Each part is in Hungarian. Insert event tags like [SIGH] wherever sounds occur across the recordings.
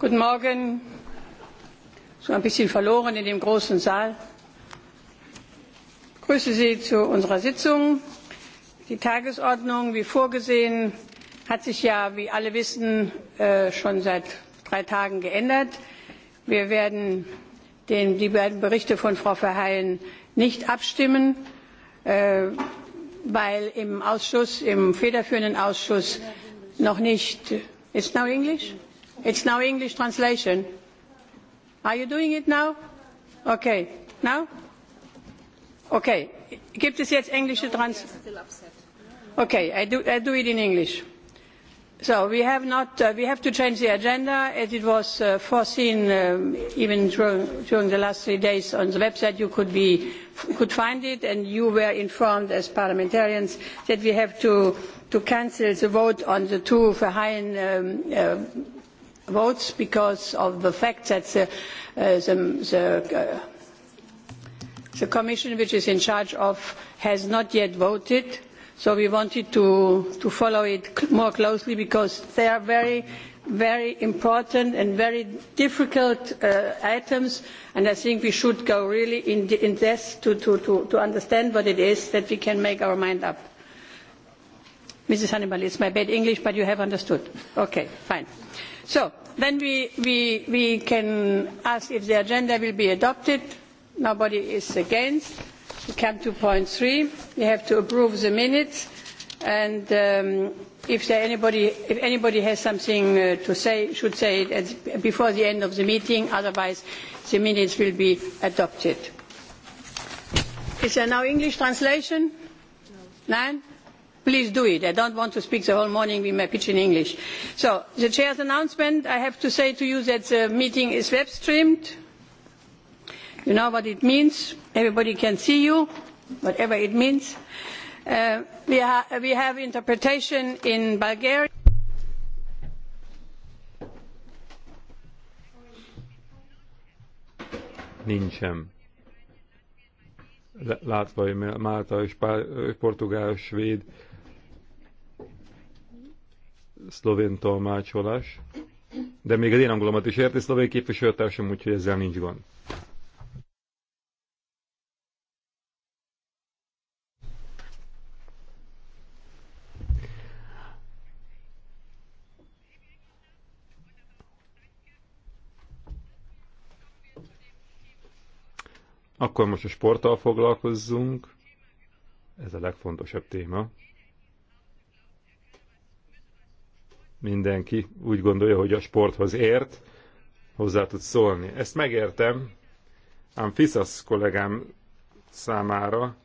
Guten Morgen. Schon ein bisschen verloren in dem großen Saal. Ich grüße Sie zu unserer Sitzung. Die Tagesordnung, wie vorgesehen, hat sich ja, wie alle wissen, äh, schon seit drei Tagen geändert. Wir werden den, die beiden Berichte von Frau Verheyen nicht abstimmen, äh, weil im Ausschuss, im federführenden Ausschuss noch nicht. Ist now English? It's now English translation. Are you doing it now? Okay. Now? Okay. Gibt es jetzt englische translation. Okay, I do, I do it in English. So we have not, uh, we have to change the agenda as it was uh, foreseen um, even during, during the last three days on the website you could be, could find it and you were informed as parliamentarians that we have to, to cancel the vote on the two Verheyen um, uh, votes because of the fact that uh, uh, the, commission which is in charge of has not yet voted so we wanted to, follow it more closely because they are very very important and very difficult uh, items and i think we should go really in, the, in depth to, to, to, to understand what it is that we can make our mind up. mrs hannibal it's my bad english but you have understood. okay fine. Uh, So then we, can ask if the agenda will be adopted. Nobody is against. We come to point three. We have to approve the minutes. And um, if, anybody, if anybody has something uh, to say, should say it before the end of the meeting. Otherwise, the minutes will be adopted. Is there now English translation? No please do it. i don't want to speak the whole morning with my pidgin english. so the chair's announcement i have to say to you that the meeting is web streamed. you know what it means. everybody can see you, whatever it means. Uh, we, ha we have interpretation in bulgarian. nincsen. Látva, hogy Málta és Portugál, Svéd szlovén tolmácsolás, de még az én angolomat is érti szlovén képviselőtársam, úgyhogy ezzel nincs gond. Akkor most a sporttal foglalkozzunk. Ez a legfontosabb téma. mindenki úgy gondolja, hogy a sporthoz ért, hozzá tud szólni. Ezt megértem, ám Fiszasz kollégám számára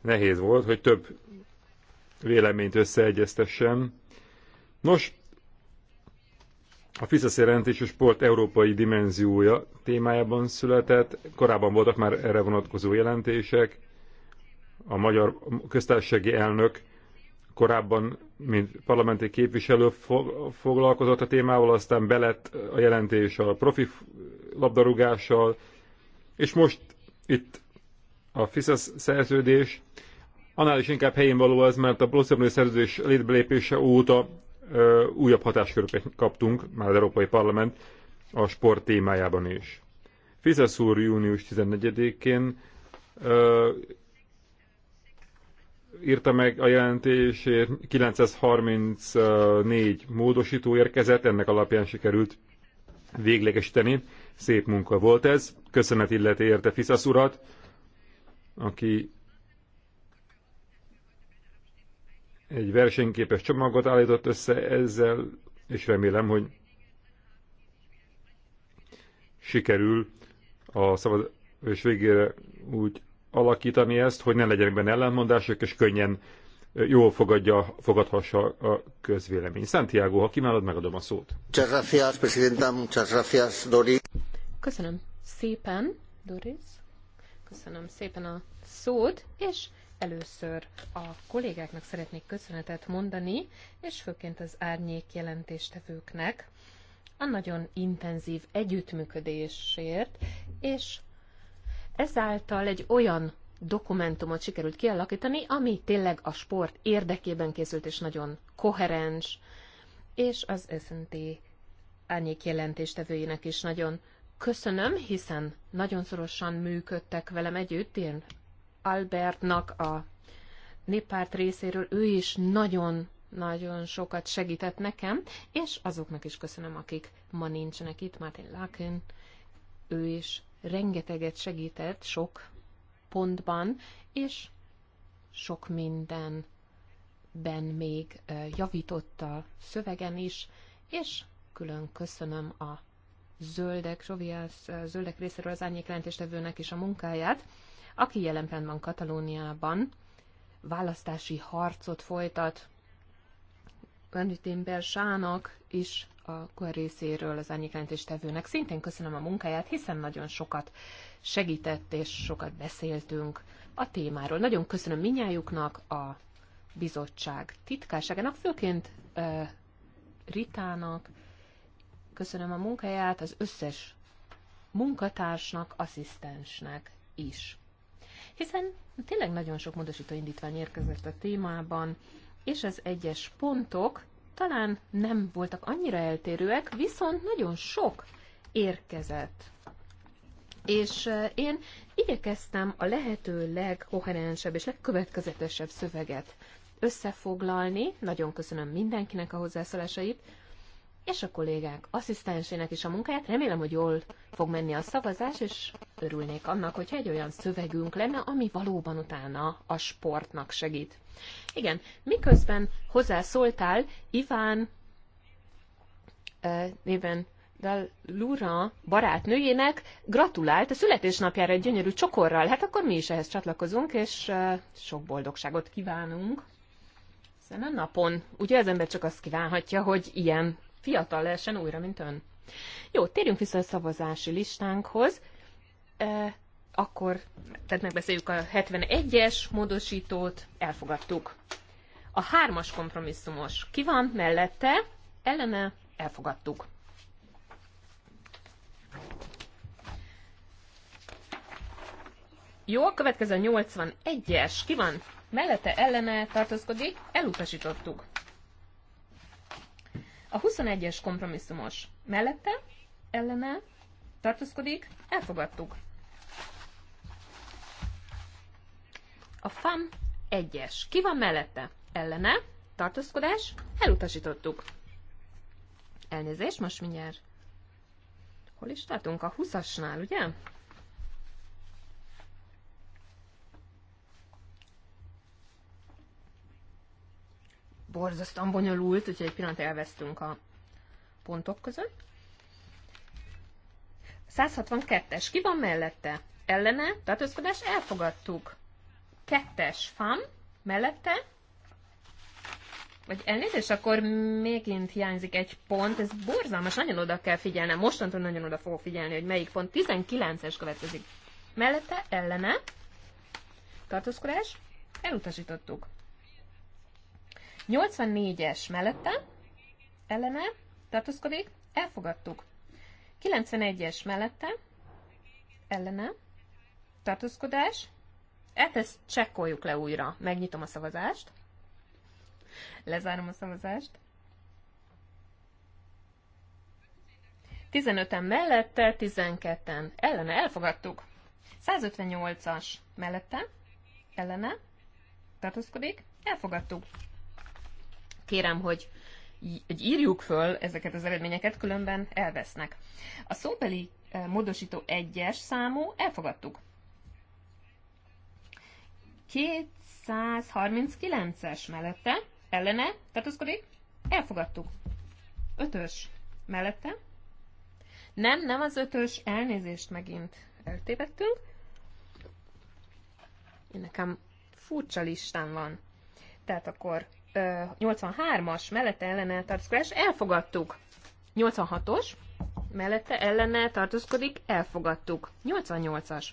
nehéz volt, hogy több véleményt összeegyeztessem. Nos, a FISZASZ jelentés a sport európai dimenziója témájában született. Korábban voltak már erre vonatkozó jelentések. A magyar köztársasági elnök korábban, mint parlamenti képviselő foglalkozott a témával, aztán belett a jelentés a profi labdarúgással, és most itt a FISZASZ szerződés, annál is inkább helyén való az, mert a Blossomlő szerződés létbelépése óta ö, újabb hatásköröket kaptunk, már az Európai Parlament, a sport témájában is. FISZASZ úr június 14-én írta meg a jelentését, 934 módosító érkezett, ennek alapján sikerült véglegesíteni. Szép munka volt ez. Köszönet illeti érte Fiszasz urat, aki egy versenyképes csomagot állított össze ezzel, és remélem, hogy sikerül a szabad és végére úgy alakítani ezt, hogy ne legyenek benne ellenmondások, és könnyen jól fogadja, fogadhassa a közvélemény. Santiago, ha kívánod, megadom a szót. Köszönöm szépen, Doris. Köszönöm szépen a szót, és először a kollégáknak szeretnék köszönetet mondani, és főként az árnyék jelentéstevőknek a nagyon intenzív együttműködésért, és ezáltal egy olyan dokumentumot sikerült kialakítani, ami tényleg a sport érdekében készült, és nagyon koherens, és az SNT árnyék jelentéstevőjének is nagyon köszönöm, hiszen nagyon szorosan működtek velem együtt, én Albertnak a néppárt részéről, ő is nagyon nagyon sokat segített nekem, és azoknak is köszönöm, akik ma nincsenek itt, Martin Lakin, ő is rengeteget segített sok pontban, és sok mindenben még javított a szövegen is, és külön köszönöm a zöldek, Zsoviász, zöldek részéről az árnyékjelentéstevőnek is a munkáját, aki jelen van Katalóniában, választási harcot folytat Benedikt Sának is a kor részéről az tevőnek Szintén köszönöm a munkáját, hiszen nagyon sokat segített és sokat beszéltünk a témáról. Nagyon köszönöm minnyájuknak a bizottság titkárságának, főként uh, Ritának, köszönöm a munkáját az összes munkatársnak, asszisztensnek is. Hiszen tényleg nagyon sok módosító indítvány érkezett a témában, és az egyes pontok talán nem voltak annyira eltérőek, viszont nagyon sok érkezett. És eh, én igyekeztem a lehető legkoherensebb és legkövetkezetesebb szöveget összefoglalni. Nagyon köszönöm mindenkinek a hozzászólásait és a kollégák asszisztensének is a munkáját. Remélem, hogy jól fog menni a szavazás, és örülnék annak, hogyha egy olyan szövegünk lenne, ami valóban utána a sportnak segít. Igen, miközben hozzászóltál, Iván eh, néven Dal Lura barátnőjének gratulált a születésnapjára egy gyönyörű csokorral. Hát akkor mi is ehhez csatlakozunk, és eh, sok boldogságot kívánunk. Hiszen a napon, ugye az ember csak azt kívánhatja, hogy ilyen fiatal lehessen újra, mint ön. Jó, térjünk vissza a szavazási listánkhoz. E, akkor, tehát megbeszéljük a 71-es módosítót, elfogadtuk. A hármas kompromisszumos ki van mellette, ellene elfogadtuk. Jó, a következő 81-es ki van mellette, ellene tartózkodik, elutasítottuk. A 21-es kompromisszumos mellette, ellene, tartózkodik, elfogadtuk. A FAM 1-es. Ki van mellette? Ellene, tartózkodás, elutasítottuk. Elnézést, most mindjárt. Hol is tartunk? A 20-asnál, ugye? borzasztóan bonyolult, úgyhogy egy pillanat elvesztünk a pontok között. 162-es, ki van mellette? Ellene, tartózkodás, elfogadtuk. Kettes, fam, mellette, vagy elnézést, akkor mégint hiányzik egy pont, ez borzalmas, nagyon oda kell figyelnem, mostantól nagyon oda fogok figyelni, hogy melyik pont, 19-es következik. Mellette, ellene, tartózkodás, elutasítottuk. 84-es mellette, ellene, tartózkodik, elfogadtuk. 91-es mellette, ellene, tartózkodás, ezt, hát ezt csekkoljuk le újra. Megnyitom a szavazást. Lezárom a szavazást. 15-en mellette, 12-en ellene, elfogadtuk. 158-as mellette, ellene, tartózkodik, elfogadtuk kérem, hogy hogy írjuk föl ezeket az eredményeket, különben elvesznek. A szóbeli eh, módosító egyes számú elfogadtuk. 239-es mellette, ellene, tartózkodik, elfogadtuk. Ötös mellette. Nem, nem az ötös, elnézést megint eltévedtünk. Nekem furcsa listán van. Tehát akkor 83-as mellette ellene tartózkodás elfogadtuk. 86-os mellette ellene tartózkodik elfogadtuk. 88-as.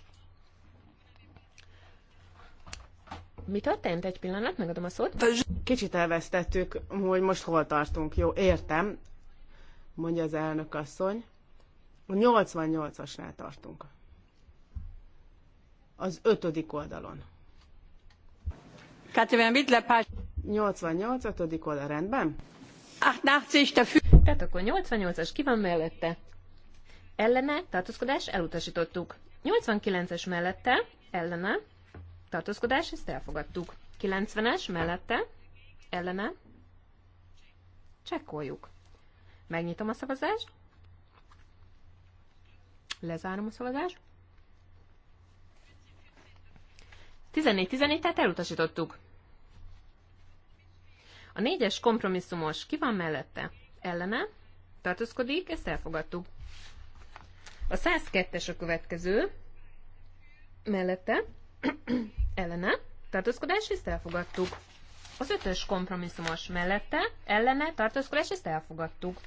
Mi történt egy pillanat? Megadom a szót. Kicsit elvesztettük, hogy most hol tartunk. Jó, értem, mondja az elnök asszony. A 88-asnál tartunk. Az ötödik oldalon. Katrina, mit lepás? 88, 5. oldal rendben? Tehát akkor 88-as ki van mellette? Ellene, tartózkodás, elutasítottuk. 89-es mellette, ellene, tartózkodás, ezt elfogadtuk. 90-es mellette, ellene, csekkoljuk. Megnyitom a szavazást, lezárom a szavazást. 14-14, tehát elutasítottuk. A négyes kompromisszumos ki van mellette? Ellene? Tartózkodik? Ezt elfogadtuk. A 102-es a következő. Mellette? [CLEARS THROAT] Ellene? Tartózkodás? Ezt elfogadtuk. Az ötös kompromisszumos mellette, ellene, tartózkodás, ezt elfogadtuk.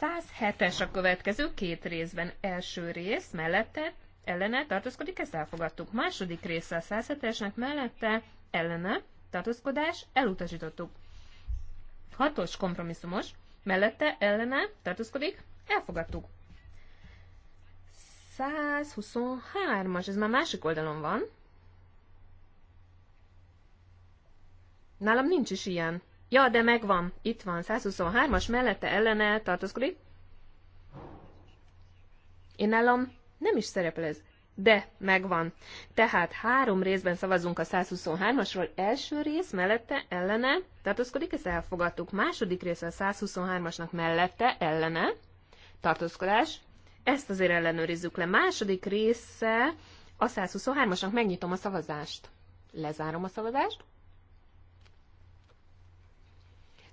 107-es a következő két részben. Első rész mellette, ellene, tartózkodik, ezt elfogadtuk. Második része a 107-esnek mellette, ellene, tartózkodás, elutasítottuk. Hatos kompromisszumos, mellette ellene tartózkodik, elfogadtuk. 123-as, ez már másik oldalon van. Nálam nincs is ilyen. Ja, de megvan. Itt van. 123-as mellette ellene tartózkodik. Én nálam nem is szerepel ez de megvan. Tehát három részben szavazunk a 123-asról. Első rész mellette ellene tartózkodik, ezt elfogadtuk. Második része a 123-asnak mellette ellene tartózkodás. Ezt azért ellenőrizzük le. Második része a 123-asnak megnyitom a szavazást. Lezárom a szavazást.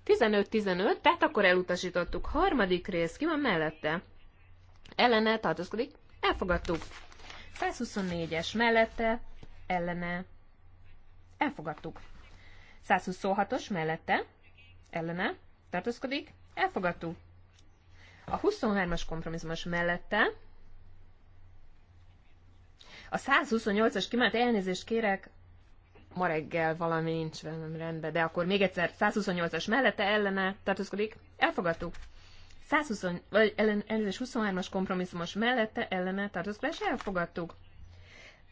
15-15, tehát akkor elutasítottuk. Harmadik rész, ki van mellette? Ellene tartózkodik, elfogadtuk. 124-es mellette, ellene, elfogadtuk. 126-os mellette, ellene, tartózkodik, elfogadtuk. A 23-as kompromisszumos mellette, a 128-as kimelt elnézést kérek, ma reggel valami nincs velem rendben, de akkor még egyszer 128-as mellette ellene tartózkodik, elfogadtuk. 120, vagy ellen, 23-as kompromisszumos mellette ellene tartózkodás elfogadtuk.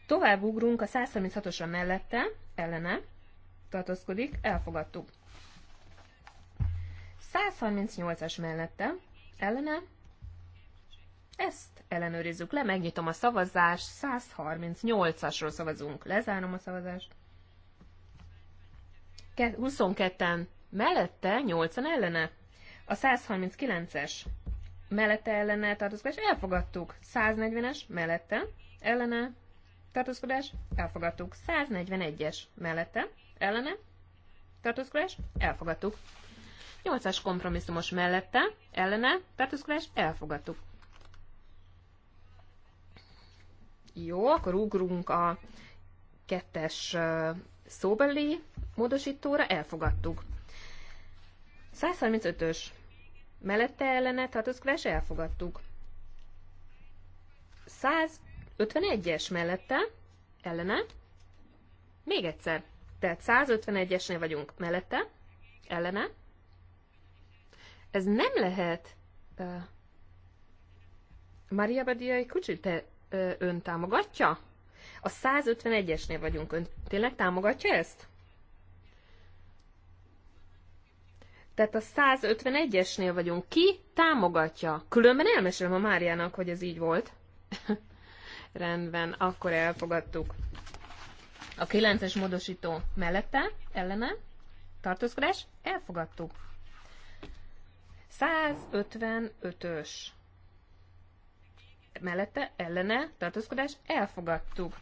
Tovább ugrunk a 136-osra mellette ellene tartózkodik, elfogadtuk. 138-as mellette ellene ezt ellenőrizzük le, megnyitom a szavazást, 138-asról szavazunk, lezárom a szavazást. 22-en mellette, 8-an ellene a 139-es mellette ellene tartózkodás elfogadtuk. 140-es mellette ellene tartózkodás elfogadtuk. 141-es mellette ellene tartózkodás elfogadtuk. 8-as kompromisszumos mellette ellene tartózkodás elfogadtuk. Jó, akkor ugrunk a kettes szóbeli módosítóra, elfogadtuk. 135-ös mellette ellene Kves elfogadtuk. 151-es mellette ellene, még egyszer, tehát 151-esnél vagyunk mellette, ellene. Ez nem lehet... Uh, Maria Badiai Kucsi, te uh, ön támogatja? A 151-esnél vagyunk, ön tényleg támogatja ezt? Tehát a 151-esnél vagyunk. Ki támogatja? Különben elmesélem a Máriának, hogy ez így volt. [LAUGHS] Rendben, akkor elfogadtuk. A 9-es módosító mellette, ellene, tartózkodás, elfogadtuk. 155-ös mellette, ellene, tartózkodás, elfogadtuk.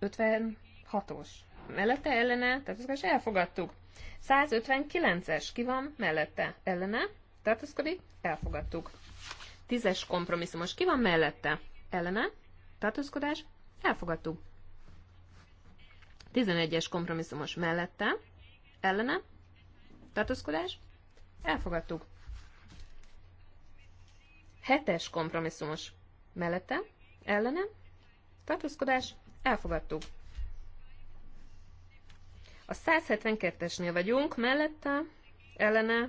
156-os mellette, ellene, tartózkodás, elfogadtuk. 159-es ki van mellette, ellene, tartózkodik, elfogadtuk. 10-es kompromisszumos ki van mellette, ellene, tartózkodás, elfogadtuk. 11-es kompromisszumos mellette, ellene, tartózkodás, elfogadtuk. 7-es kompromisszumos mellette, ellene, tartózkodás, elfogadtuk. A 172-esnél vagyunk, mellette, ellene,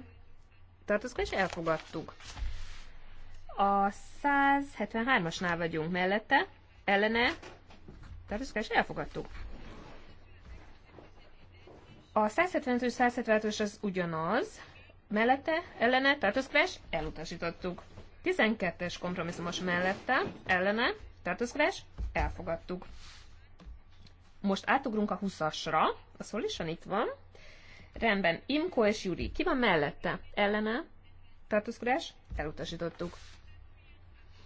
tartózkodás elfogadtuk. A 173-asnál vagyunk, mellette, ellene, tartózkodás elfogadtuk. A 175 és 176-os az ugyanaz, mellette, ellene, tartózkodás elutasítottuk. 12-es kompromisszumos mellette, ellene, tartózkodás elfogadtuk. Most átugrunk a 20-asra, a Solution itt van. Rendben, Imko és Juri. Ki van mellette? Ellene? Tartózkodás? Elutasítottuk.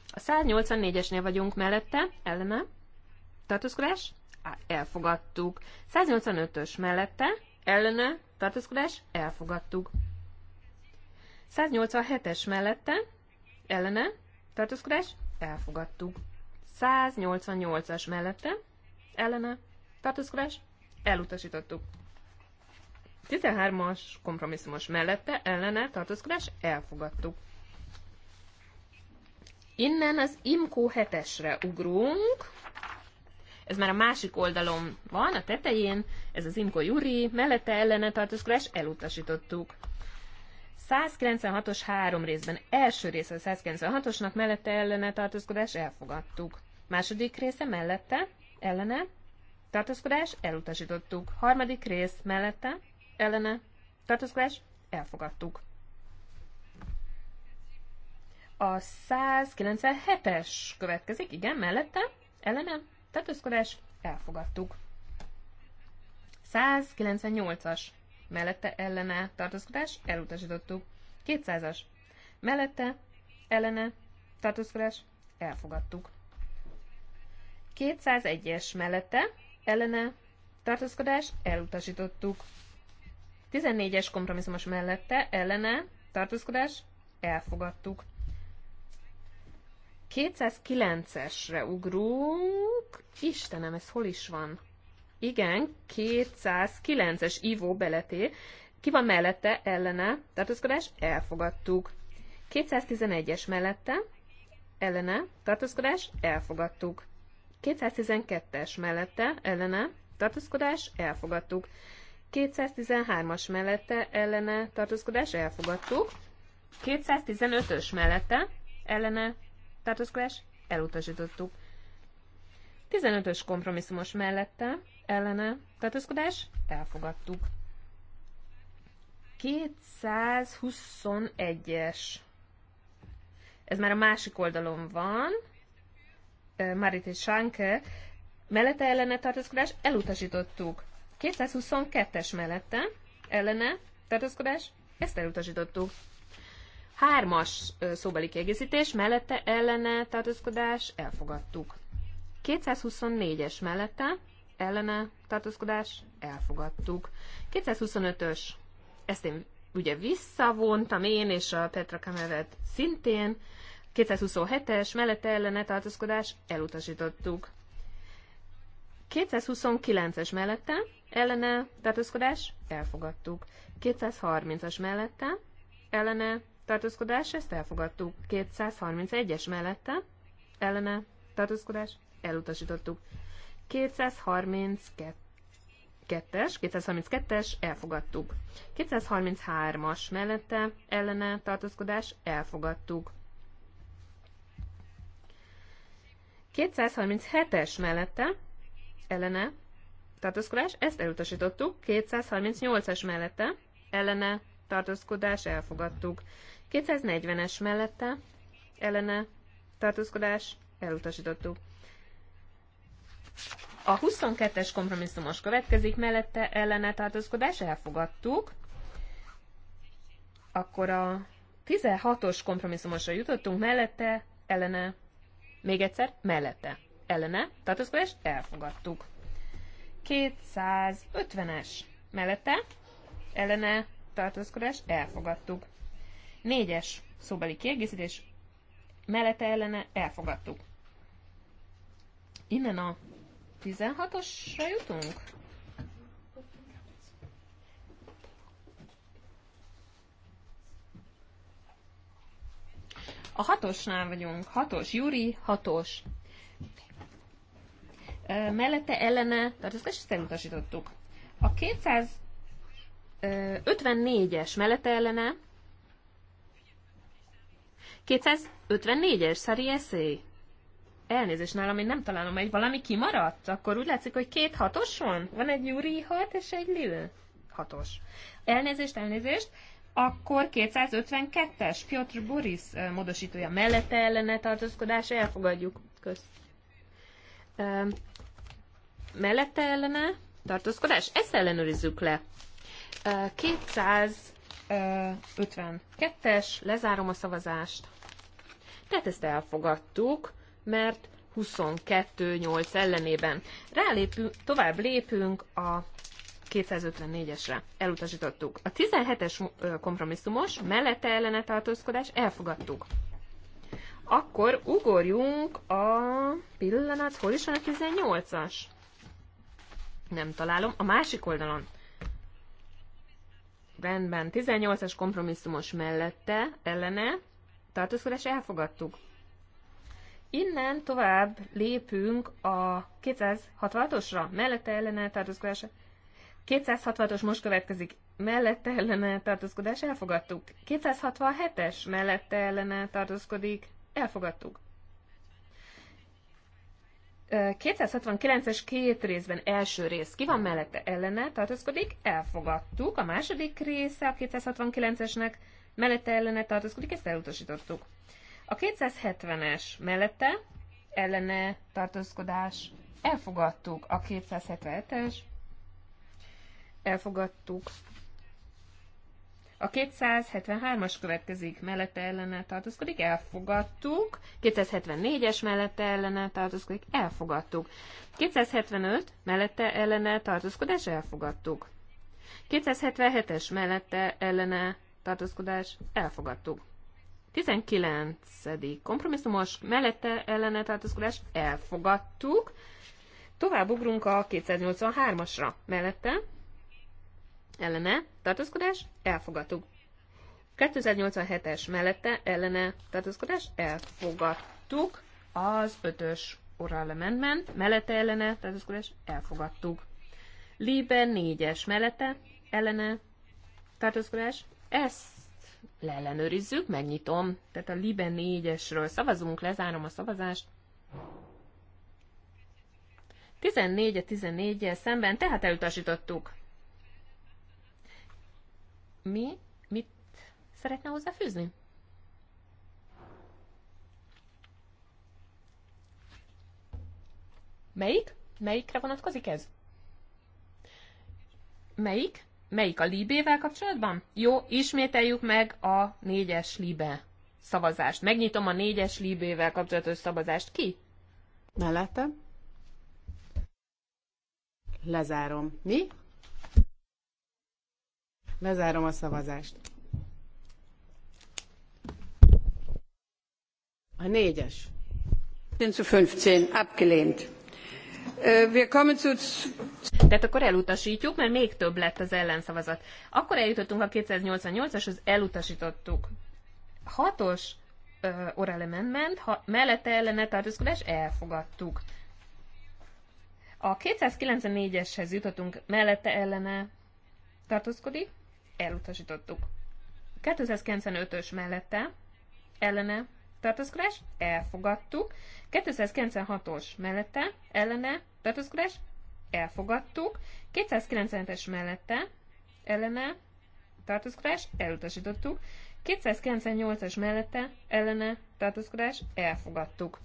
A 184-esnél vagyunk mellette, ellene. Tartózkodás? Elfogadtuk. 185-ös mellette, ellene. Tartózkodás? Elfogadtuk. 187-es mellette, ellene. Tartózkodás? Elfogadtuk. 188-as mellette, ellene tartózkodás, elutasítottuk. 13-as kompromisszumos mellette ellene tartózkodás, elfogadtuk. Innen az IMCO 7-esre ugrunk. Ez már a másik oldalon van, a tetején. Ez az IMCO Juri, mellette ellene tartózkodás, elutasítottuk. 196-os három részben. Első része a 196-osnak mellette ellene tartózkodás elfogadtuk. Második része mellette ellene tartózkodás, elutasítottuk. Harmadik rész mellette, ellene, tartózkodás, elfogadtuk. A 197-es következik, igen, mellette, ellene, tartózkodás, elfogadtuk. 198-as, mellette, ellene, tartózkodás, elutasítottuk. 200-as, mellette, ellene, tartózkodás, elfogadtuk. 201-es mellette, ellene tartózkodás elutasítottuk. 14-es kompromisszumos mellette ellene tartózkodás elfogadtuk. 209-esre ugrunk. Istenem, ez hol is van? Igen, 209-es ivó beleté. Ki van mellette, ellene, tartózkodás, elfogadtuk. 211-es mellette, ellene, tartózkodás, elfogadtuk. 212-es mellette ellene tartózkodás elfogadtuk. 213-as mellette ellene tartózkodás elfogadtuk. 215-ös mellette ellene tartózkodás elutasítottuk. 15-ös kompromisszumos mellette ellene tartózkodás elfogadtuk. 221-es. Ez már a másik oldalon van. Marit és Sánke, mellette ellene tartózkodás elutasítottuk. 222-es mellette ellene tartózkodás, ezt elutasítottuk. Hármas szóbeli kiegészítés, mellette ellene tartózkodás, elfogadtuk. 224-es mellette ellene tartózkodás, elfogadtuk. 225-ös, ezt én ugye visszavontam én és a Petra Kamevet szintén, 227-es mellette ellene tartózkodás elutasítottuk. 229-es mellette ellene tartózkodás elfogadtuk. 230-as mellette ellene tartózkodás ezt elfogadtuk. 231-es mellette ellene tartózkodás elutasítottuk. 232 es 232-es, elfogadtuk. 233-as mellette ellene tartózkodás, elfogadtuk. 237-es mellette ellene tartózkodás, ezt elutasítottuk. 238 es mellette ellene tartózkodás, elfogadtuk. 240-es mellette ellene tartózkodás, elutasítottuk. A 22-es kompromisszumos következik, mellette ellene tartózkodás, elfogadtuk. Akkor a 16-os kompromisszumosra jutottunk, mellette ellene még egyszer, mellette. Ellene, tartózkodás, elfogadtuk. 250-es, mellette, ellene, tartózkodás, elfogadtuk. 4-es, szóbeli kiegészítés, mellette, ellene, elfogadtuk. Innen a 16-osra jutunk? A hatosnál vagyunk. Hatos, Juri, hatos. Mellette ellene tehát ezt elutasítottuk. A 254-es mellette ellene 254-es, Szari Eszély. Elnézést nálam, én nem találom, egy valami kimaradt? Akkor úgy látszik, hogy két hatos van? Van egy Júri hat és egy Lil hatos. Elnézést, elnézést akkor 252-es Piotr Boris módosítója mellette ellene tartózkodása, elfogadjuk. Kösz. Mellette ellene tartózkodás? Ezt ellenőrizzük le. 252-es, lezárom a szavazást. Tehát ezt elfogadtuk, mert 22-8 ellenében. Rálépünk, tovább lépünk a 254-esre elutasítottuk. A 17-es kompromisszumos mellette ellene tartózkodás elfogadtuk. Akkor ugorjunk a pillanat, hol is van a 18-as? Nem találom, a másik oldalon. Rendben, 18-as kompromisszumos mellette ellene tartózkodás elfogadtuk. Innen tovább lépünk a 266-osra, mellette ellene tartózkodása 266-os most következik, mellette ellene tartózkodás elfogadtuk. 267-es mellette ellene tartózkodik, elfogadtuk. 269-es két részben első rész ki van mellette ellene tartózkodik, elfogadtuk. A második része a 269-esnek mellette ellene tartózkodik, ezt elutasítottuk. A 270-es mellette ellene tartózkodás elfogadtuk. A 277-es elfogadtuk. A 273-as következik, mellette ellene tartozkodik, elfogadtuk. 274-es mellette ellene tartozkodik, elfogadtuk. 275 mellette ellene tartózkodás, elfogadtuk. 277-es mellette ellene tartózkodás, elfogadtuk. 19. kompromisszumos mellette ellene tartózkodás, elfogadtuk. Tovább ugrunk a 283-asra mellette ellene, tartózkodás, elfogadtuk. 2087 es mellette ellene tartózkodás elfogadtuk. Az ötös oral amendment mellette ellene tartózkodás elfogadtuk. Libe 4-es mellette ellene tartózkodás. Ezt leellenőrizzük, megnyitom. Tehát a Libe 4-esről szavazunk, lezárom a szavazást. 14-14-jel -e szemben, tehát elutasítottuk. Mi? Mit szeretne hozzáfűzni? Melyik? Melyikre vonatkozik ez? Melyik? Melyik a libével kapcsolatban? Jó, ismételjük meg a négyes libe szavazást. Megnyitom a négyes libével kapcsolatos szavazást. Ki? Mellette. Lezárom. Mi? Lezárom a szavazást. A négyes. 15 15 abgelehnt. Tehát akkor elutasítjuk, mert még több lett az ellenszavazat. Akkor eljutottunk a 288-as, az elutasítottuk. Hatos ö, oral amendment, ha mellette ellene tartózkodás elfogadtuk. A 294-eshez jutottunk, mellette ellene tartózkodik, elutasítottuk. 295-ös mellette ellene tartózkodás, elfogadtuk. 296-os mellette ellene tartózkodás, elfogadtuk. 297-es mellette ellene tartózkodás, elutasítottuk. 298-as mellette ellene tartózkodás, elfogadtuk.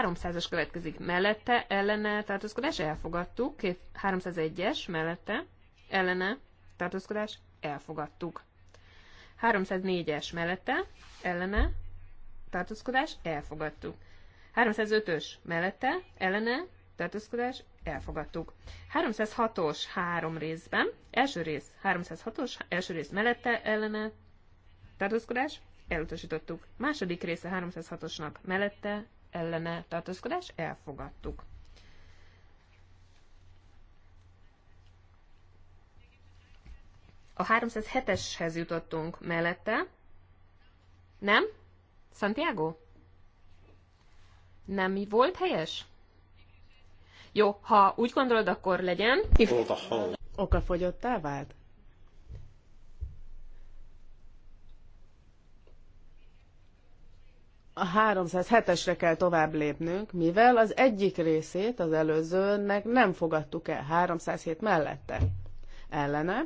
300-as következik mellette, ellene tartózkodás, elfogadtuk. 301-es mellette, ellene tartózkodás elfogadtuk. 304-es mellette, ellene, tartózkodás elfogadtuk. 305-ös mellette, ellene, tartózkodás elfogadtuk. 306-os három részben, első rész 306-os, első rész mellette, ellene, tartózkodás elutasítottuk. Második része 306-osnak mellette, ellene, tartózkodás elfogadtuk. A 307-eshez jutottunk mellette. Nem? Santiago? Nem volt helyes? Jó, ha úgy gondolod, akkor legyen. Okafogyottá vált? a 307-esre kell tovább lépnünk, mivel az egyik részét az előzőnek nem fogadtuk el 307 mellette. Ellene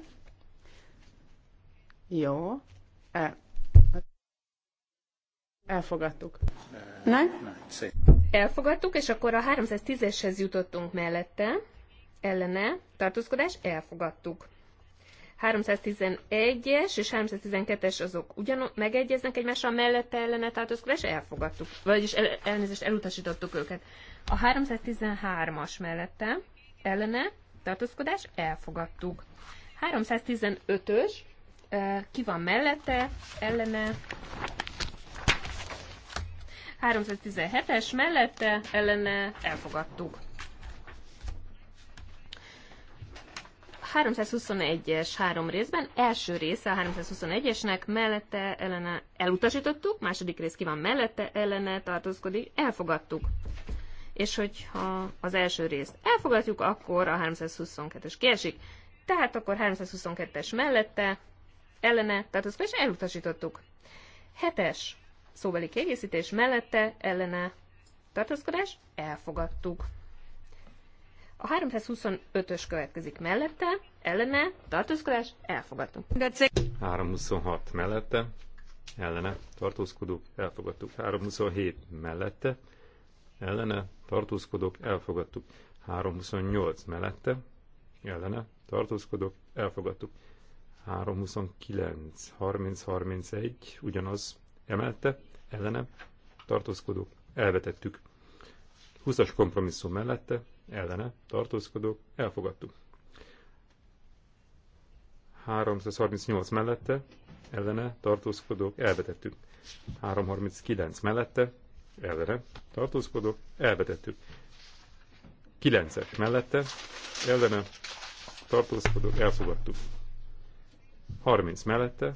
jó. El. Elfogadtuk. Nem? Elfogadtuk, és akkor a 310-eshez jutottunk mellette. Ellene, tartózkodás, elfogadtuk. 311-es és 312-es azok ugyan megegyeznek egymással mellette ellene tartózkodás, elfogadtuk. Vagyis el, elnézést, elutasítottuk őket. A 313-as mellette ellene tartózkodás, elfogadtuk. 315-ös ki van mellette? Ellene. 317-es mellette, ellene elfogadtuk. 321-es három részben, első része a 321-esnek, mellette ellene elutasítottuk, második rész ki van mellette ellene tartózkodik, elfogadtuk. És hogyha az első részt elfogadjuk, akkor a 322-es kiesik, tehát akkor 322-es mellette ellene most elutasítottuk. Hetes szóbeli kiegészítés mellette ellene tartózkodás elfogadtuk. A 325-ös következik mellette, ellene, tartózkodás, elfogadtuk. 326 mellette, ellene, tartózkodók, elfogadtuk. 327 mellette, ellene, tartózkodók, elfogadtuk. 328 mellette, ellene, tartózkodók, elfogadtuk. 329, 30, 31, ugyanaz emelte, ellene, tartózkodók, elvetettük. 20-as kompromisszum mellette, ellene, tartózkodók, elfogadtuk. 338 mellette, ellene, tartózkodók, elvetettük. 339 mellette, ellene, tartózkodók, elvetettük. 9-es mellette, ellene, tartózkodók, elfogadtuk. 30 mellette.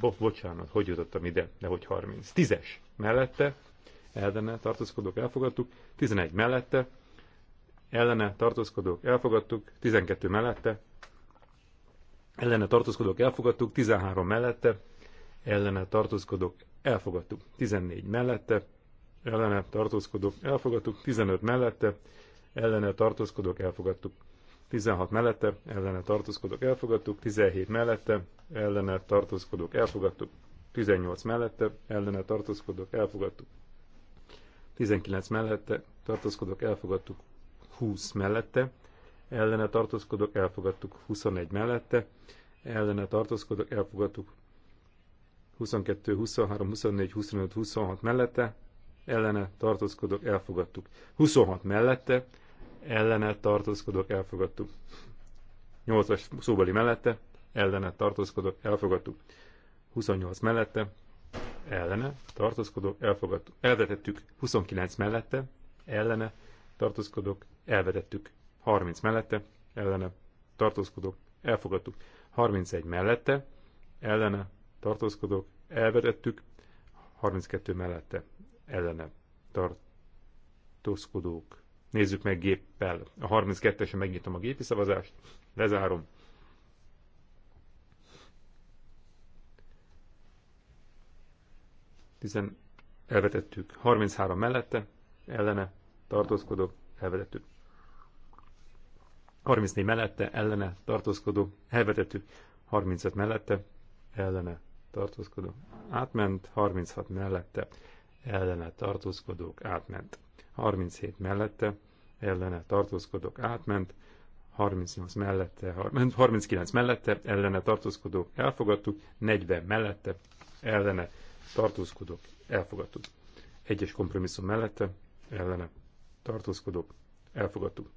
Bo, bocsánat, hogy jutottam ide, de hogy 30. 10-es mellette, ellene tartózkodók elfogadtuk, 11 mellette, ellene tartózkodók elfogadtuk, 12 mellette, ellene tartózkodók elfogadtuk, 13 mellette, ellene tartózkodók elfogadtuk, 14 mellette, ellene tartózkodók elfogadtuk, 15 mellette, ellene tartózkodók elfogadtuk, 16 mellette, ellene tartózkodók elfogadtuk, 17 mellette, ellene tartózkodók elfogadtuk, 18 mellette, ellene tartózkodók elfogadtuk, 19 mellette, tartózkodók elfogadtuk, 20 mellette, ellene tartózkodók elfogadtuk, 21 mellette, ellene tartózkodók elfogadtuk, 22, 23, 24, 25, 26 mellette, ellene tartózkodók elfogadtuk, 26 mellette, ellene tartózkodok, elfogadtuk. 8-as szóbeli mellette, ellene tartózkodok, elfogadtuk. 28 mellette, ellene tartózkodok, elfogadtuk. Elvetettük 29 mellette, ellene tartózkodok, elvetettük. 30 mellette, ellene tartózkodok, elfogadtuk. 31 mellette, ellene tartózkodok, elvetettük. 32 mellette, ellene tartózkodók Nézzük meg géppel. A 32-esen megnyitom a gépi szavazást, lezárom. Tizen elvetettük. 33 mellette, ellene, tartózkodó, elvetettük. 34 mellette, ellene, tartózkodó, elvetettük. 35 mellette, ellene, tartózkodó, átment. 36 mellette, ellene, tartózkodók, átment. 37 mellette, ellene tartózkodók átment, 38 mellette, 39 mellette ellene tartózkodók elfogadtuk, 40 mellette ellene tartózkodók elfogadtuk. Egyes kompromisszum mellette ellene tartózkodók elfogadtuk.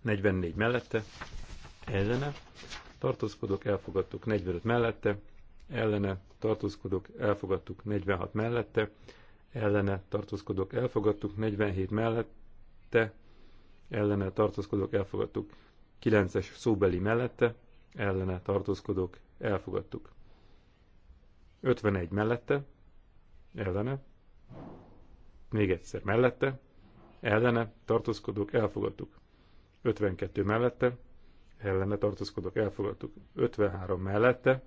44 mellette ellene tartózkodók elfogadtuk, 45 mellette ellene tartózkodók elfogadtuk, 46 mellette ellene tartózkodók elfogadtuk, 47 mellett mellette, ellene tartózkodók elfogadtuk. 9-es szóbeli mellette, ellene tartózkodók elfogadtuk. 51 mellette, ellene, még egyszer mellette, ellene tartózkodók elfogadtuk. 52 mellette, ellene tartózkodók elfogadtuk. 53 mellette,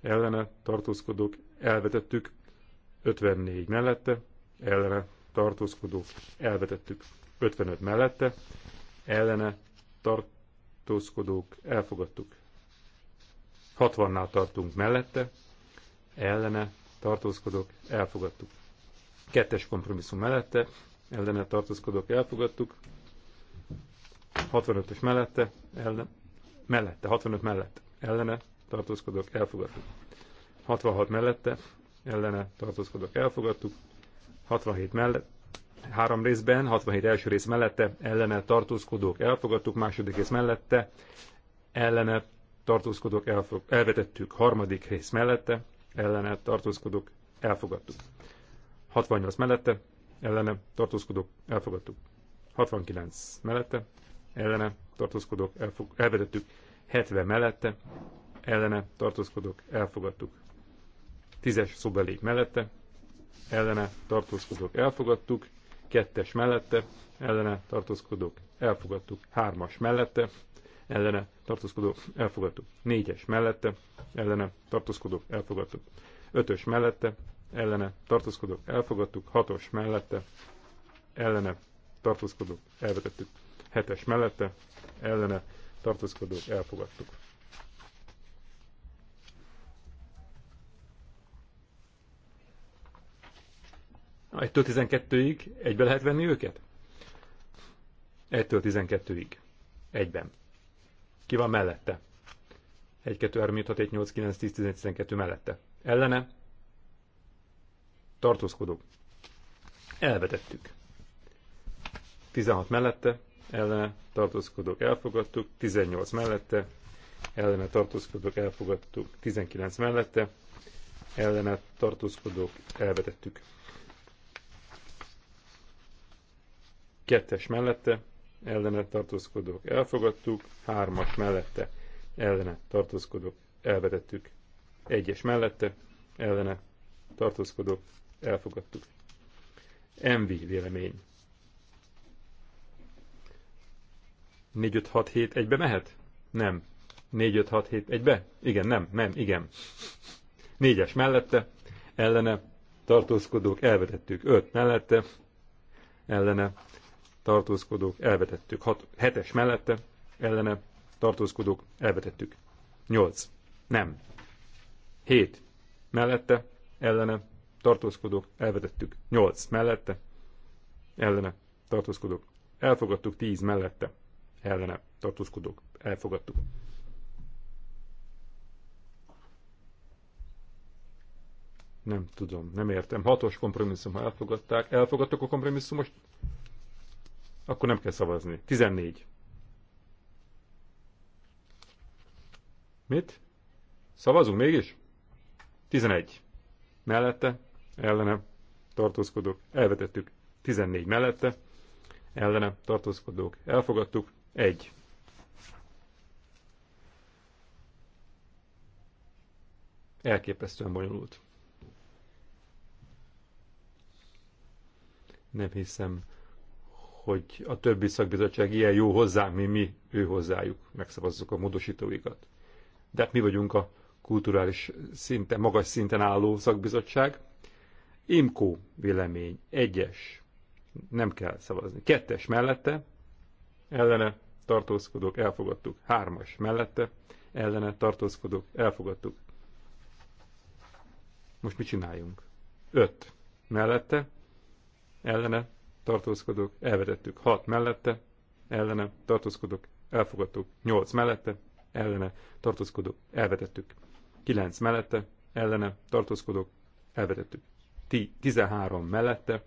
ellene tartózkodók elvetettük. 54 mellette, ellene tartózkodók elvetettük. 55 mellette, ellene tartózkodók elfogadtuk. 60-nál tartunk mellette, ellene tartózkodók elfogadtuk. Kettes kompromisszum mellette, ellene tartózkodók elfogadtuk. 65-ös mellette, ellen, mellette, 65 mellett, ellene tartózkodók elfogadtuk. 66 mellette, ellene tartózkodók elfogadtuk. 67 mellett, három részben, 67 első rész mellette, ellene tartózkodók elfogadtuk, második rész mellette, ellene tartózkodók elfog, elvetettük, harmadik rész mellette, ellene tartózkodók elfogadtuk. 68 mellette, ellene tartózkodók elfogadtuk. 69 mellette, ellene tartózkodók elfog, elvetettük. 70 mellette, ellene tartózkodók elfogadtuk. 10-es szobelék mellette, ellene tartózkodók elfogadtuk kettes mellette, ellene tartózkodók, elfogadtuk. Hármas mellette, ellene tartózkodók, elfogadtuk. Négyes mellette, ellene tartózkodók, elfogadtuk. Ötös mellette, ellene tartózkodók, elfogadtuk. Hatos mellette, ellene tartózkodók, elvetettük. Hetes mellette, ellene tartózkodók, elfogadtuk. 1-től 12-ig egybe lehet venni őket? 1-től 12-ig. Egyben. Ki van mellette? 1, 2, 3, 5, 6, 7, 8, 9, 10, 11, 12 mellette. Ellene? Tartózkodók. Elvetettük. 16 mellette, ellene tartózkodók elfogadtuk, 18 mellette, ellene tartózkodók elfogadtuk, 19 mellette, ellene tartózkodók elvetettük. kettes mellette ellene tartózkodók elfogadtuk, hármas mellette ellene tartózkodók elvetettük, egyes mellette ellene tartózkodók elfogadtuk. MV vélemény. 4 5 6 7 egybe mehet? Nem. 4 5 6 7 egybe? Igen, nem, nem, igen. Négyes mellette, ellene, tartózkodók, elvetettük. Öt mellette, ellene, tartózkodók, elvetettük. 7-es mellette, ellene, tartózkodók, elvetettük. 8. Nem. 7. Mellette, ellene, tartózkodók, elvetettük. 8. Mellette, ellene, tartózkodók, elfogadtuk. 10. Mellette, ellene, tartózkodók, elfogadtuk. Nem tudom, nem értem. Hatos kompromisszum, ha elfogadták. Elfogadtak a kompromisszumot. Akkor nem kell szavazni. 14. Mit? Szavazunk mégis? 11. Mellette, ellene, tartózkodók, elvetettük. 14 mellette, ellene, tartózkodók, elfogadtuk. 1. Elképesztően bonyolult. Nem hiszem, hogy a többi szakbizottság ilyen jó hozzánk, mi mi ő hozzájuk, megszavazzuk a módosítóikat. De mi vagyunk a kulturális szinten, magas szinten álló szakbizottság. Imkó vélemény, egyes, nem kell szavazni. Kettes mellette, ellene tartózkodók, elfogadtuk. Hármas mellette, ellene tartózkodók, elfogadtuk. Most mit csináljunk? Öt mellette, ellene tartózkodók, elvetettük 6 mellette, ellene, tartózkodók, elfogadtuk 8 mellette, ellene, tartózkodók, elvetettük 9 mellette, ellene, tartózkodók, elvetettük 13 mellette,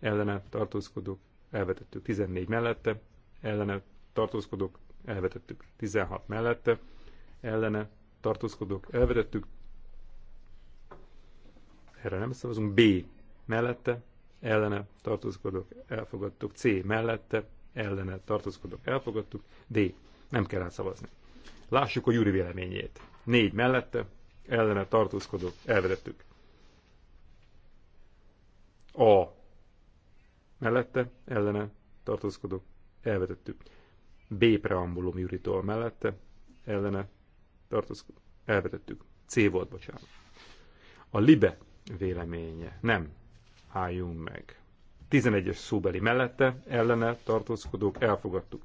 ellene, tartózkodók, elvetettük 14 mellette, ellene, tartózkodók, elvetettük 16 mellette, ellene, tartózkodók, elvetettük erre nem szavazunk, B mellette, ellene tartózkodok, elfogadtuk. C mellette, ellene tartózkodok, elfogadtuk. D. Nem kell átszavazni. Lássuk a Júri véleményét. 4 mellette, ellene tartózkodok, elvedettük. A. Mellette, ellene tartózkodok, elvetettük. B preambulum Juritól mellette, ellene tartózkodok, elvetettük. C volt, bocsánat. A Libe véleménye. Nem, álljunk meg. 11-es szóbeli mellette, ellene tartózkodók elfogadtuk.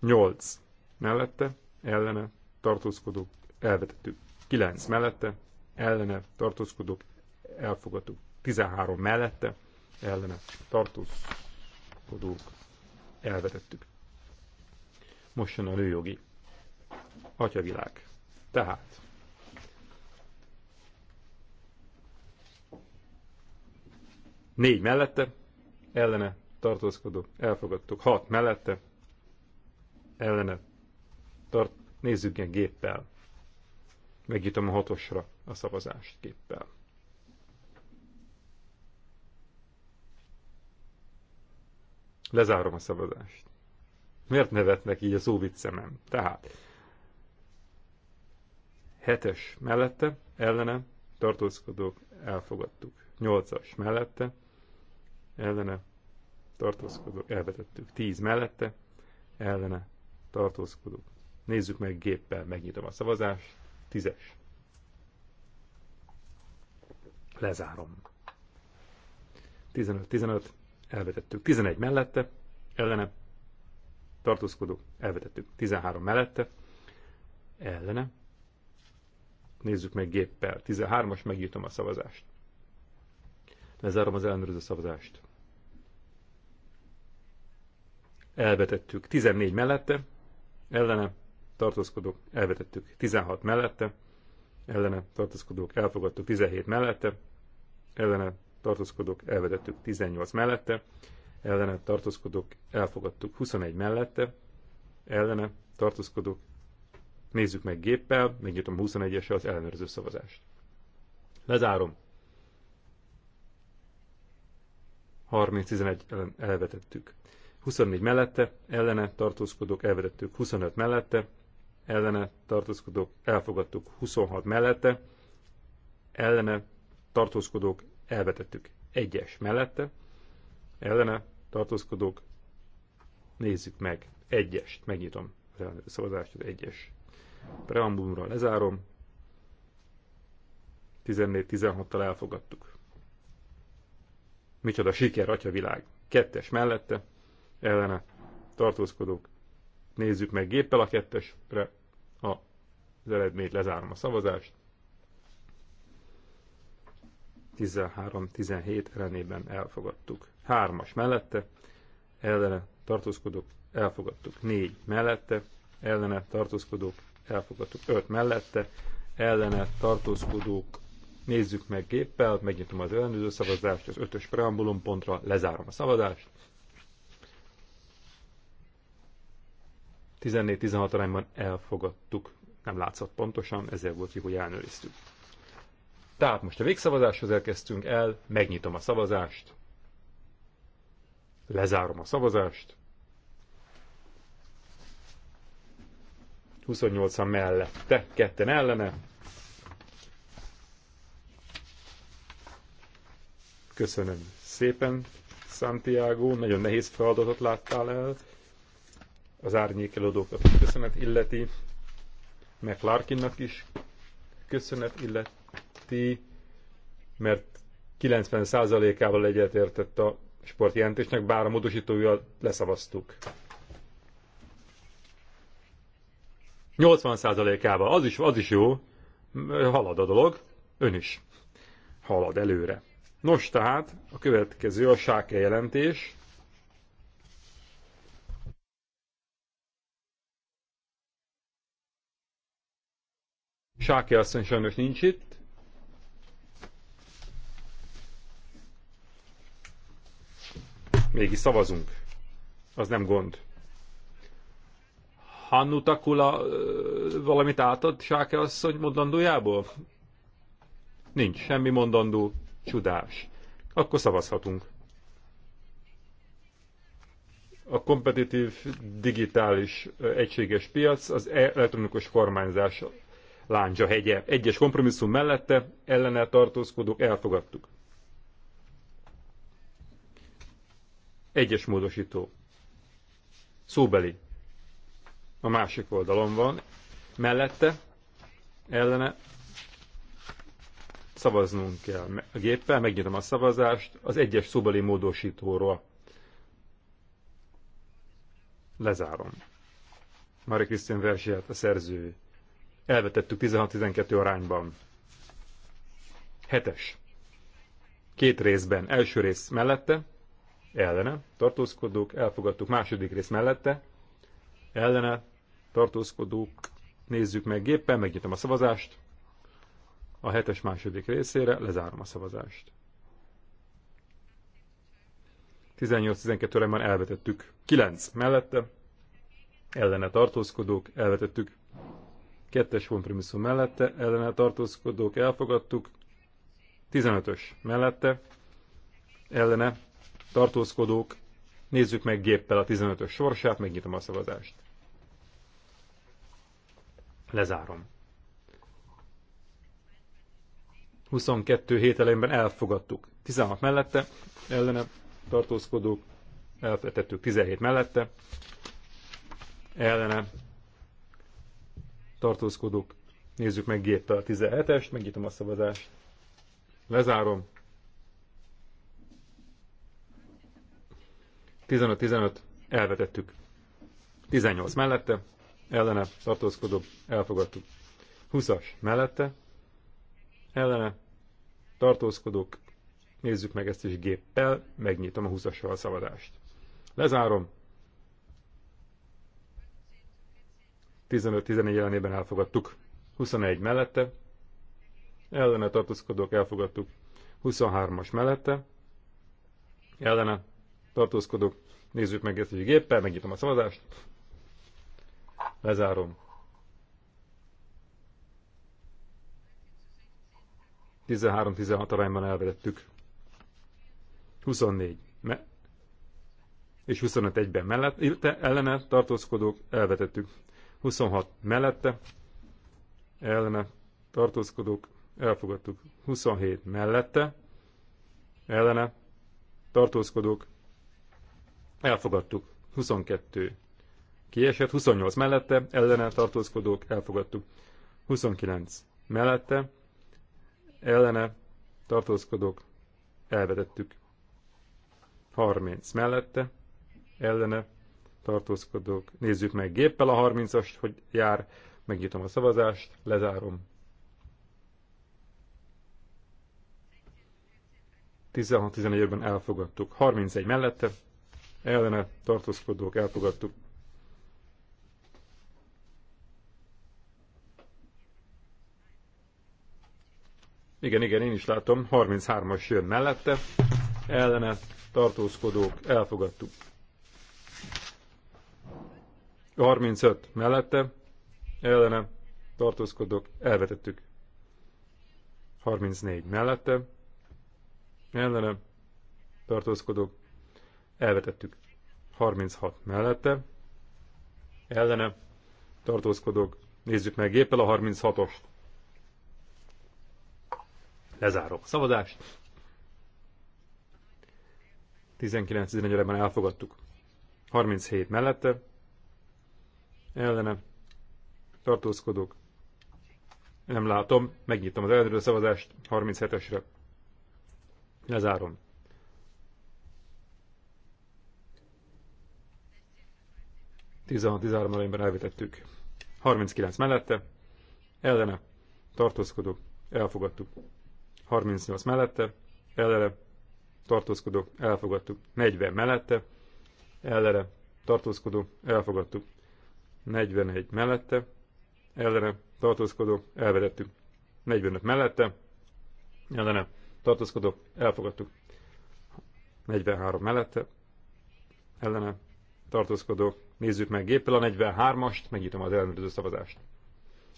8 mellette, ellene tartózkodók elvetettük. 9 mellette, ellene tartózkodók elfogadtuk. 13 mellette, ellene tartózkodók elvetettük. Most jön a nőjogi atyavilág. Tehát négy mellette, ellene tartózkodó, elfogadtuk. hat mellette, ellene tart, nézzük egy géppel. Megnyitom a hatosra a szavazást géppel. Lezárom a szavazást. Miért nevetnek így a szóviccemen? Tehát, hetes mellette, ellene, tartózkodók, elfogadtuk. Nyolcas mellette, ellene tartózkodók, elvetettük. 10 mellette, ellene tartózkodók. Nézzük meg géppel, megnyitom a szavazást. 10-es. Lezárom. 15-15, elvetettük. 11 mellette, ellene tartózkodók, elvetettük. 13 mellette, ellene. Nézzük meg géppel. 13-as, megnyitom a szavazást. Lezárom az ellenőrző szavazást. elvetettük 14 mellette, ellene tartózkodók, elvetettük 16 mellette, ellene tartózkodók, elfogadtuk 17 mellette, ellene tartózkodók, elvetettük 18 mellette, ellene tartózkodók, elfogadtuk 21 mellette, ellene tartózkodók, nézzük meg géppel, megnyitom 21-esre az ellenőrző szavazást. Lezárom. 30-11 elvetettük. 24 mellette, ellene tartózkodók elvedettük 25 mellette, ellene tartózkodók elfogadtuk 26 mellette, ellene tartózkodók elvetettük 1-es mellette, ellene tartózkodók nézzük meg 1-est, megnyitom az szavazást az 1-es preambulumra lezárom, 14-16-tal elfogadtuk. Micsoda siker, atya világ. Kettes mellette, ellene tartózkodók. Nézzük meg géppel a kettesre a, az eredményt, lezárom a szavazást. 13-17 ellenében elfogadtuk. 3-as mellette, ellene tartózkodók, elfogadtuk. 4 mellette, ellene tartózkodók, elfogadtuk. 5 mellette, ellene tartózkodók, nézzük meg géppel, megnyitom az ellenőrző szavazást, az 5-ös preambulum pontra, lezárom a szavazást. 14-16 arányban elfogadtuk. Nem látszott pontosan, ezért volt jó, hogy elnőriztük. Tehát most a végszavazáshoz elkezdtünk el, megnyitom a szavazást, lezárom a szavazást, 28-an mellette, ketten ellene. Köszönöm szépen, Santiago, nagyon nehéz feladatot láttál el az árnyék a köszönet illeti, meg Larkinnak is köszönet illeti, mert 90%-ával egyetértett a sportjelentésnek, bár a módosítója leszavaztuk. 80%-ával, az is, az is jó, halad a dolog, ön is halad előre. Nos, tehát a következő a sáke jelentés. Sáki asszony sajnos nincs itt. Mégis szavazunk. Az nem gond. Hannu Takula valamit átad Sáki asszony mondandójából? Nincs semmi mondandó. Csodás. Akkor szavazhatunk. A kompetitív digitális egységes piac az e- elektronikus kormányzás Lándzsa hegye. Egyes kompromisszum mellette ellenel tartózkodók elfogadtuk. Egyes módosító. Szóbeli. A másik oldalon van. Mellette ellene szavaznunk kell a géppel, megnyitom a szavazást az egyes szóbeli módosítóról. Lezárom. Mari Krisztián Versiát a szerző Elvetettük 16-12 arányban. Hetes. Két részben. Első rész mellette, ellene, tartózkodók, elfogadtuk. Második rész mellette, ellene, tartózkodók, nézzük meg géppen, megnyitom a szavazást. A hetes második részére lezárom a szavazást. 18 12 arányban elvetettük. 9 mellette, ellene tartózkodók, elvetettük Kettes kompromisszum mellette, ellene tartózkodók elfogadtuk. 15-ös mellette, ellene tartózkodók. Nézzük meg géppel a 15-ös sorsát, megnyitom a szavazást. Lezárom. 22 hét elejénben elfogadtuk. 16 mellette, ellene tartózkodók, elfetettük 17 mellette, ellene tartózkodók. Nézzük meg géppel a 17-est, megnyitom a szavazást. Lezárom. 15-15, elvetettük. 18 mellette, ellene, tartózkodó, elfogadtuk. 20-as mellette, ellene, tartózkodók, nézzük meg ezt is géppel, megnyitom a 20-assal a szavazást. Lezárom. 15-14 jelenében elfogadtuk. 21 mellette, ellene tartózkodók elfogadtuk. 23-as mellette, ellene tartózkodók. Nézzük meg ezt egy géppel, megnyitom a szavazást. Lezárom. 13-16 arányban elvedettük. 24 me- és 25 egyben mellett, ellene tartózkodók elvetettük. 26 mellette, ellene tartózkodók, elfogadtuk. 27 mellette, ellene tartózkodók, elfogadtuk. 22 kiesett, 28 mellette, ellene tartózkodók, elfogadtuk. 29 mellette, ellene tartózkodók, elvetettük. 30 mellette, ellene tartózkodok. Nézzük meg géppel a 30-ast, hogy jár. Megnyitom a szavazást, lezárom. 16 14 ben elfogadtuk. 31 mellette, ellene tartózkodók elfogadtuk. Igen, igen, én is látom. 33-as jön mellette, ellene tartózkodók elfogadtuk. 35 mellette, ellene tartózkodok, elvetettük. 34 mellette, ellene tartózkodok, elvetettük. 36 mellette, ellene tartózkodok, nézzük meg géppel a 36-ost. Lezárom a szavazást. 19 14 ben elfogadtuk. 37 mellette, ellene tartózkodók. Nem látom, megnyitom az előző szavazást 37-esre. Lezárom. Tizenhat 13 arányban elvetettük. 39 mellette, ellene, tartózkodók, elfogadtuk. 38 mellette, ellene, tartózkodó, elfogadtuk. 40 mellette, ellene, tartózkodó, elfogadtuk. 41 mellette, ellene tartózkodó, elvedettük. 45 mellette, ellene tartózkodó, elfogadtuk. 43 mellette, ellene tartózkodó, nézzük meg géppel a 43-ast, megnyitom az ellenőrző szavazást.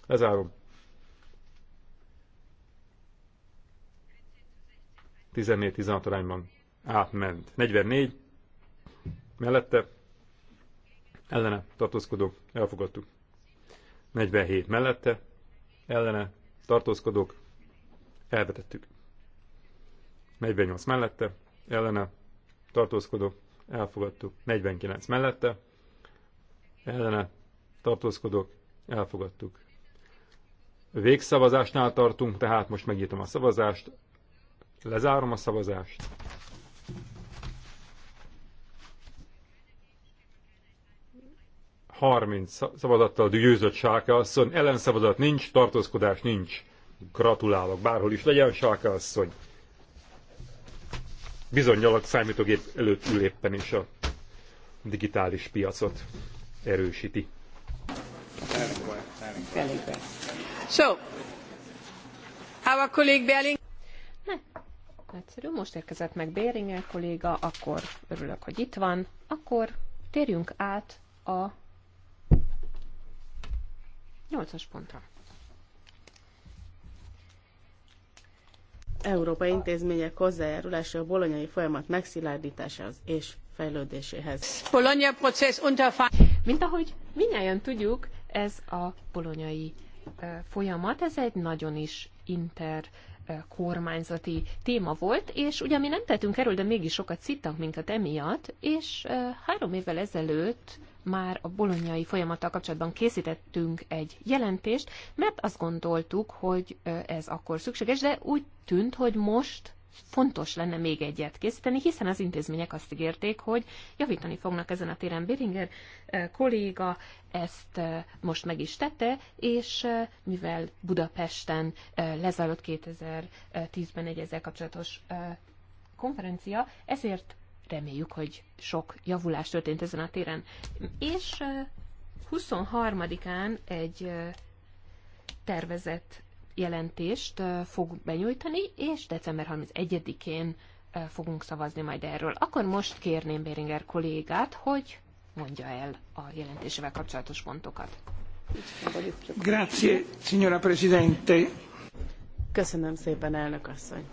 Lezárom. 14-16 arányban átment. 44 mellette, ellene tartózkodók elfogadtuk. 47 mellette ellene tartózkodók elvetettük. 48 mellette ellene tartózkodók elfogadtuk. 49 mellette ellene tartózkodók elfogadtuk. Végszavazásnál tartunk, tehát most megnyitom a szavazást, lezárom a szavazást. 30 szavazattal győzött Sáka asszony, ellenszavazat nincs, tartózkodás nincs. Gratulálok, bárhol is legyen Sáka asszony. Bizonyalag számítógép előtt ül éppen is a digitális piacot erősíti. So, our colleague Belling. egyszerű, most érkezett meg Béringer kolléga, akkor örülök, hogy itt van. Akkor térjünk át a Nyolcas pontra. Európai intézmények hozzájárulása a bolonyai folyamat megszilárdításához és fejlődéséhez. Bologna process Mint ahogy minnyáján tudjuk, ez a bolonyai folyamat, ez egy nagyon is inter kormányzati téma volt, és ugye mi nem tettünk erről, de mégis sokat szittak minket emiatt, és három évvel ezelőtt már a bolonyai folyamattal kapcsolatban készítettünk egy jelentést, mert azt gondoltuk, hogy ez akkor szükséges, de úgy tűnt, hogy most fontos lenne még egyet készíteni, hiszen az intézmények azt ígérték, hogy javítani fognak ezen a téren. Beringer kolléga ezt most meg is tette, és mivel Budapesten lezajlott 2010-ben egy ezzel kapcsolatos konferencia, ezért reméljük, hogy sok javulás történt ezen a téren. És 23-án egy tervezett jelentést fog benyújtani, és december 31-én fogunk szavazni majd erről. Akkor most kérném Béringer kollégát, hogy mondja el a jelentésével kapcsolatos pontokat. Grazie, signora Presidente. Köszönöm szépen, elnök asszony.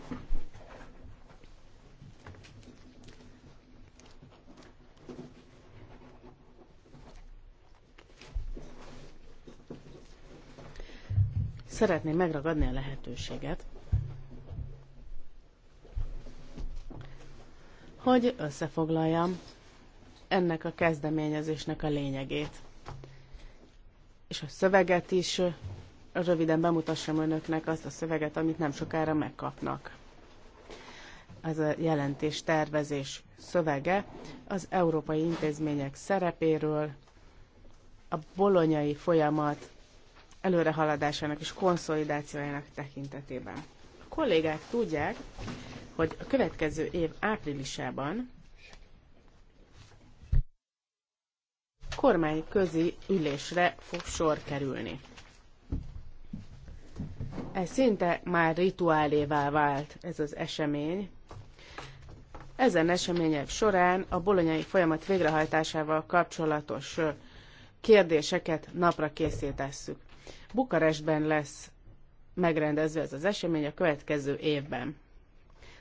Szeretném megragadni a lehetőséget, hogy összefoglaljam ennek a kezdeményezésnek a lényegét. És a szöveget is röviden bemutassam önöknek azt a szöveget, amit nem sokára megkapnak. Ez a jelentés tervezés szövege az európai intézmények szerepéről, a bolonyai folyamat előrehaladásának és konszolidációjának tekintetében. A kollégák tudják, hogy a következő év áprilisában kormányközi ülésre fog sor kerülni. Ez szinte már rituálévá vált ez az esemény. Ezen események során a bolonyai folyamat végrehajtásával kapcsolatos kérdéseket napra készítesszük. Bukarestben lesz megrendezve ez az esemény a következő évben.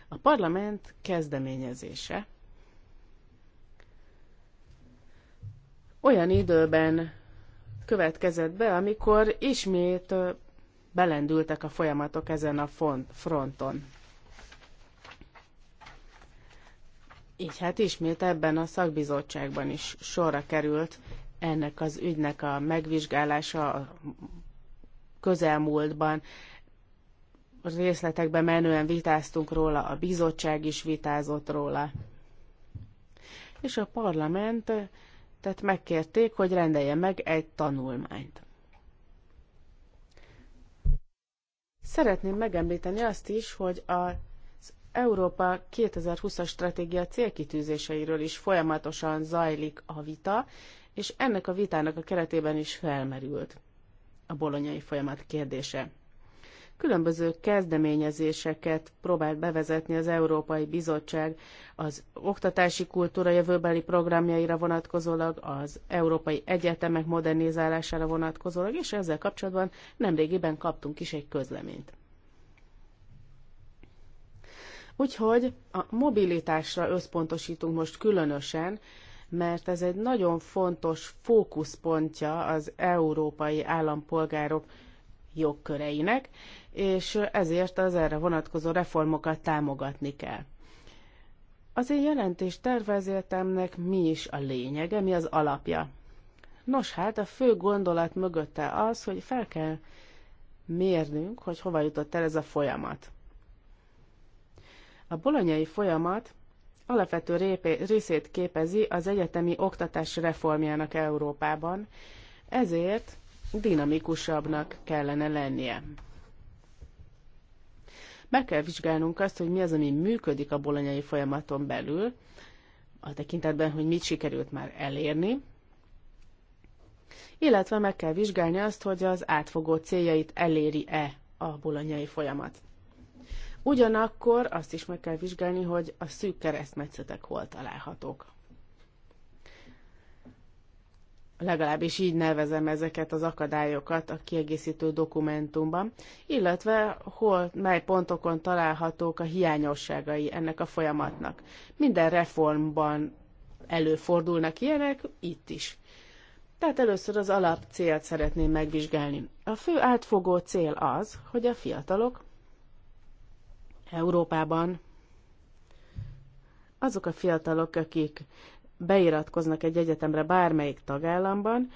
A parlament kezdeményezése olyan időben következett be, amikor ismét belendültek a folyamatok ezen a fronton. Így hát ismét ebben a szakbizottságban is sorra került ennek az ügynek a megvizsgálása, a közelmúltban részletekben menően vitáztunk róla, a bizottság is vitázott róla. És a parlament tehát megkérték, hogy rendelje meg egy tanulmányt. Szeretném megemlíteni azt is, hogy az Európa 2020-as stratégia célkitűzéseiről is folyamatosan zajlik a vita, és ennek a vitának a keretében is felmerült a bolonyai folyamat kérdése. Különböző kezdeményezéseket próbált bevezetni az Európai Bizottság az oktatási kultúra jövőbeli programjaira vonatkozólag, az európai egyetemek modernizálására vonatkozólag, és ezzel kapcsolatban nemrégiben kaptunk is egy közleményt. Úgyhogy a mobilitásra összpontosítunk most különösen, mert ez egy nagyon fontos fókuszpontja az európai állampolgárok jogköreinek, és ezért az erre vonatkozó reformokat támogatni kell. Az én jelentés tervezetemnek mi is a lényege, mi az alapja? Nos hát, a fő gondolat mögötte az, hogy fel kell mérnünk, hogy hova jutott el ez a folyamat. A bolonyai folyamat alapvető részét képezi az egyetemi oktatás reformjának Európában, ezért dinamikusabbnak kellene lennie. Meg kell vizsgálnunk azt, hogy mi az, ami működik a bolonyai folyamaton belül, a tekintetben, hogy mit sikerült már elérni, illetve meg kell vizsgálni azt, hogy az átfogó céljait eléri-e a bolonyai folyamat. Ugyanakkor azt is meg kell vizsgálni, hogy a szűk keresztmetszetek hol találhatók. Legalábbis így nevezem ezeket az akadályokat a kiegészítő dokumentumban, illetve hol, mely pontokon találhatók a hiányosságai ennek a folyamatnak. Minden reformban előfordulnak ilyenek, itt is. Tehát először az alapcélt szeretném megvizsgálni. A fő átfogó cél az, hogy a fiatalok Európában azok a fiatalok, akik beiratkoznak egy egyetemre bármelyik tagállamban,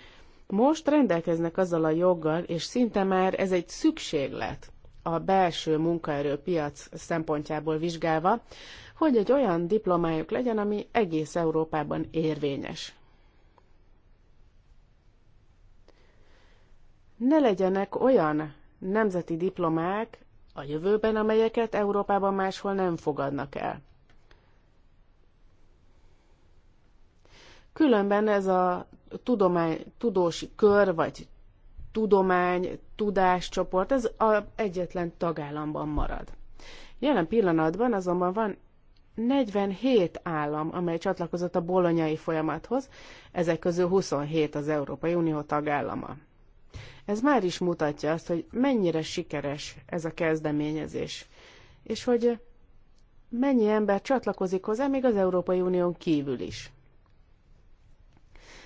most rendelkeznek azzal a joggal, és szinte már ez egy szükséglet a belső munkaerőpiac szempontjából vizsgálva, hogy egy olyan diplomájuk legyen, ami egész Európában érvényes. Ne legyenek olyan nemzeti diplomák, a jövőben, amelyeket Európában máshol nem fogadnak el. Különben ez a tudomány, tudósi kör, vagy tudomány, tudáscsoport, ez a egyetlen tagállamban marad. Jelen pillanatban azonban van 47 állam, amely csatlakozott a bolonyai folyamathoz, ezek közül 27 az Európai Unió tagállama. Ez már is mutatja azt, hogy mennyire sikeres ez a kezdeményezés, és hogy mennyi ember csatlakozik hozzá még az Európai Unión kívül is.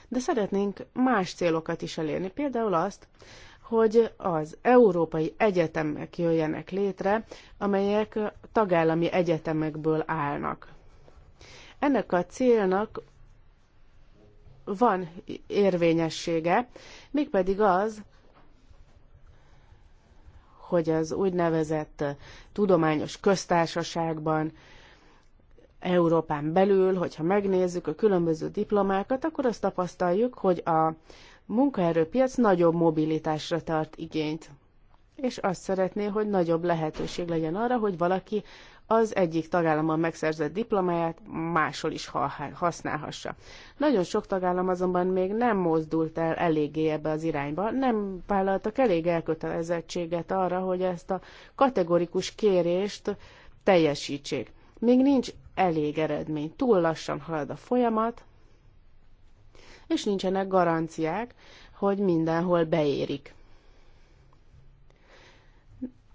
De szeretnénk más célokat is elérni, például azt, hogy az európai egyetemek jöjjenek létre, amelyek tagállami egyetemekből állnak. Ennek a célnak van érvényessége, mégpedig az, hogy az úgynevezett tudományos köztársaságban, Európán belül, hogyha megnézzük a különböző diplomákat, akkor azt tapasztaljuk, hogy a munkaerőpiac nagyobb mobilitásra tart igényt. És azt szeretné, hogy nagyobb lehetőség legyen arra, hogy valaki az egyik tagállamban megszerzett diplomáját máshol is használhassa. Nagyon sok tagállam azonban még nem mozdult el eléggé ebbe az irányba, nem vállaltak elég elkötelezettséget arra, hogy ezt a kategorikus kérést teljesítsék. Még nincs elég eredmény, túl lassan halad a folyamat, és nincsenek garanciák, hogy mindenhol beérik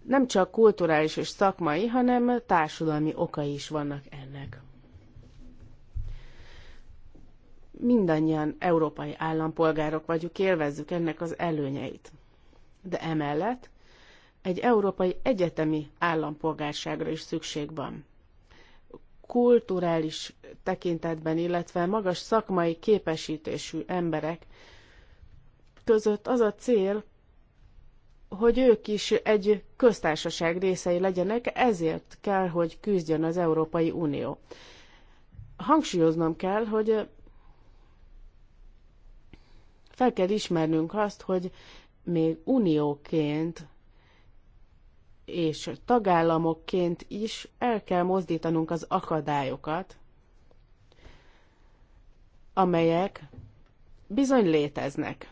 nem csak kulturális és szakmai, hanem társadalmi okai is vannak ennek. Mindannyian európai állampolgárok vagyunk, élvezzük ennek az előnyeit. De emellett egy európai egyetemi állampolgárságra is szükség van. Kulturális tekintetben, illetve magas szakmai képesítésű emberek között az a cél, hogy ők is egy köztársaság részei legyenek, ezért kell, hogy küzdjön az Európai Unió. Hangsúlyoznom kell, hogy fel kell ismernünk azt, hogy még unióként és tagállamokként is el kell mozdítanunk az akadályokat, amelyek bizony léteznek.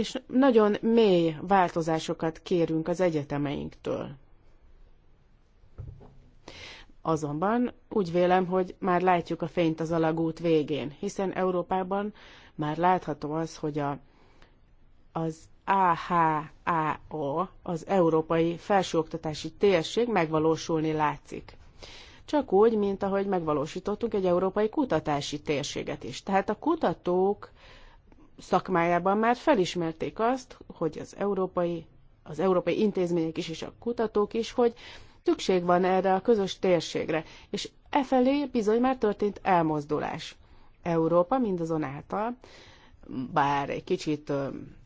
és nagyon mély változásokat kérünk az egyetemeinktől. Azonban úgy vélem, hogy már látjuk a fényt az alagút végén, hiszen Európában már látható az, hogy a, az AHAO, az Európai Felsőoktatási Térség megvalósulni látszik. Csak úgy, mint ahogy megvalósítottunk egy európai kutatási térséget is. Tehát a kutatók szakmájában már felismerték azt, hogy az európai, az európai intézmények is és a kutatók is, hogy szükség van erre a közös térségre, és e felé bizony már történt elmozdulás. Európa mindazonáltal, bár egy kicsit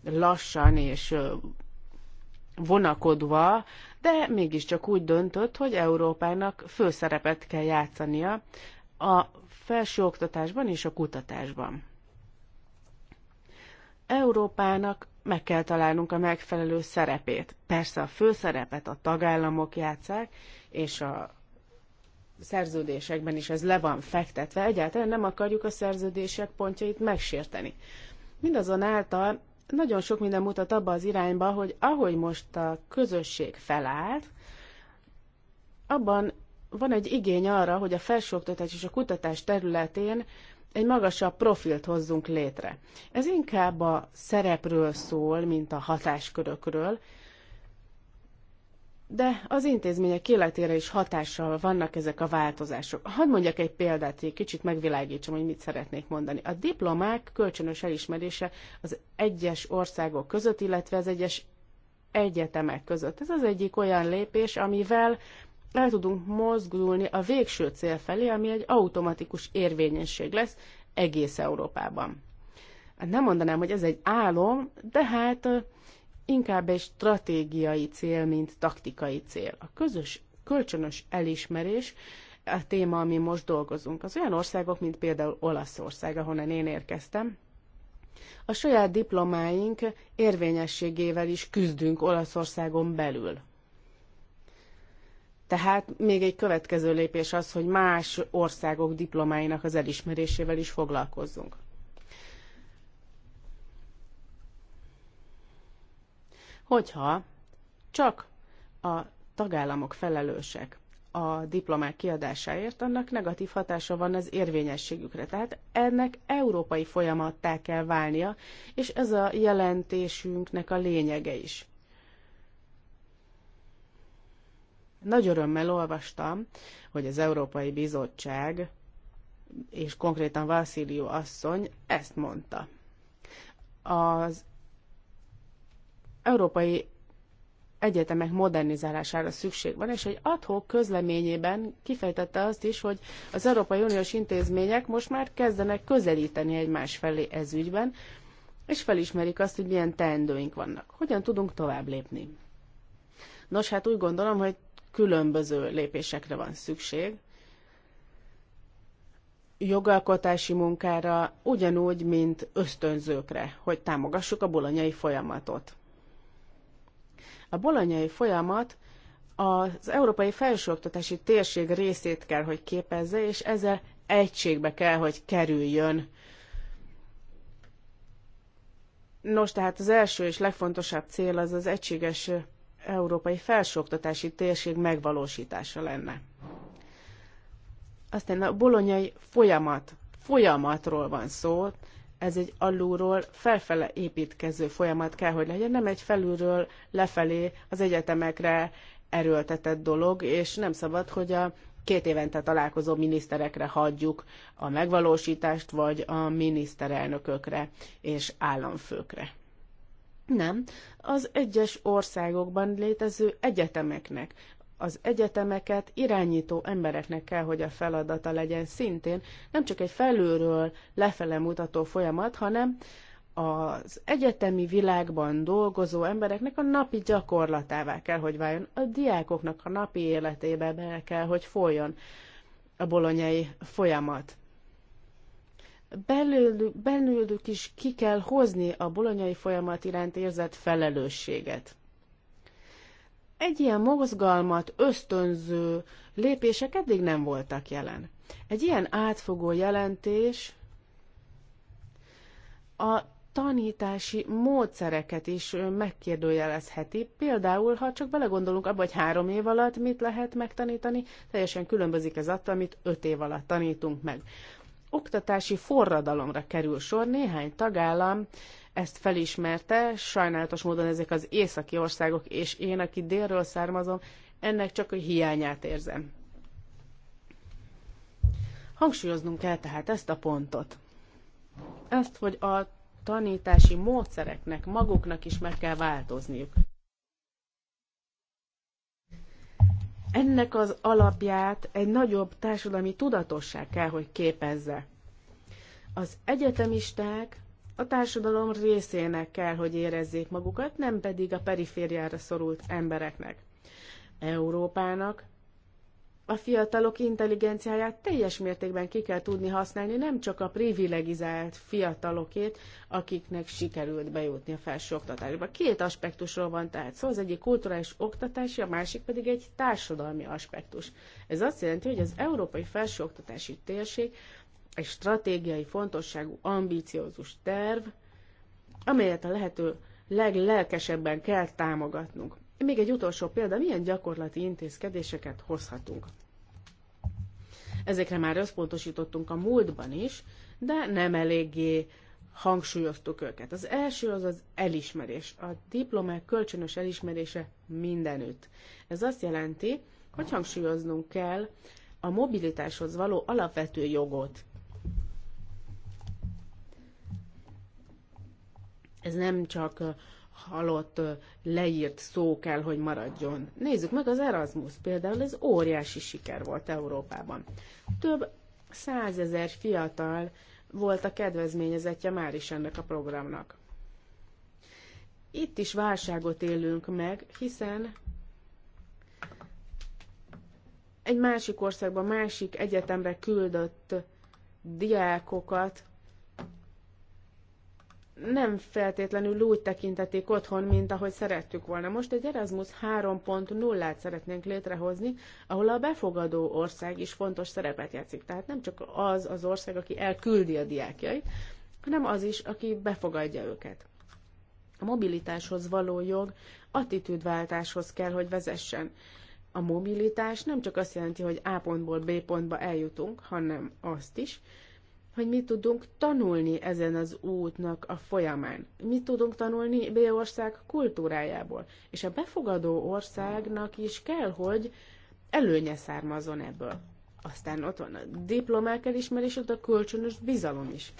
lassan és vonakodva, de mégiscsak úgy döntött, hogy Európának főszerepet kell játszania a felsőoktatásban és a kutatásban. Európának meg kell találnunk a megfelelő szerepét. Persze a főszerepet a tagállamok játszák, és a szerződésekben is ez le van fektetve, egyáltalán nem akarjuk a szerződések pontjait megsérteni. Mindazonáltal nagyon sok minden mutat abba az irányba, hogy ahogy most a közösség felállt, abban van egy igény arra, hogy a felsőoktatás és a kutatás területén egy magasabb profilt hozzunk létre. Ez inkább a szerepről szól, mint a hatáskörökről, de az intézmények életére is hatással vannak ezek a változások. Hadd mondjak egy példát, egy kicsit megvilágítsam, hogy mit szeretnék mondani. A diplomák kölcsönös elismerése az egyes országok között, illetve az egyes egyetemek között. Ez az egyik olyan lépés, amivel el tudunk mozgulni a végső cél felé, ami egy automatikus érvényesség lesz egész Európában. Nem mondanám, hogy ez egy álom, de hát inkább egy stratégiai cél, mint taktikai cél. A közös, kölcsönös elismerés a téma, ami most dolgozunk. Az olyan országok, mint például Olaszország, ahonnan én érkeztem, a saját diplomáink érvényességével is küzdünk Olaszországon belül. Tehát még egy következő lépés az, hogy más országok diplomáinak az elismerésével is foglalkozzunk. Hogyha csak a tagállamok felelősek a diplomák kiadásáért, annak negatív hatása van az érvényességükre. Tehát ennek európai folyamattá kell válnia, és ez a jelentésünknek a lényege is. Nagy örömmel olvastam, hogy az Európai Bizottság, és konkrétan Vasszilió asszony ezt mondta. Az európai egyetemek modernizálására szükség van, és egy adhok közleményében kifejtette azt is, hogy az Európai Uniós intézmények most már kezdenek közelíteni egymás felé ez ügyben, és felismerik azt, hogy milyen teendőink vannak. Hogyan tudunk tovább lépni? Nos, hát úgy gondolom, hogy különböző lépésekre van szükség, jogalkotási munkára, ugyanúgy, mint ösztönzőkre, hogy támogassuk a bolonyai folyamatot. A bolonyai folyamat az európai felsőoktatási térség részét kell, hogy képezze, és ezzel egységbe kell, hogy kerüljön. Nos, tehát az első és legfontosabb cél az az egységes európai felsőoktatási térség megvalósítása lenne. Aztán a bolonyai folyamat. Folyamatról van szó, ez egy alulról felfele építkező folyamat kell, hogy legyen, nem egy felülről lefelé az egyetemekre erőltetett dolog, és nem szabad, hogy a két évente találkozó miniszterekre hagyjuk a megvalósítást, vagy a miniszterelnökökre és államfőkre. Nem, az egyes országokban létező egyetemeknek, az egyetemeket irányító embereknek kell, hogy a feladata legyen szintén, nem csak egy felülről lefele mutató folyamat, hanem az egyetemi világban dolgozó embereknek a napi gyakorlatává kell, hogy váljon, a diákoknak a napi életébe be kell, hogy folyjon a bolonyai folyamat belőlük, belőlük is ki kell hozni a bolonyai folyamat iránt érzett felelősséget. Egy ilyen mozgalmat ösztönző lépések eddig nem voltak jelen. Egy ilyen átfogó jelentés a tanítási módszereket is megkérdőjelezheti. Például, ha csak belegondolunk abba, hogy három év alatt mit lehet megtanítani, teljesen különbözik ez attól, amit öt év alatt tanítunk meg oktatási forradalomra kerül sor. Néhány tagállam ezt felismerte, sajnálatos módon ezek az északi országok, és én, aki délről származom, ennek csak a hiányát érzem. Hangsúlyoznunk kell tehát ezt a pontot. Ezt, hogy a tanítási módszereknek maguknak is meg kell változniuk. ennek az alapját egy nagyobb társadalmi tudatosság kell, hogy képezze. Az egyetemisták a társadalom részének kell, hogy érezzék magukat, nem pedig a perifériára szorult embereknek. Európának a fiatalok intelligenciáját teljes mértékben ki kell tudni használni, nem csak a privilegizált fiatalokét, akiknek sikerült bejutni a oktatásba. Két aspektusról van tehát szó, az egyik kulturális oktatási, a másik pedig egy társadalmi aspektus. Ez azt jelenti, hogy az európai felsőoktatási térség egy stratégiai fontosságú, ambíciózus terv, amelyet a lehető leglelkesebben kell támogatnunk. Még egy utolsó példa, milyen gyakorlati intézkedéseket hozhatunk. Ezekre már összpontosítottunk a múltban is, de nem eléggé hangsúlyoztuk őket. Az első az az elismerés. A diplomák kölcsönös elismerése mindenütt. Ez azt jelenti, hogy hangsúlyoznunk kell a mobilitáshoz való alapvető jogot. Ez nem csak halott, leírt szó kell, hogy maradjon. Nézzük meg az Erasmus például, ez óriási siker volt Európában. Több százezer fiatal volt a kedvezményezetje már is ennek a programnak. Itt is válságot élünk meg, hiszen egy másik országban, másik egyetemre küldött diákokat nem feltétlenül úgy tekintetik otthon, mint ahogy szerettük volna. Most egy Erasmus 3.0-át szeretnénk létrehozni, ahol a befogadó ország is fontos szerepet játszik. Tehát nem csak az az ország, aki elküldi a diákjait, hanem az is, aki befogadja őket. A mobilitáshoz való jog attitűdváltáshoz kell, hogy vezessen. A mobilitás nem csak azt jelenti, hogy A pontból B pontba eljutunk, hanem azt is, hogy mit tudunk tanulni ezen az útnak a folyamán. Mit tudunk tanulni B ország kultúrájából. És a befogadó országnak is kell, hogy előnye származon ebből. Aztán ott van a diplomák elismerés, ott a kölcsönös bizalom is.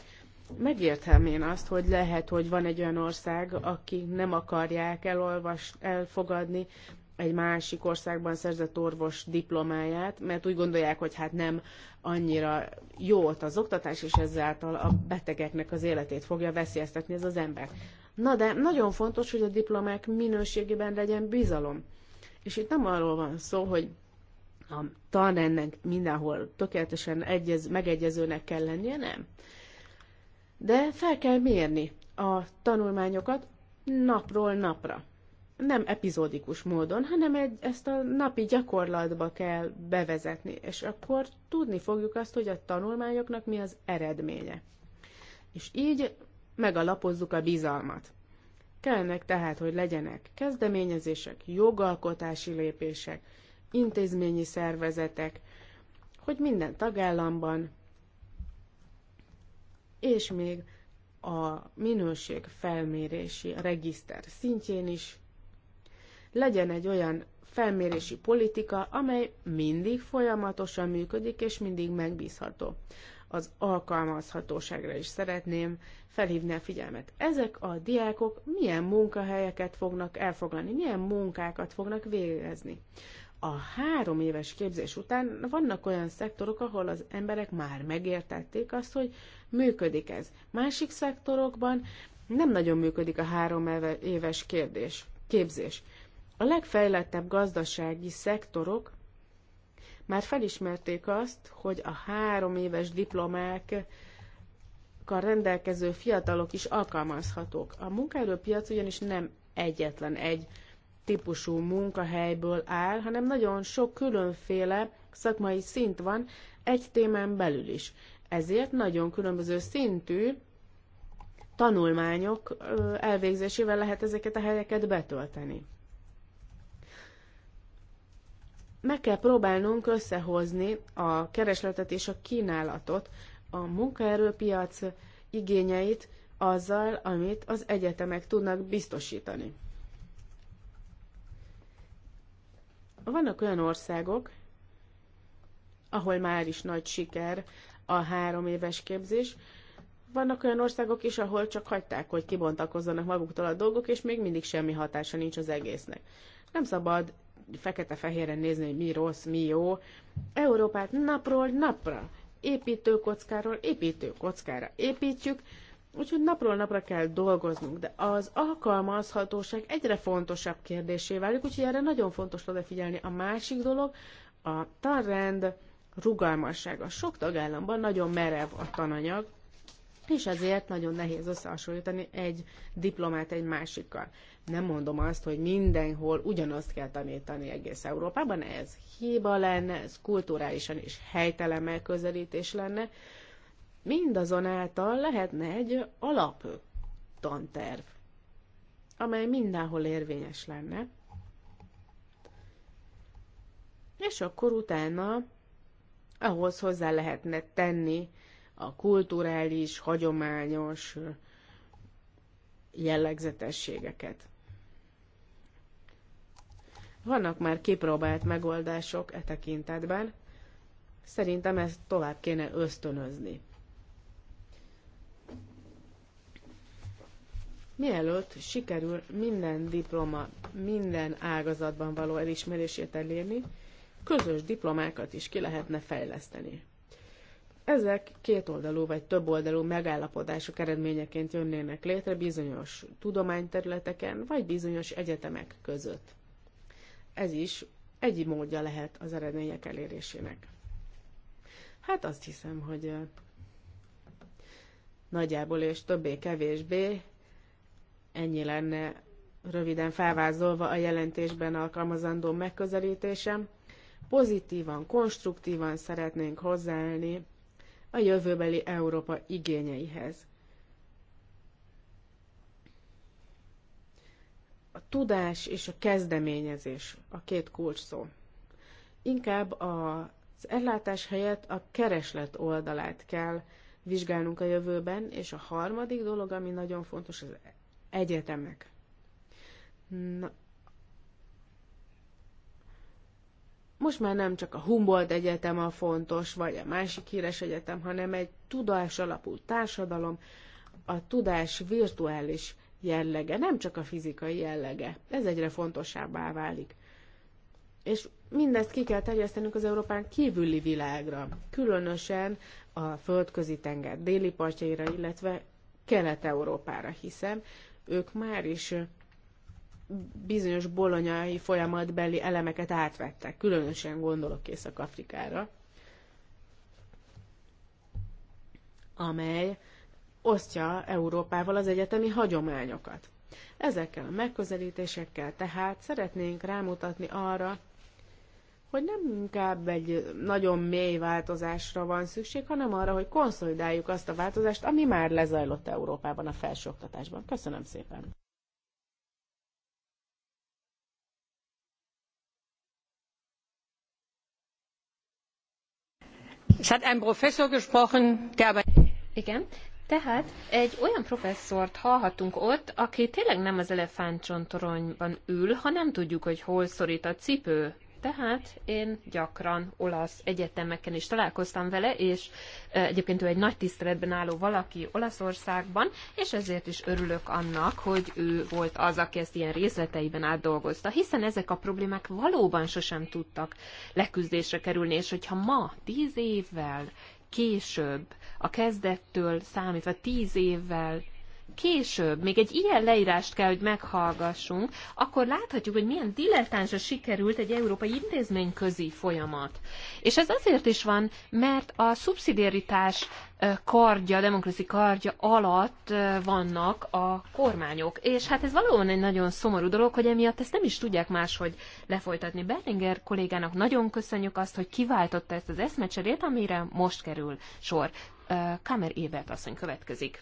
Megértem én azt, hogy lehet, hogy van egy olyan ország, akik nem akarják elolvas, elfogadni egy másik országban szerzett orvos diplomáját, mert úgy gondolják, hogy hát nem annyira jó ott az oktatás, és ezáltal a betegeknek az életét fogja veszélyeztetni ez az ember. Na de nagyon fontos, hogy a diplomák minőségében legyen bizalom. És itt nem arról van szó, hogy a tanrendnek mindenhol tökéletesen egyez, megegyezőnek kell lennie, nem. De fel kell mérni a tanulmányokat napról napra nem epizódikus módon, hanem egy, ezt a napi gyakorlatba kell bevezetni, és akkor tudni fogjuk azt, hogy a tanulmányoknak mi az eredménye. És így megalapozzuk a bizalmat. Kellnek tehát, hogy legyenek kezdeményezések, jogalkotási lépések, intézményi szervezetek, hogy minden tagállamban, és még a minőség felmérési regiszter szintjén is legyen egy olyan felmérési politika, amely mindig folyamatosan működik és mindig megbízható. Az alkalmazhatóságra is szeretném felhívni a figyelmet. Ezek a diákok milyen munkahelyeket fognak elfoglalni, milyen munkákat fognak végezni. A három éves képzés után vannak olyan szektorok, ahol az emberek már megértették azt, hogy működik ez. Másik szektorokban nem nagyon működik a három éves kérdés, képzés a legfejlettebb gazdasági szektorok már felismerték azt, hogy a három éves diplomákkal rendelkező fiatalok is alkalmazhatók. A munkaerőpiac ugyanis nem egyetlen egy típusú munkahelyből áll, hanem nagyon sok különféle szakmai szint van egy témán belül is. Ezért nagyon különböző szintű tanulmányok elvégzésével lehet ezeket a helyeket betölteni. meg kell próbálnunk összehozni a keresletet és a kínálatot, a munkaerőpiac igényeit azzal, amit az egyetemek tudnak biztosítani. Vannak olyan országok, ahol már is nagy siker a három éves képzés, vannak olyan országok is, ahol csak hagyták, hogy kibontakozzanak maguktól a dolgok, és még mindig semmi hatása nincs az egésznek. Nem szabad fekete-fehéren nézni, hogy mi rossz, mi jó. Európát napról napra, építőkockáról építőkockára építjük, úgyhogy napról napra kell dolgoznunk, de az alkalmazhatóság egyre fontosabb kérdésé válik, úgyhogy erre nagyon fontos odafigyelni. A másik dolog a tanrend rugalmassága. Sok tagállamban nagyon merev a tananyag, és ezért nagyon nehéz összehasonlítani egy diplomát egy másikkal. Nem mondom azt, hogy mindenhol ugyanazt kell tanítani egész Európában, ez hiba lenne, ez kulturálisan és helytelen megközelítés lenne. Mindazonáltal lehetne egy alap tanterv, amely mindenhol érvényes lenne, és akkor utána ahhoz hozzá lehetne tenni a kulturális, hagyományos jellegzetességeket. Vannak már kipróbált megoldások e tekintetben. Szerintem ezt tovább kéne ösztönözni. Mielőtt sikerül minden diploma, minden ágazatban való elismerését elérni, közös diplomákat is ki lehetne fejleszteni. Ezek kétoldalú vagy többoldalú megállapodások eredményeként jönnének létre bizonyos tudományterületeken vagy bizonyos egyetemek között ez is egy módja lehet az eredmények elérésének. Hát azt hiszem, hogy nagyjából és többé-kevésbé ennyi lenne röviden felvázolva a jelentésben alkalmazandó megközelítésem. Pozitívan, konstruktívan szeretnénk hozzáállni a jövőbeli Európa igényeihez. a tudás és a kezdeményezés a két kulcs szó. Inkább az ellátás helyett a kereslet oldalát kell vizsgálnunk a jövőben, és a harmadik dolog, ami nagyon fontos, az egyetemek. Na, most már nem csak a Humboldt Egyetem a fontos, vagy a másik híres egyetem, hanem egy tudás alapú társadalom, a tudás virtuális jellege, nem csak a fizikai jellege. Ez egyre fontosabbá válik. És mindezt ki kell terjesztenünk az Európán kívüli világra, különösen a földközi tenger déli partjaira, illetve Kelet-Európára, hiszen ők már is bizonyos bolonyai folyamatbeli elemeket átvettek, különösen gondolok Észak-Afrikára, amely osztja Európával az egyetemi hagyományokat. Ezekkel a megközelítésekkel tehát szeretnénk rámutatni arra, hogy nem inkább egy nagyon mély változásra van szükség, hanem arra, hogy konszolidáljuk azt a változást, ami már lezajlott Európában a felsőoktatásban. Köszönöm szépen! Igen, tehát egy olyan professzort hallhatunk ott, aki tényleg nem az elefántcsontoronyban ül, ha nem tudjuk, hogy hol szorít a cipő. Tehát én gyakran olasz egyetemeken is találkoztam vele, és egyébként ő egy nagy tiszteletben álló valaki Olaszországban, és ezért is örülök annak, hogy ő volt az, aki ezt ilyen részleteiben átdolgozta, hiszen ezek a problémák valóban sosem tudtak leküzdésre kerülni, és hogyha ma, tíz évvel később, a kezdettől számítva tíz évvel később még egy ilyen leírást kell, hogy meghallgassunk, akkor láthatjuk, hogy milyen dilettánsra sikerült egy európai intézményközi folyamat. És ez azért is van, mert a szubszidiaritás kardja, demokrácia kardja alatt vannak a kormányok. És hát ez valóban egy nagyon szomorú dolog, hogy emiatt ezt nem is tudják máshogy lefolytatni. Berlinger kollégának nagyon köszönjük azt, hogy kiváltotta ezt az eszmecserét, amire most kerül sor. Kamer Ébert asszony következik.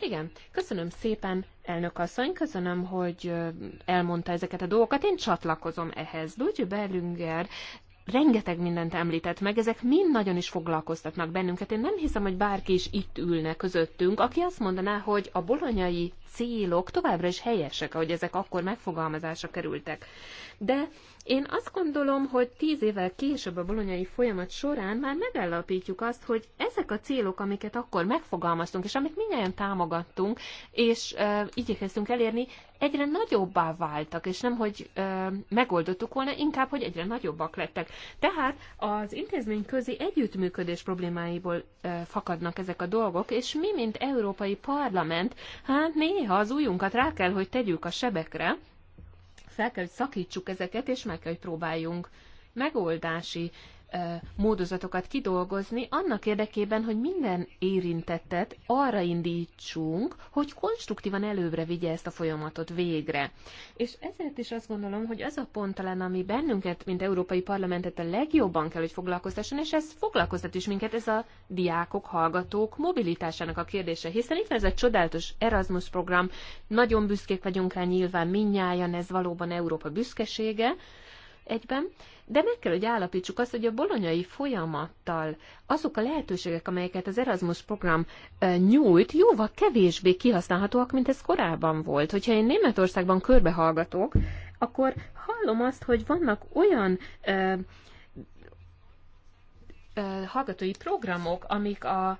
Igen, köszönöm szépen, elnök asszony, köszönöm, hogy elmondta ezeket a dolgokat. Én csatlakozom ehhez. Luigi Berlinger rengeteg mindent említett meg, ezek mind nagyon is foglalkoztatnak bennünket. Én nem hiszem, hogy bárki is itt ülne közöttünk, aki azt mondaná, hogy a bolonyai célok továbbra is helyesek, ahogy ezek akkor megfogalmazásra kerültek. De én azt gondolom, hogy tíz évvel később a bolonyai folyamat során már megállapítjuk azt, hogy ezek a célok, amiket akkor megfogalmaztunk, és amit minnyáján támogattunk, és uh, igyekeztünk elérni, egyre nagyobbá váltak, és nem, hogy uh, megoldottuk volna, inkább, hogy egyre nagyobbak lettek. Tehát az intézmény közi együttműködés problémáiból uh, fakadnak ezek a dolgok, és mi, mint Európai Parlament, hát néha az újunkat rá kell, hogy tegyük a sebekre, fel kell, hogy szakítsuk ezeket, és meg kell, hogy próbáljunk megoldási módozatokat kidolgozni, annak érdekében, hogy minden érintettet arra indítsunk, hogy konstruktívan előbbre vigye ezt a folyamatot végre. És ezért is azt gondolom, hogy az a pont talán, ami bennünket, mint Európai Parlamentet a legjobban kell, hogy foglalkoztasson, és ez foglalkoztat is minket, ez a diákok, hallgatók mobilitásának a kérdése, hiszen itt van ez a csodálatos Erasmus program, nagyon büszkék vagyunk rá nyilván minnyáján, ez valóban Európa büszkesége, egyben, de meg kell, hogy állapítsuk azt, hogy a bolonyai folyamattal azok a lehetőségek, amelyeket az Erasmus program nyújt, jóval kevésbé kihasználhatóak, mint ez korábban volt. Hogyha én Németországban körbehallgatok, akkor hallom azt, hogy vannak olyan ö, ö, hallgatói programok, amik a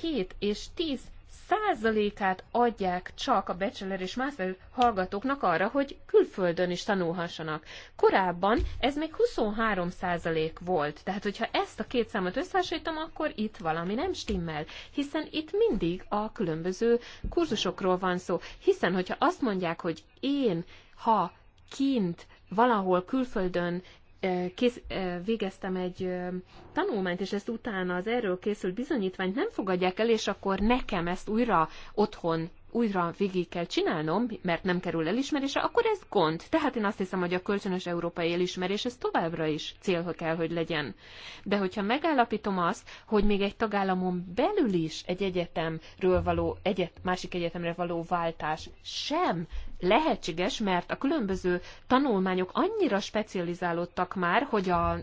7 és 10 százalékát adják csak a bachelor és master hallgatóknak arra, hogy külföldön is tanulhassanak. Korábban ez még 23 százalék volt, tehát hogyha ezt a két számot összehasonlítom, akkor itt valami nem stimmel, hiszen itt mindig a különböző kurzusokról van szó, hiszen hogyha azt mondják, hogy én, ha kint valahol külföldön kész, végeztem egy tanulmányt, és ezt utána az erről készült bizonyítványt nem fogadják el, és akkor nekem ezt újra otthon újra végig kell csinálnom, mert nem kerül elismerésre, akkor ez gond. Tehát én azt hiszem, hogy a kölcsönös európai elismerés ez továbbra is cél kell, hogy legyen. De hogyha megállapítom azt, hogy még egy tagállamon belül is egy egyetemről való, egyet, másik egyetemre való váltás sem lehetséges, mert a különböző tanulmányok annyira specializálódtak már, hogy a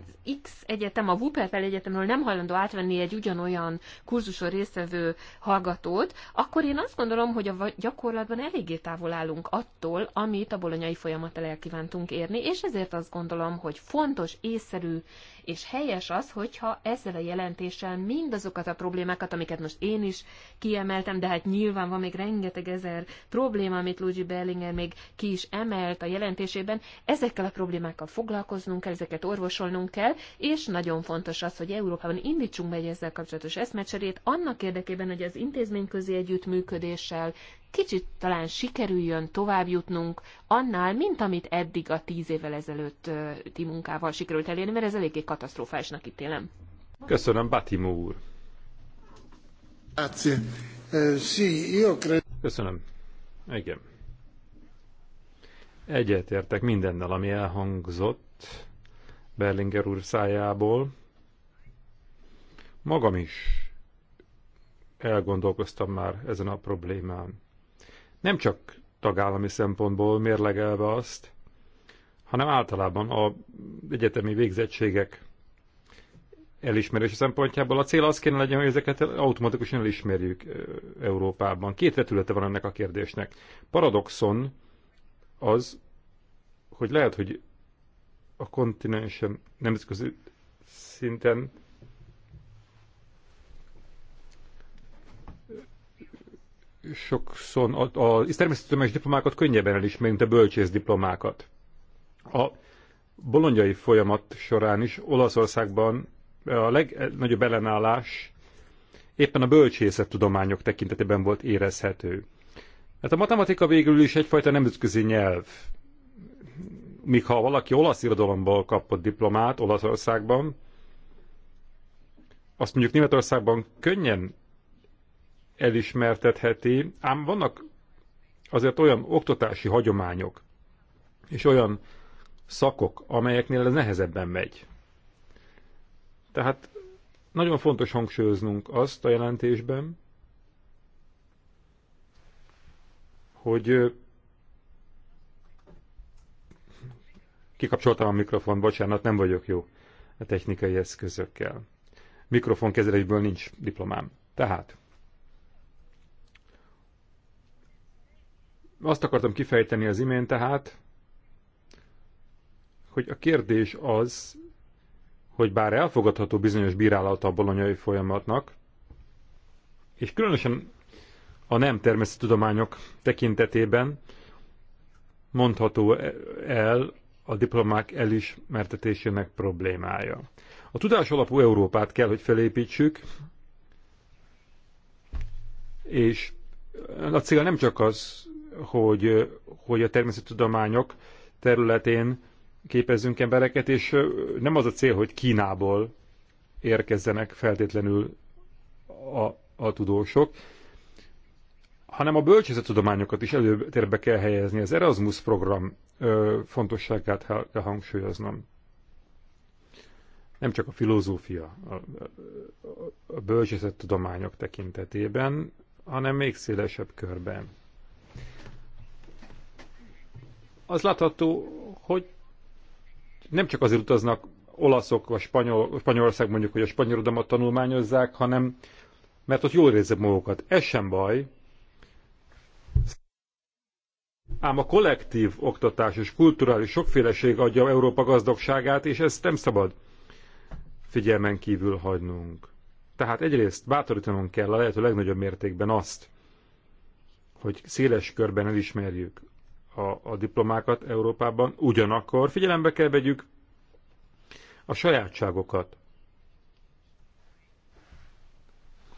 X egyetem, a Wuppertal egyetemről nem hajlandó átvenni egy ugyanolyan kurzuson résztvevő hallgatót, akkor én azt gondolom, hogy a gyakorlatban eléggé távol állunk attól, amit a bolonyai folyamattal el kívántunk érni, és ezért azt gondolom, hogy fontos, észszerű és helyes az, hogyha ezzel a jelentéssel mindazokat a problémákat, amiket most én is kiemeltem, de hát nyilván van még rengeteg ezer probléma, amit Luigi Belling Bollinger még ki is emelt a jelentésében, ezekkel a problémákkal foglalkoznunk kell, ezeket orvosolnunk kell, és nagyon fontos az, hogy Európában indítsunk meg ezzel kapcsolatos eszmecserét, annak érdekében, hogy az intézményközi együttműködéssel kicsit talán sikerüljön továbbjutnunk annál, mint amit eddig a tíz évvel ti munkával sikerült elérni, mert ez eléggé katasztrofálisnak ítélem. Köszönöm, Batimó úr. Eh, Köszönöm. Igen. Egyetértek mindennel, ami elhangzott Berlinger úr szájából. Magam is elgondolkoztam már ezen a problémán. Nem csak tagállami szempontból mérlegelve azt, hanem általában a egyetemi végzettségek elismerése szempontjából. A cél az kéne legyen, hogy ezeket automatikusan elismerjük Európában. Két vetülete van ennek a kérdésnek. Paradoxon, az, hogy lehet, hogy a kontinensen nemzetközi szinten sokszor az természetes diplomákat könnyebben is, mint a bölcsész diplomákat. A bolonyai folyamat során is Olaszországban a legnagyobb ellenállás éppen a bölcsészettudományok tekintetében volt érezhető. Hát a matematika végül is egyfajta nemzetközi nyelv. Míg ha valaki olasz irodalomból kapott diplomát Olaszországban, azt mondjuk Németországban könnyen elismertetheti, ám vannak azért olyan oktatási hagyományok, és olyan szakok, amelyeknél ez nehezebben megy. Tehát nagyon fontos hangsúlyoznunk azt a jelentésben, hogy kikapcsoltam a mikrofon, bocsánat, nem vagyok jó a technikai eszközökkel. Mikrofon kezelésből nincs diplomám. Tehát, azt akartam kifejteni az imént tehát, hogy a kérdés az, hogy bár elfogadható bizonyos bírálata a bolonyai folyamatnak, és különösen a nem természettudományok tekintetében mondható e- el a diplomák elismertetésének problémája. A tudás alapú Európát kell, hogy felépítsük, és a cél nem csak az, hogy, hogy a természettudományok területén képezzünk embereket, és nem az a cél, hogy Kínából érkezzenek feltétlenül a, a tudósok, hanem a bölcsészettudományokat is előtérbe kell helyezni. Az Erasmus program ö, fontosságát kell hangsúlyoznom. Nem csak a filozófia, a, a, a bölcsészettudományok tekintetében, hanem még szélesebb körben. Az látható, hogy nem csak azért utaznak olaszok, vagy spanyol, Spanyolország mondjuk, hogy a spanyolodamat tanulmányozzák, hanem mert ott jól érzik magukat. Ez sem baj, ám a kollektív oktatás és kulturális sokféleség adja Európa gazdagságát, és ezt nem szabad figyelmen kívül hagynunk. Tehát egyrészt bátorítanunk kell a lehető legnagyobb mértékben azt, hogy széles körben elismerjük a, a diplomákat Európában, ugyanakkor figyelembe kell vegyük a sajátságokat,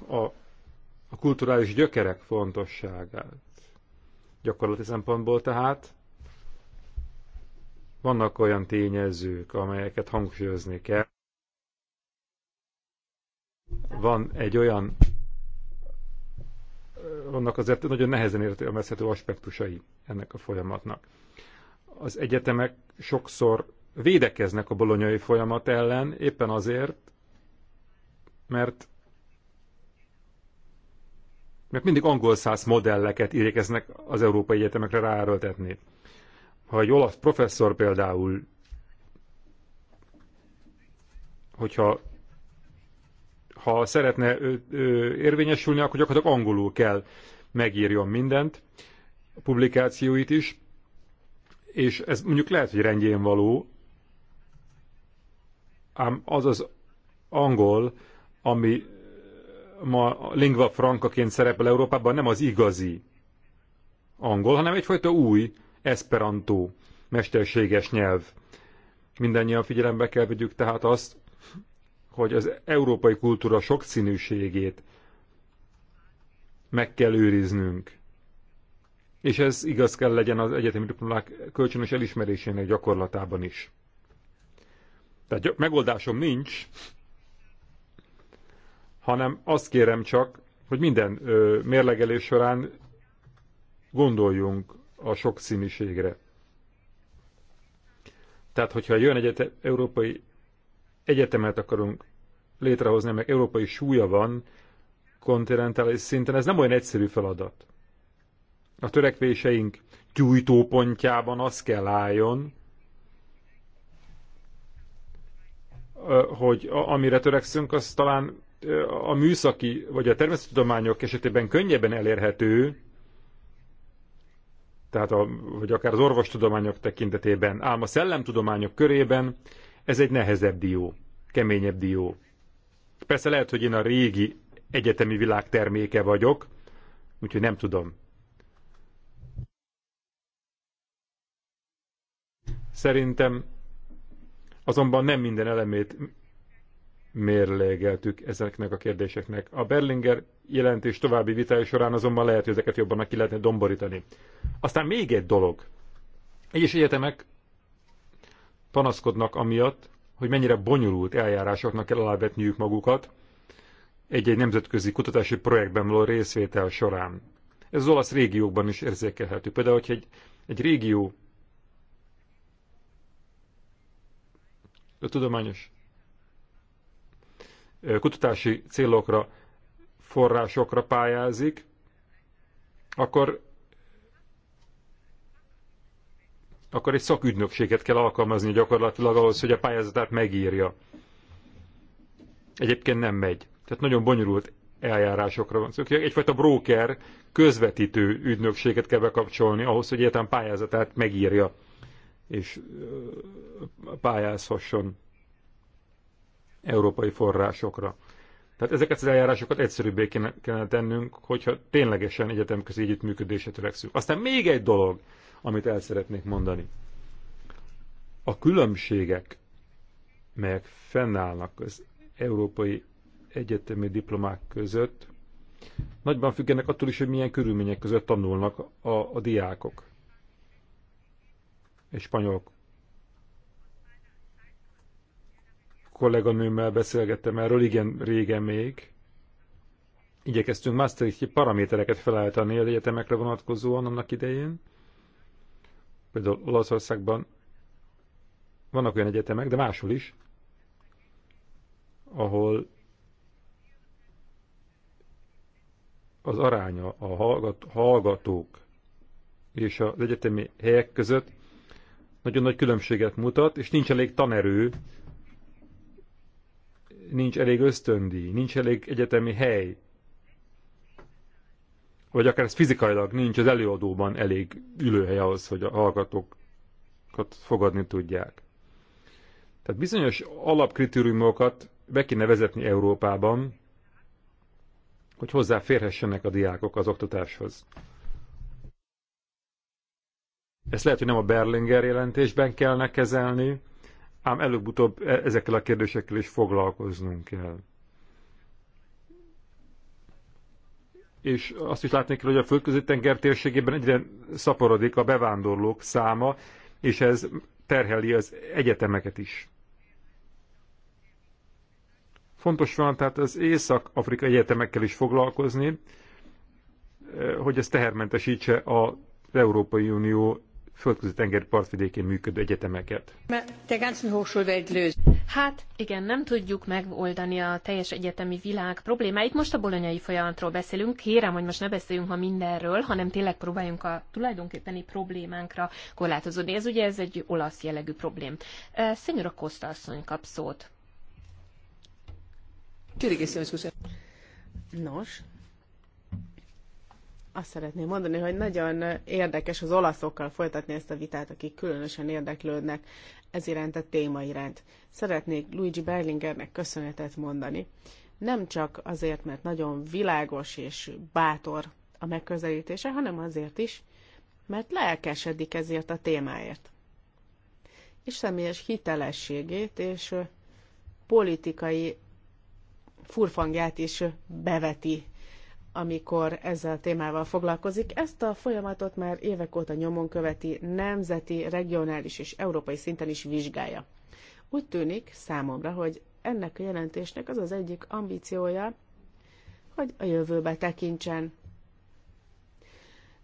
a, a kulturális gyökerek fontosságát gyakorlati szempontból tehát. Vannak olyan tényezők, amelyeket hangsúlyozni kell. Van egy olyan, vannak azért nagyon nehezen értelmezhető aspektusai ennek a folyamatnak. Az egyetemek sokszor védekeznek a bolonyai folyamat ellen, éppen azért, mert mert mindig angol száz modelleket igyekeznek az európai egyetemekre ráerőltetni. Ha egy olasz professzor például, hogyha ha szeretne ö, ö, érvényesülni, akkor gyakorlatilag angolul kell megírjon mindent, a publikációit is, és ez mondjuk lehet, hogy rendjén való, ám az az angol, ami ma lingva frankaként szerepel Európában, nem az igazi angol, hanem egyfajta új esperantó mesterséges nyelv. Mindennyian figyelembe kell vegyük tehát azt, hogy az európai kultúra sokszínűségét meg kell őriznünk. És ez igaz kell legyen az egyetemi diplomák kölcsönös elismerésének gyakorlatában is. Tehát megoldásom nincs, hanem azt kérem csak, hogy minden ö, mérlegelés során gondoljunk a sokszínűségre. Tehát, hogyha jön egyet, európai egyetemet akarunk létrehozni, meg európai súlya van kontinentális szinten, ez nem olyan egyszerű feladat. A törekvéseink gyújtópontjában az kell álljon, hogy amire törekszünk, az talán a műszaki vagy a természettudományok esetében könnyebben elérhető, tehát a, vagy akár az orvostudományok tekintetében, ám a szellemtudományok körében ez egy nehezebb dió, keményebb dió. Persze lehet, hogy én a régi egyetemi világ terméke vagyok, úgyhogy nem tudom. Szerintem azonban nem minden elemét mérlegeltük ezeknek a kérdéseknek. A Berlinger jelentés további vitája során azonban lehet, hogy ezeket jobban ki lehetne domborítani. Aztán még egy dolog. Egyes egyetemek panaszkodnak amiatt, hogy mennyire bonyolult eljárásoknak kell alávetniük magukat egy-egy nemzetközi kutatási projektben való részvétel során. Ez az olasz régiókban is érzékelhető. Például, hogy egy, egy régió a tudományos kutatási célokra, forrásokra pályázik, akkor akkor egy szakügynökséget kell alkalmazni gyakorlatilag ahhoz, hogy a pályázatát megírja. Egyébként nem megy. Tehát nagyon bonyolult eljárásokra van szükség. Egyfajta broker, közvetítő ügynökséget kell bekapcsolni ahhoz, hogy egyáltalán pályázatát megírja és pályázhasson európai forrásokra. Tehát ezeket az eljárásokat egyszerűbbé kéne, kellene tennünk, hogyha ténylegesen egyetemközi együttműködésre törekszünk. Aztán még egy dolog, amit el szeretnék mondani. A különbségek, melyek fennállnak az európai egyetemi diplomák között, nagyban függenek attól is, hogy milyen körülmények között tanulnak a, a diákok. Egy spanyol kolléganőmmel beszélgettem erről, igen, régen még. Igyekeztünk Maastrichti paramétereket felállítani az egyetemekre vonatkozóan annak idején. Például Olaszországban vannak olyan egyetemek, de máshol is, ahol az aránya a hallgatók és az egyetemi helyek között nagyon nagy különbséget mutat, és nincs elég tanerő nincs elég ösztöndíj, nincs elég egyetemi hely, vagy akár ez fizikailag nincs az előadóban elég ülőhely ahhoz, hogy a hallgatókat fogadni tudják. Tehát bizonyos alapkritériumokat be kéne vezetni Európában, hogy hozzáférhessenek a diákok az oktatáshoz. Ezt lehet, hogy nem a Berlinger jelentésben kellene kezelni, ám előbb-utóbb e- ezekkel a kérdésekkel is foglalkoznunk kell. És azt is látni kell, hogy a földközi tenger térségében egyre szaporodik a bevándorlók száma, és ez terheli az egyetemeket is. Fontos van tehát az Észak-Afrika egyetemekkel is foglalkozni, eh, hogy ez tehermentesítse az Európai Unió földközi tenger partvidékén működő egyetemeket. Hát igen, nem tudjuk megoldani a teljes egyetemi világ problémáit. Most a bolonyai folyamatról beszélünk. Kérem, hogy most ne beszéljünk ma mindenről, hanem tényleg próbáljunk a tulajdonképpeni problémánkra korlátozódni. Ez ugye ez egy olasz jellegű problém. Szenyora Kosta asszony kap szót. Nos, azt szeretném mondani, hogy nagyon érdekes az olaszokkal folytatni ezt a vitát, akik különösen érdeklődnek ez iránt a téma iránt. Szeretnék Luigi Berlingernek köszönetet mondani. Nem csak azért, mert nagyon világos és bátor a megközelítése, hanem azért is, mert lelkesedik ezért a témáért. És személyes hitelességét és politikai furfangját is beveti amikor ezzel a témával foglalkozik. Ezt a folyamatot már évek óta nyomon követi, nemzeti, regionális és európai szinten is vizsgálja. Úgy tűnik számomra, hogy ennek a jelentésnek az az egyik ambíciója, hogy a jövőbe tekintsen.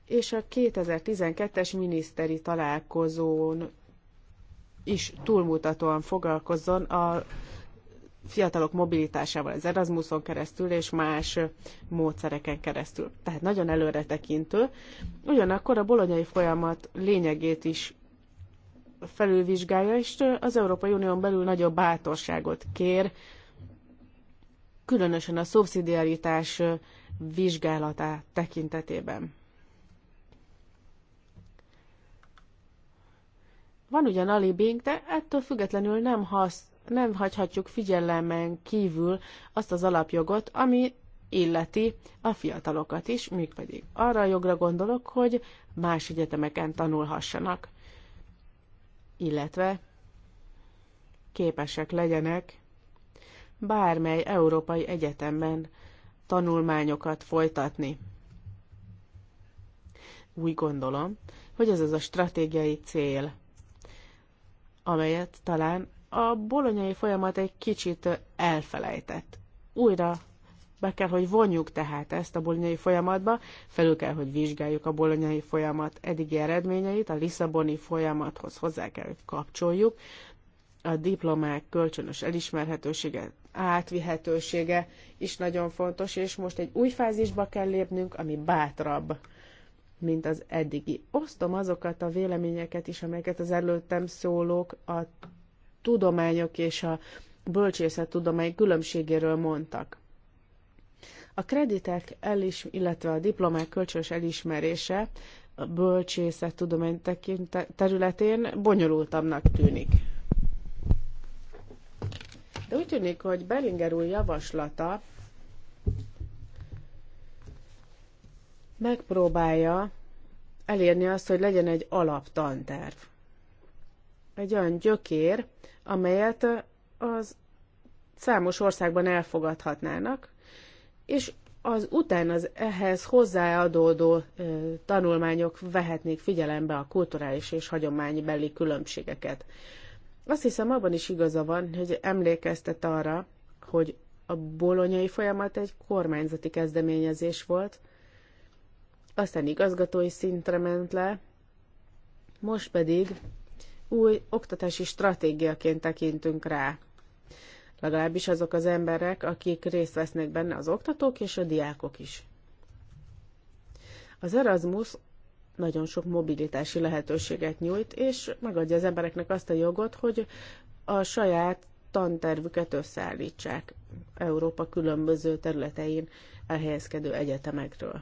És a 2012-es miniszteri találkozón is túlmutatóan foglalkozzon a fiatalok mobilitásával, az Erasmuson keresztül és más módszereken keresztül. Tehát nagyon előretekintő. Ugyanakkor a bolonyai folyamat lényegét is felülvizsgálja, és az Európai Unión belül nagyobb bátorságot kér, különösen a szubszidiaritás vizsgálatá tekintetében. Van ugyan alibink, de ettől függetlenül nem hasz, nem hagyhatjuk figyelemen kívül azt az alapjogot, ami illeti a fiatalokat is, mégpedig arra a jogra gondolok, hogy más egyetemeken tanulhassanak, illetve képesek legyenek bármely európai egyetemben tanulmányokat folytatni. Úgy gondolom, hogy ez az a stratégiai cél, amelyet talán a bolonyai folyamat egy kicsit elfelejtett. Újra be kell, hogy vonjuk tehát ezt a bolonyai folyamatba, felül kell, hogy vizsgáljuk a bolonyai folyamat eddigi eredményeit, a Lisszaboni folyamathoz hozzá kell, hogy kapcsoljuk, a diplomák kölcsönös elismerhetősége, átvihetősége is nagyon fontos, és most egy új fázisba kell lépnünk, ami bátrabb, mint az eddigi. Osztom azokat a véleményeket is, amelyeket az előttem szólók a tudományok és a bölcsészettudomány különbségéről mondtak. A kreditek elis, illetve a diplomák kölcsönös elismerése a bölcsészettudomány területén bonyolultabbnak tűnik. De úgy tűnik, hogy Berlinger úr javaslata megpróbálja elérni azt, hogy legyen egy alaptanterv egy olyan gyökér, amelyet az számos országban elfogadhatnának, és az után az ehhez hozzáadódó tanulmányok vehetnék figyelembe a kulturális és hagyománybeli különbségeket. Azt hiszem, abban is igaza van, hogy emlékeztet arra, hogy a bolonyai folyamat egy kormányzati kezdeményezés volt, aztán igazgatói szintre ment le, most pedig új oktatási stratégiaként tekintünk rá. Legalábbis azok az emberek, akik részt vesznek benne, az oktatók és a diákok is. Az Erasmus nagyon sok mobilitási lehetőséget nyújt, és megadja az embereknek azt a jogot, hogy a saját tantervüket összeállítsák Európa különböző területein elhelyezkedő egyetemekről.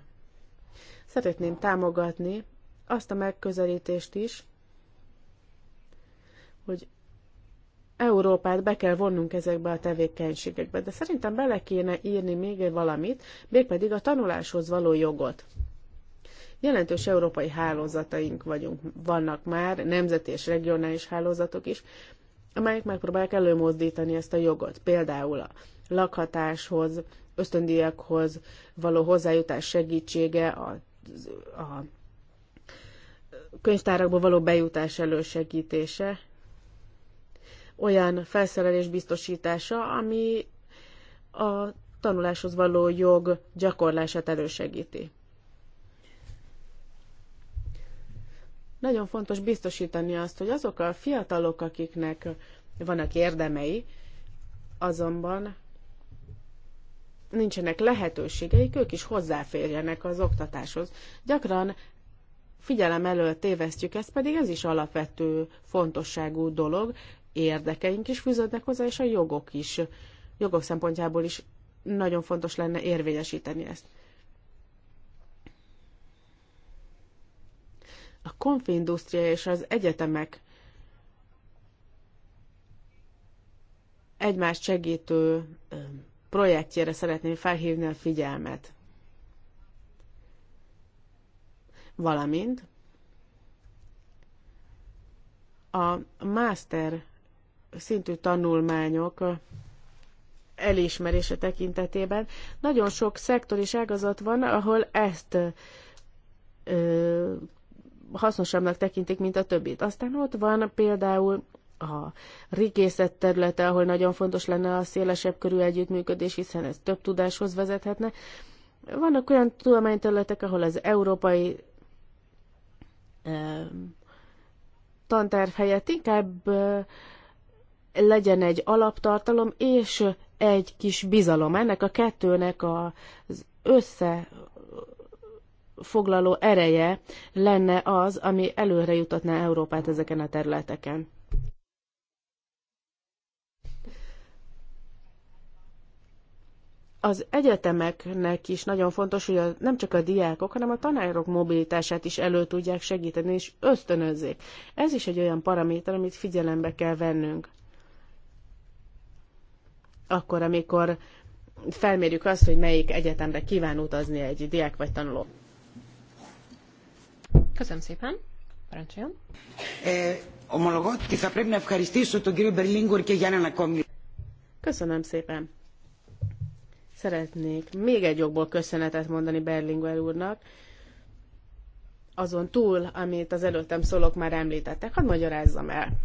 Szeretném támogatni azt a megközelítést is, hogy Európát be kell vonnunk ezekbe a tevékenységekbe, de szerintem bele kéne írni még valamit, mégpedig a tanuláshoz való jogot. Jelentős európai hálózataink vagyunk, vannak már, nemzeti és regionális hálózatok is, amelyek megpróbálják előmozdítani ezt a jogot. Például a lakhatáshoz, ösztöndíjakhoz való hozzájutás segítsége, a, a könyvtárakba való bejutás elősegítése, olyan felszerelés biztosítása, ami a tanuláshoz való jog gyakorlását elősegíti. Nagyon fontos biztosítani azt, hogy azok a fiatalok, akiknek vannak érdemei, azonban nincsenek lehetőségeik, ők is hozzáférjenek az oktatáshoz. Gyakran figyelem elől tévesztjük ezt, pedig ez is alapvető fontosságú dolog, érdekeink is fűződnek hozzá, és a jogok is, jogok szempontjából is nagyon fontos lenne érvényesíteni ezt. A konfindusztria és az egyetemek egymást segítő projektjére szeretném felhívni a figyelmet. Valamint a master szintű tanulmányok elismerése tekintetében. Nagyon sok szektor és ágazat van, ahol ezt ö, hasznosabbnak tekintik, mint a többit. Aztán ott van például a régészet területe, ahol nagyon fontos lenne a szélesebb körű együttműködés, hiszen ez több tudáshoz vezethetne. Vannak olyan tudományterületek, ahol az európai ö, tanterv helyett inkább ö, legyen egy alaptartalom és egy kis bizalom. Ennek a kettőnek az összefoglaló ereje lenne az, ami előre jutatná Európát ezeken a területeken. az egyetemeknek is nagyon fontos, hogy a, nem csak a diákok, hanem a tanárok mobilitását is elő tudják segíteni, és ösztönözzék. Ez is egy olyan paraméter, amit figyelembe kell vennünk akkor, amikor felmérjük azt, hogy melyik egyetemre kíván utazni egy diák vagy tanuló. Köszönöm szépen. Parancsoljon. Ομολογώ ki θα πρέπει να ευχαριστήσω τον κύριο Köszönöm szépen. Szeretnék még egy jogból köszönetet mondani Berlinguer úrnak, azon túl, amit az előttem szólok már említettek. Hadd magyarázzam el.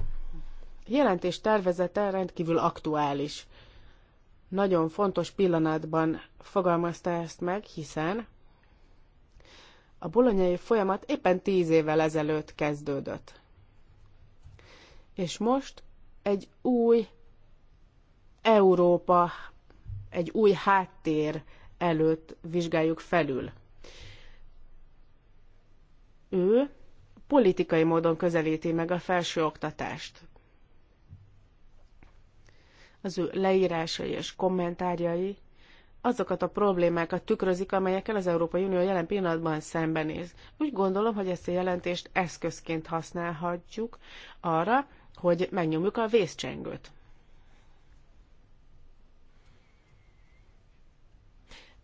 Jelentés tervezete rendkívül aktuális nagyon fontos pillanatban fogalmazta ezt meg, hiszen a bolonyai folyamat éppen tíz évvel ezelőtt kezdődött. És most egy új Európa, egy új háttér előtt vizsgáljuk felül. Ő politikai módon közelíti meg a felsőoktatást az ő leírásai és kommentárjai azokat a problémákat tükrözik, amelyekkel az Európai Unió jelen pillanatban szembenéz. Úgy gondolom, hogy ezt a jelentést eszközként használhatjuk arra, hogy megnyomjuk a vészcsengőt.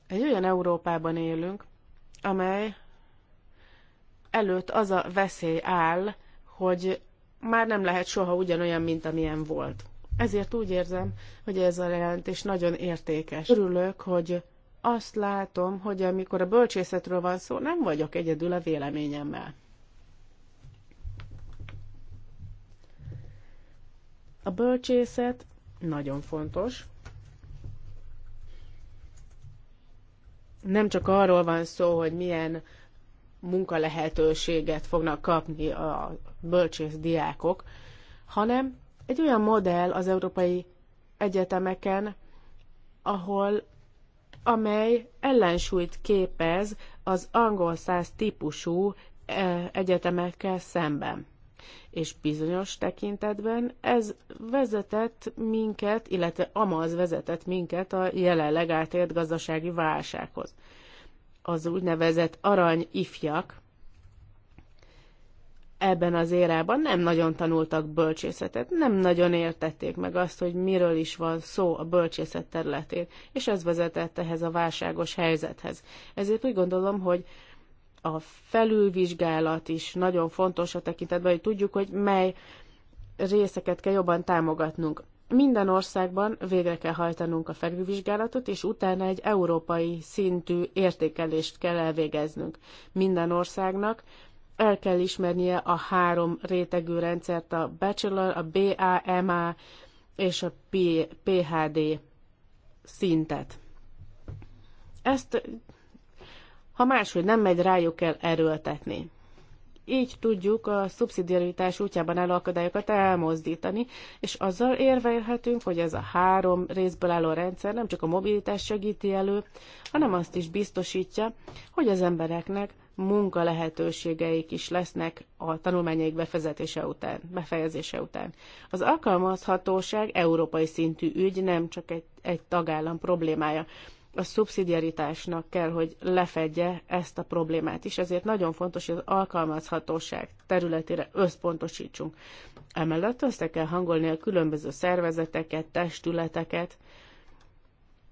Egy olyan Európában élünk, amely előtt az a veszély áll, hogy már nem lehet soha ugyanolyan, mint amilyen volt. Ezért úgy érzem, hogy ez a jelentés nagyon értékes. Örülök, hogy azt látom, hogy amikor a bölcsészetről van szó, nem vagyok egyedül a véleményemmel. A bölcsészet nagyon fontos. Nem csak arról van szó, hogy milyen munkalehetőséget fognak kapni a bölcsész diákok, hanem egy olyan modell az európai egyetemeken, ahol amely ellensúlyt képez az angol száz típusú e, egyetemekkel szemben. És bizonyos tekintetben ez vezetett minket, illetve amaz vezetett minket a jelenleg átért gazdasági válsághoz. Az úgynevezett arany ifjak, ebben az érában nem nagyon tanultak bölcsészetet, nem nagyon értették meg azt, hogy miről is van szó a bölcsészet területén, és ez vezetett ehhez a válságos helyzethez. Ezért úgy gondolom, hogy a felülvizsgálat is nagyon fontos a tekintetben, hogy tudjuk, hogy mely részeket kell jobban támogatnunk. Minden országban végre kell hajtanunk a felülvizsgálatot, és utána egy európai szintű értékelést kell elvégeznünk. Minden országnak el kell ismernie a három rétegű rendszert, a bachelor, a BAMA és a PHD szintet. Ezt, ha máshogy nem megy, rájuk kell erőltetni. Így tudjuk a szubszidiaritás útjában álló akadályokat elmozdítani, és azzal érvelhetünk, hogy ez a három részből álló rendszer nem csak a mobilitást segíti elő, hanem azt is biztosítja, hogy az embereknek munka lehetőségeik is lesznek a tanulmányaik befezetése után, befejezése után. Az alkalmazhatóság európai szintű ügy, nem csak egy, egy tagállam problémája. A szubszidiaritásnak kell, hogy lefedje ezt a problémát is, ezért nagyon fontos, hogy az alkalmazhatóság területére összpontosítsunk. Emellett össze kell hangolni a különböző szervezeteket, testületeket,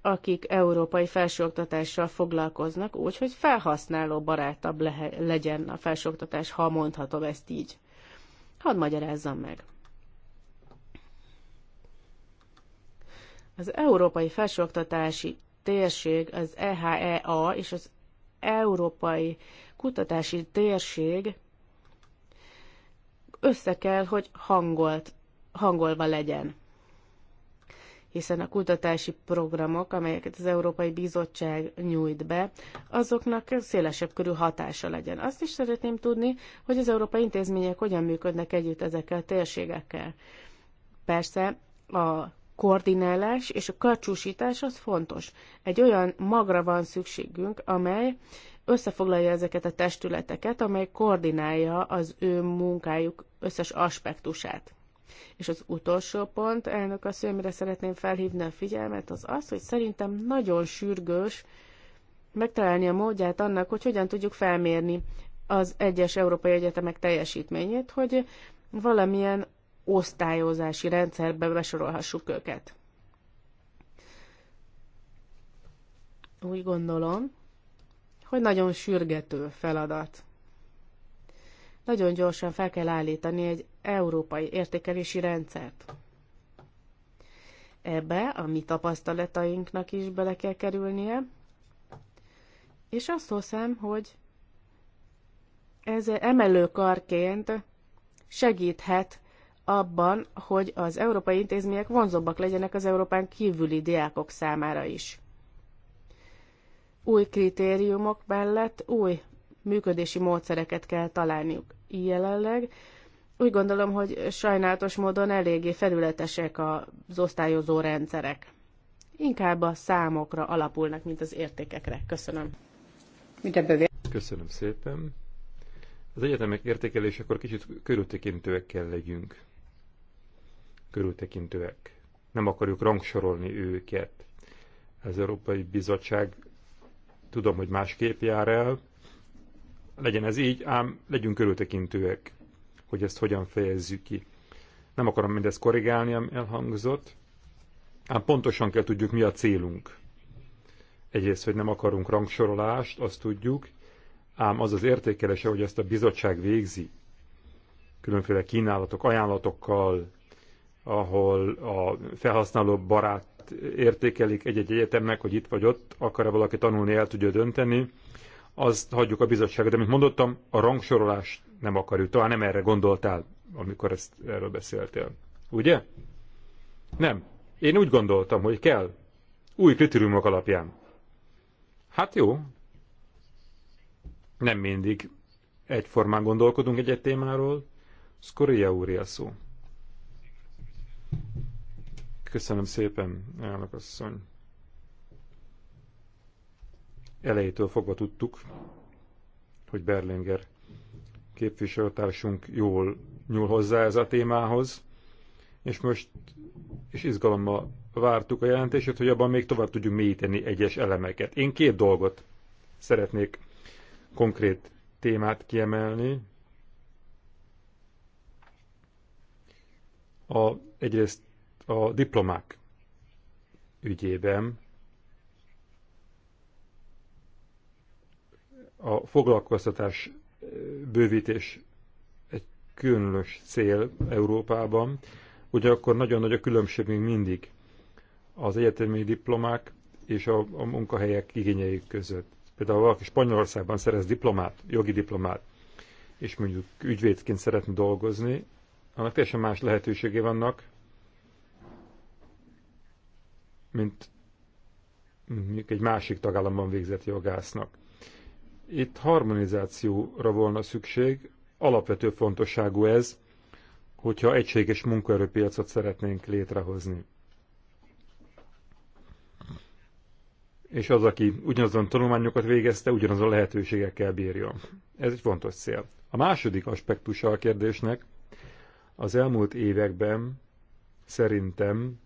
akik európai felsőoktatással foglalkoznak, úgy, hogy felhasználó barátabb le- legyen a felsőoktatás, ha mondhatom ezt így. Hadd magyarázzam meg. Az európai felsőoktatási térség, az EHEA és az európai kutatási térség össze kell, hogy hangolt, hangolva legyen hiszen a kutatási programok, amelyeket az Európai Bizottság nyújt be, azoknak szélesebb körű hatása legyen. Azt is szeretném tudni, hogy az európai intézmények hogyan működnek együtt ezekkel a térségekkel. Persze a koordinálás és a kacsúsítás az fontos. Egy olyan magra van szükségünk, amely összefoglalja ezeket a testületeket, amely koordinálja az ő munkájuk összes aspektusát. És az utolsó pont, elnök asszony, amire szeretném felhívni a figyelmet, az az, hogy szerintem nagyon sürgős megtalálni a módját annak, hogy hogyan tudjuk felmérni az egyes európai egyetemek teljesítményét, hogy valamilyen osztályozási rendszerbe besorolhassuk őket. Úgy gondolom, hogy nagyon sürgető feladat nagyon gyorsan fel kell állítani egy európai értékelési rendszert. Ebbe a mi tapasztalatainknak is bele kell kerülnie, és azt hiszem, hogy ez emelőkarként segíthet abban, hogy az európai intézmények vonzóbbak legyenek az Európán kívüli diákok számára is. Új kritériumok mellett új működési módszereket kell találniuk jelenleg. Úgy gondolom, hogy sajnálatos módon eléggé felületesek az osztályozó rendszerek. Inkább a számokra alapulnak, mint az értékekre. Köszönöm. Köszönöm szépen. Az egyetemek értékelésekor kicsit körültekintőek kell legyünk. Körültekintőek. Nem akarjuk rangsorolni őket. Az Európai Bizottság tudom, hogy másképp jár el, legyen ez így, ám legyünk körültekintőek, hogy ezt hogyan fejezzük ki. Nem akarom mindezt korrigálni, ami elhangzott, ám pontosan kell tudjuk, mi a célunk. Egyrészt, hogy nem akarunk rangsorolást, azt tudjuk, ám az az értékelése, hogy ezt a bizottság végzi, különféle kínálatok, ajánlatokkal, ahol a felhasználó barát értékelik egy-egy egyetemnek, hogy itt vagy ott, akar-e valaki tanulni, el tudja dönteni, az hagyjuk a bizottságra. De, mint mondottam, a rangsorolás nem akarjuk. Talán nem erre gondoltál, amikor ezt, erről beszéltél. Ugye? Nem. Én úgy gondoltam, hogy kell. Új kritériumok alapján. Hát jó. Nem mindig egyformán gondolkodunk egy-egy témáról. Skoria úr a szó. Köszönöm szépen, elnök asszony elejétől fogva tudtuk, hogy Berlinger képviselőtársunk jól nyúl hozzá ez a témához, és most és izgalommal vártuk a jelentését, hogy abban még tovább tudjuk mélyíteni egyes elemeket. Én két dolgot szeretnék konkrét témát kiemelni. A, egyrészt a diplomák ügyében a foglalkoztatás bővítés egy különös cél Európában, ugyanakkor nagyon nagy a különbség még mindig az egyetemi diplomák és a, a munkahelyek igényeik között. Például valaki Spanyolországban szerez diplomát, jogi diplomát, és mondjuk ügyvédként szeretne dolgozni, annak teljesen más lehetőségé vannak, mint mondjuk egy másik tagállamban végzett jogásznak. Itt harmonizációra volna szükség, alapvető fontosságú ez, hogyha egységes munkaerőpiacot szeretnénk létrehozni. És az, aki ugyanazon tanulmányokat végezte, ugyanazon lehetőségekkel bírjon. Ez egy fontos cél. A második aspektusa a kérdésnek az elmúlt években szerintem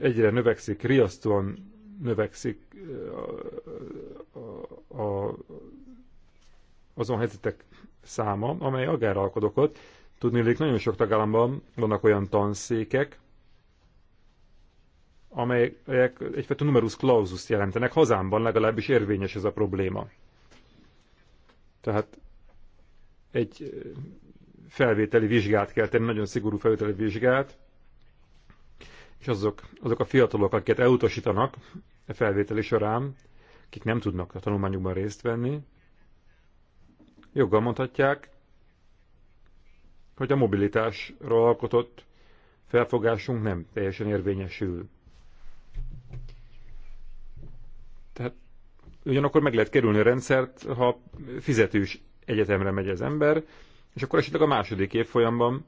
egyre növekszik riasztóan növekszik a, a, azon helyzetek száma, amely agáralkod tudni légy, nagyon sok tagállamban vannak olyan tanszékek, amelyek egyfajta numerus clausus jelentenek. Hazámban legalábbis érvényes ez a probléma. Tehát egy felvételi vizsgát kell tenni, nagyon szigorú felvételi vizsgát, és azok, azok a fiatalok, akiket elutasítanak a e felvételi során, akik nem tudnak a tanulmányokban részt venni, joggal mondhatják, hogy a mobilitásról alkotott felfogásunk nem teljesen érvényesül. Tehát ugyanakkor meg lehet kerülni a rendszert, ha fizetős egyetemre megy az ember, és akkor esetleg a második évfolyamban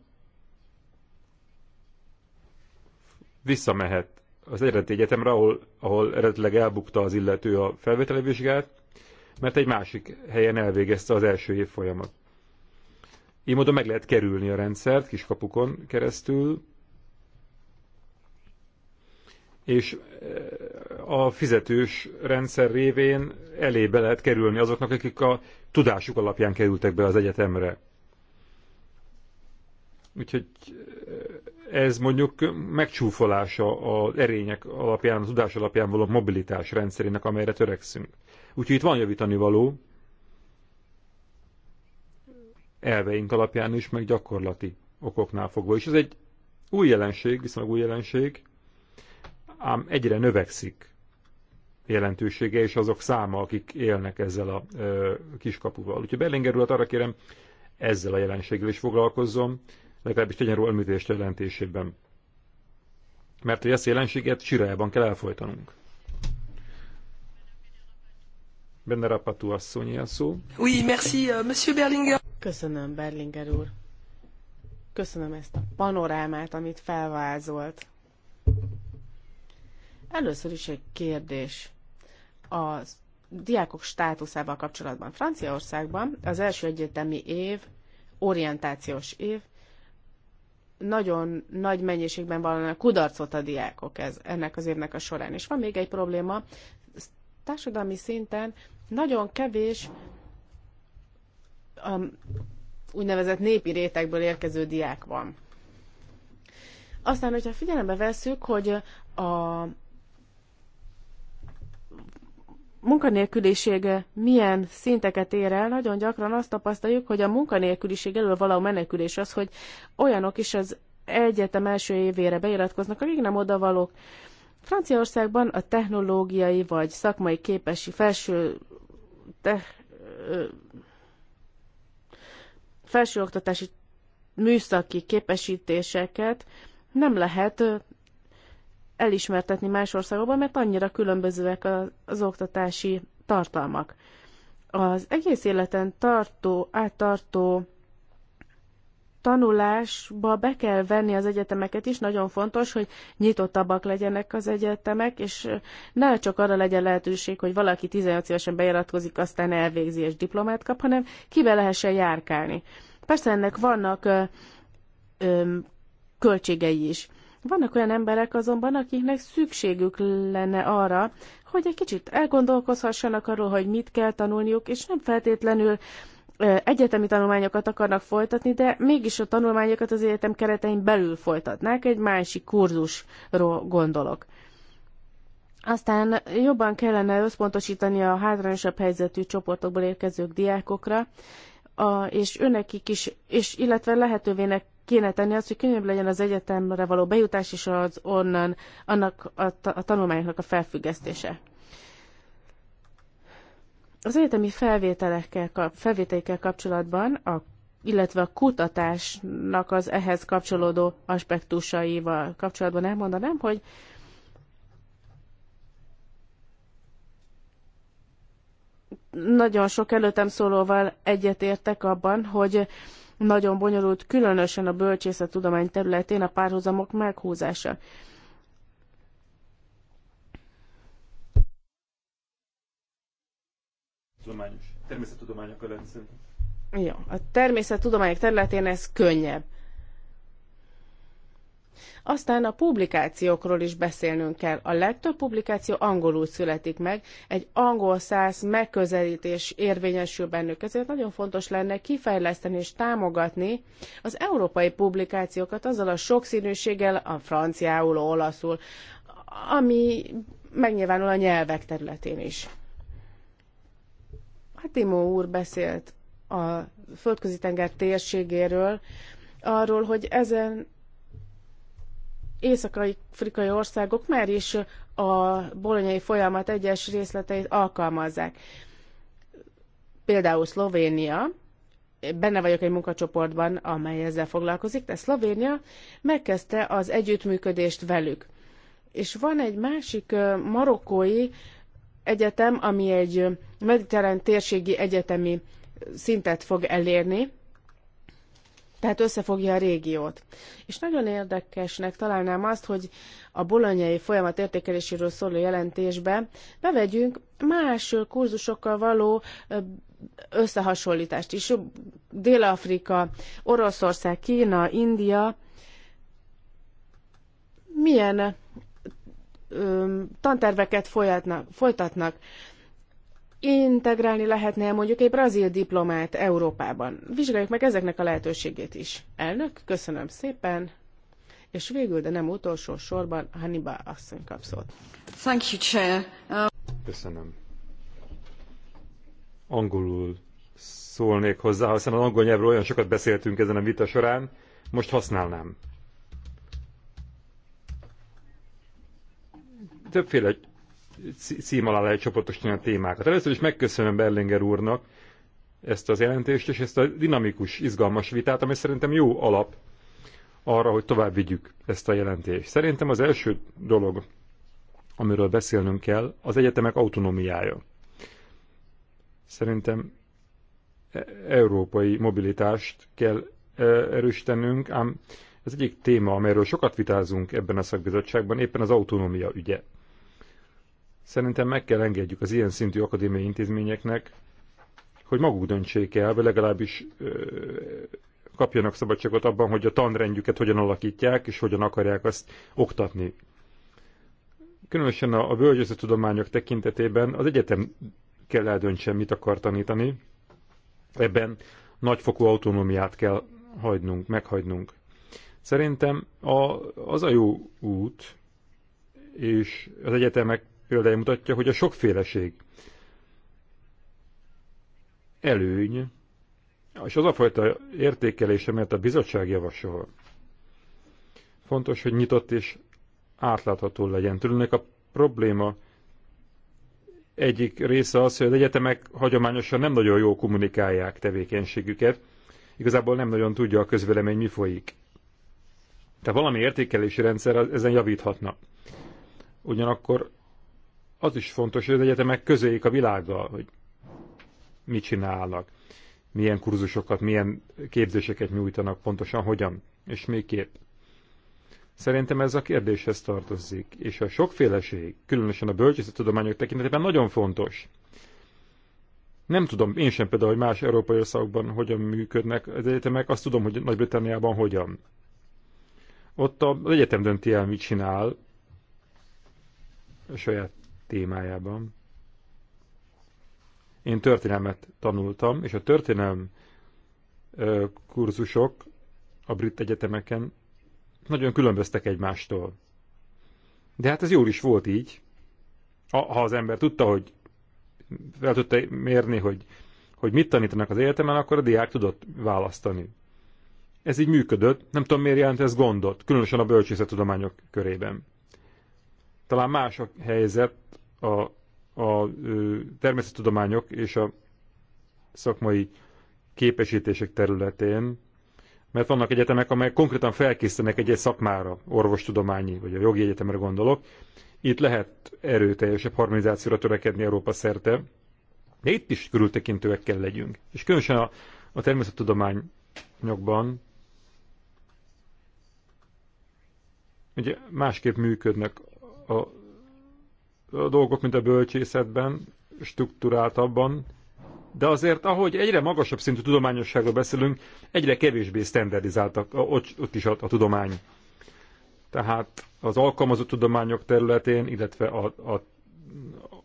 visszamehet az eredeti egyetemre, ahol, ahol eredetileg elbukta az illető a felvételi vizsgát, mert egy másik helyen elvégezte az első évfolyamat. Így módon meg lehet kerülni a rendszert kiskapukon keresztül, és eh, a fizetős rendszer révén elébe lehet kerülni azoknak, akik a tudásuk alapján kerültek be az egyetemre. Úgyhogy eh, ez mondjuk megcsúfolása az erények alapján, a tudás alapján való mobilitás rendszerének, amelyre törekszünk. Úgyhogy itt van javítani való elveink alapján is, meg gyakorlati okoknál fogva. És ez egy új jelenség, viszonylag új jelenség, ám egyre növekszik jelentősége, és azok száma, akik élnek ezzel a ö, kiskapuval. Úgyhogy Berlinger arra kérem, ezzel a jelenséggel is foglalkozzon, legalábbis tegyen róla említést jelentésében. Mert hogy ezt jelenséget Csirájában kell elfolytanunk. Benne Rapatú asszonyi a szó. Oui, merci, euh, monsieur Berlinger. Köszönöm, Berlinger úr. Köszönöm ezt a panorámát, amit felvázolt. Először is egy kérdés. A diákok státuszával kapcsolatban Franciaországban az első egyetemi év orientációs év, nagyon nagy mennyiségben vallanak kudarcot a diákok ez, ennek az évnek a során. És van még egy probléma, társadalmi szinten nagyon kevés a úgynevezett népi rétegből érkező diák van. Aztán, hogyha figyelembe veszük, hogy a munkanélkülisége milyen szinteket ér el, nagyon gyakran azt tapasztaljuk, hogy a munkanélküliség elől való menekülés az, hogy olyanok is az egyetem első évére beiratkoznak, akik nem odavalók. Franciaországban a technológiai vagy szakmai képesi felső te, ö, felsőoktatási műszaki képesítéseket nem lehet elismertetni más országokban, mert annyira különbözőek az, az oktatási tartalmak. Az egész életen tartó, áttartó tanulásba be kell venni az egyetemeket is, nagyon fontos, hogy nyitottabbak legyenek az egyetemek, és ne csak arra legyen lehetőség, hogy valaki 18 évesen beiratkozik, aztán elvégzi és diplomát kap, hanem kibe lehessen járkálni. Persze ennek vannak ö, ö, költségei is. Vannak olyan emberek azonban, akiknek szükségük lenne arra, hogy egy kicsit elgondolkozhassanak arról, hogy mit kell tanulniuk, és nem feltétlenül egyetemi tanulmányokat akarnak folytatni, de mégis a tanulmányokat az egyetem keretein belül folytatnák, egy másik kurzusról gondolok. Aztán jobban kellene összpontosítani a hátrányosabb helyzetű csoportokból érkezők diákokra, a, és őnekik is, és illetve lehetővének kéne tenni az, hogy könnyebb legyen az egyetemre való bejutás és az onnan annak a, a tanulmányoknak a felfüggesztése. Az egyetemi felvételekkel, felvételekkel kapcsolatban, a, illetve a kutatásnak az ehhez kapcsolódó aspektusaival kapcsolatban elmondanám, hogy nagyon sok előttem szólóval egyetértek abban, hogy nagyon bonyolult, különösen a bölcsészettudomány területén a párhuzamok meghúzása. természettudományok a Jó, a természettudományok területén ez könnyebb. Aztán a publikációkról is beszélnünk kell. A legtöbb publikáció angolul születik meg, egy angol száz megközelítés érvényesül bennük, ezért nagyon fontos lenne kifejleszteni és támogatni az európai publikációkat azzal a sokszínűséggel, a franciául, olaszul, ami megnyilvánul a nyelvek területén is. Hát Timó úr beszélt a földközi tenger térségéről, arról, hogy ezen észak-afrikai országok már is a bolonyai folyamat egyes részleteit alkalmazzák. Például Szlovénia, benne vagyok egy munkacsoportban, amely ezzel foglalkozik, de Szlovénia megkezdte az együttműködést velük. És van egy másik marokkói egyetem, ami egy mediterrán térségi egyetemi szintet fog elérni, tehát összefogja a régiót. És nagyon érdekesnek találnám azt, hogy a bolonyai folyamat értékeléséről szóló jelentésbe bevegyünk más kurzusokkal való összehasonlítást is. Dél-Afrika, Oroszország, Kína, India milyen ö, tanterveket folyatnak, folytatnak integrálni lehetne mondjuk egy brazil diplomát Európában. Vizsgáljuk meg ezeknek a lehetőségét is. Elnök, köszönöm szépen, és végül, de nem utolsó sorban, Hannibal asszony kap szót. Thank you, Chair. Uh... Köszönöm. Angolul szólnék hozzá, hiszen az angol nyelvről olyan sokat beszéltünk ezen a vita során, most használnám. Többféle cím alá lehet csoportosítani a témákat. Először is megköszönöm Berlinger úrnak ezt az jelentést és ezt a dinamikus, izgalmas vitát, ami szerintem jó alap arra, hogy tovább vigyük ezt a jelentést. Szerintem az első dolog, amiről beszélnünk kell, az egyetemek autonómiája. Szerintem e-, európai mobilitást kell e, erősítenünk, ám ez egyik téma, amelyről sokat vitázunk ebben a szakbizottságban, éppen az autonómia ügye. Szerintem meg kell engedjük az ilyen szintű akadémiai intézményeknek, hogy maguk döntsék el, vagy legalábbis ö, kapjanak szabadságot abban, hogy a tanrendjüket hogyan alakítják, és hogyan akarják azt oktatni. Különösen a, a tudományok tekintetében az egyetem kell eldöntse, mit akar tanítani. Ebben nagyfokú autonómiát kell hagynunk, meghagynunk. Szerintem a, az a jó út, és az egyetemek példája mutatja, hogy a sokféleség előny, és az a fajta értékelés, amelyet a bizottság javasol, fontos, hogy nyitott és átlátható legyen. Tőlünk a probléma egyik része az, hogy az egyetemek hagyományosan nem nagyon jól kommunikálják tevékenységüket, igazából nem nagyon tudja a közvélemény, mi folyik. Tehát valami értékelési rendszer ezen javíthatna. Ugyanakkor az is fontos, hogy az egyetemek közéjük a világgal, hogy mit csinálnak, milyen kurzusokat, milyen képzéseket nyújtanak, pontosan hogyan, és még kép. Szerintem ez a kérdéshez tartozik, és a sokféleség, különösen a bölcsészettudományok tekintetében nagyon fontos. Nem tudom, én sem például, hogy más európai országokban hogyan működnek az egyetemek, azt tudom, hogy Nagy-Britanniában hogyan. Ott az egyetem dönti el, mit csinál a saját témájában. Én történelmet tanultam, és a történelm kurzusok a brit egyetemeken nagyon különböztek egymástól. De hát ez jól is volt így. Ha az ember tudta, hogy fel tudta mérni, hogy, hogy mit tanítanak az egyetemen, akkor a diák tudott választani. Ez így működött, nem tudom miért jelent ez gondot, különösen a bölcsészettudományok körében. Talán más a helyzet a, a természettudományok és a szakmai képesítések területén, mert vannak egyetemek, amelyek konkrétan felkészítenek egy-egy szakmára, orvostudományi, vagy a jogi egyetemre gondolok. Itt lehet erőteljesebb harmonizációra törekedni Európa szerte, de itt is körültekintőek kell legyünk. És különösen a, a természettudományokban ugye másképp működnek a dolgok, mint a bölcsészetben, struktúráltabban, de azért, ahogy egyre magasabb szintű tudományosságról beszélünk, egyre kevésbé standardizáltak ott, ott is a, a tudomány. Tehát az alkalmazott tudományok területén, illetve a, a,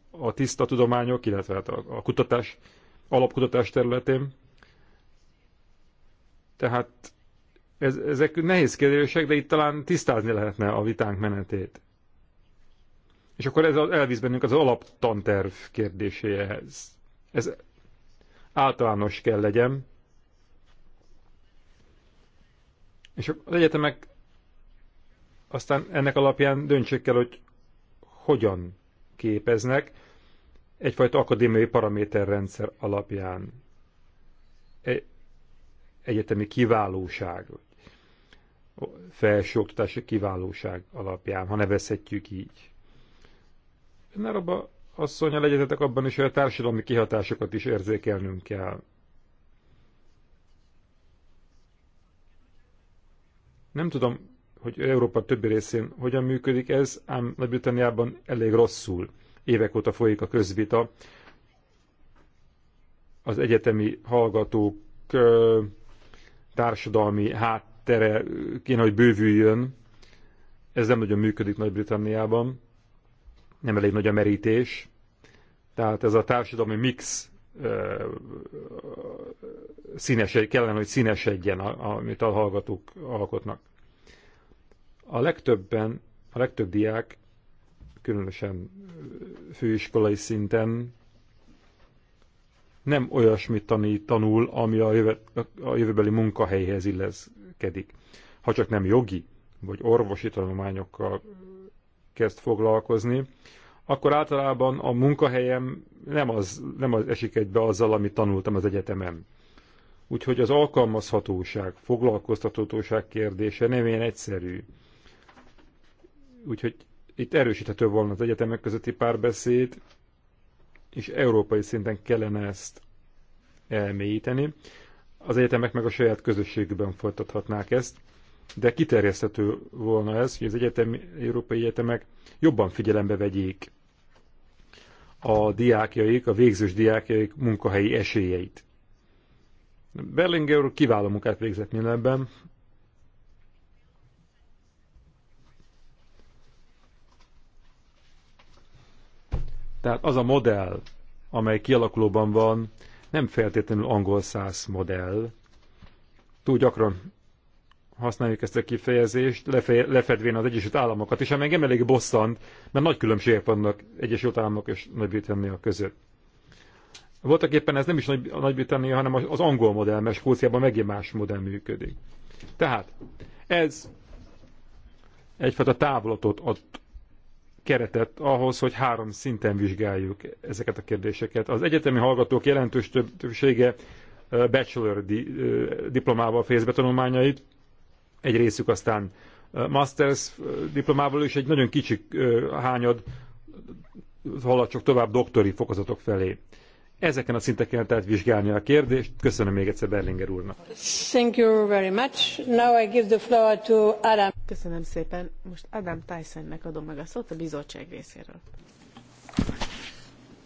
a tiszta tudományok, illetve hát a, a kutatás, alapkutatás területén. Tehát ez, ezek nehéz kérdések, de itt talán tisztázni lehetne a vitánk menetét. És akkor ez elvisz bennünk az alaptanterv kérdéséhez. Ez általános kell legyen. És az egyetemek aztán ennek alapján döntsék el, hogy hogyan képeznek egyfajta akadémiai paraméterrendszer alapján. E, egyetemi kiválóság, felsőoktatási kiválóság alapján, ha nevezhetjük így. Naraba asszonyal egyetetek abban is, hogy a társadalmi kihatásokat is érzékelnünk kell. Nem tudom, hogy Európa többi részén hogyan működik ez, ám Nagy-Britanniában elég rosszul. Évek óta folyik a közvita. Az egyetemi hallgatók társadalmi háttere kéne, hogy bővüljön. Ez nem nagyon működik Nagy-Britanniában nem elég nagy a merítés. Tehát ez a társadalmi mix színes, kellene, hogy színesedjen, amit a hallgatók alkotnak. A legtöbben, a legtöbb diák, különösen főiskolai szinten nem olyasmit tanít, tanul, ami a, jövő, a jövőbeli munkahelyhez illeszkedik. Ha csak nem jogi, vagy orvosi tanulmányokkal kezd foglalkozni, akkor általában a munkahelyem nem az, nem az esik egybe azzal, amit tanultam az egyetemen. Úgyhogy az alkalmazhatóság, foglalkoztatóság kérdése nem ilyen egyszerű. Úgyhogy itt erősíthető volna az egyetemek közötti párbeszéd, és európai szinten kellene ezt elmélyíteni. Az egyetemek meg a saját közösségükben folytathatnák ezt de kiterjeszthető volna ez, hogy az egyetemi, európai egyetemek jobban figyelembe vegyék a diákjaik, a végzős diákjaik munkahelyi esélyeit. Berlinger kiváló munkát végzett mindenben. Tehát az a modell, amely kialakulóban van, nem feltétlenül angol száz modell. Túl gyakran használjuk ezt a kifejezést, lefe, lefedvén az Egyesült Államokat is, amely engem elég bosszant, mert nagy különbségek vannak Egyesült Államok és Nagy-Britannia között. Voltak éppen ez nem is Nagy-Britannia, hanem az angol modell, mert Skóciában megint más modell működik. Tehát ez egyfajta távlatot ad keretet ahhoz, hogy három szinten vizsgáljuk ezeket a kérdéseket. Az egyetemi hallgatók jelentős többsége bachelor diplomával fejez be tanulmányait, egy részük aztán masters diplomával, és egy nagyon kicsi hányad halad csak tovább doktori fokozatok felé. Ezeken a szinteken tehát vizsgálni a kérdést. Köszönöm még egyszer Berlinger úrnak. Thank you very much. Now I give the floor to Adam. Köszönöm szépen. Most Adam Tysonnek adom meg a szót a bizottság részéről.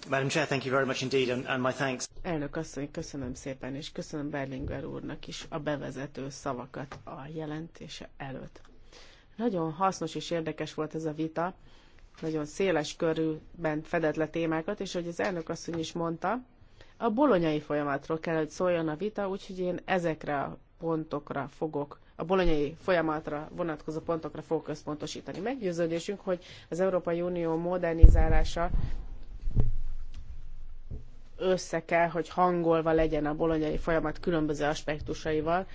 Madam Chair, thank you very much indeed, and, and my thanks. Elnök asszony, köszönöm szépen, és köszönöm Berlinger úrnak is a bevezető szavakat a jelentése előtt. Nagyon hasznos és érdekes volt ez a vita, nagyon széles körülben fedett le témákat, és hogy az elnök asszony is mondta, a bolonyai folyamatról kell, hogy szóljon a vita, úgyhogy én ezekre a pontokra fogok a bolonyai folyamatra vonatkozó pontokra fog központosítani. Meggyőződésünk, hogy az Európai Unió modernizálása össze kell, hogy hangolva legyen a bolonyai folyamat különböző aspektusaival,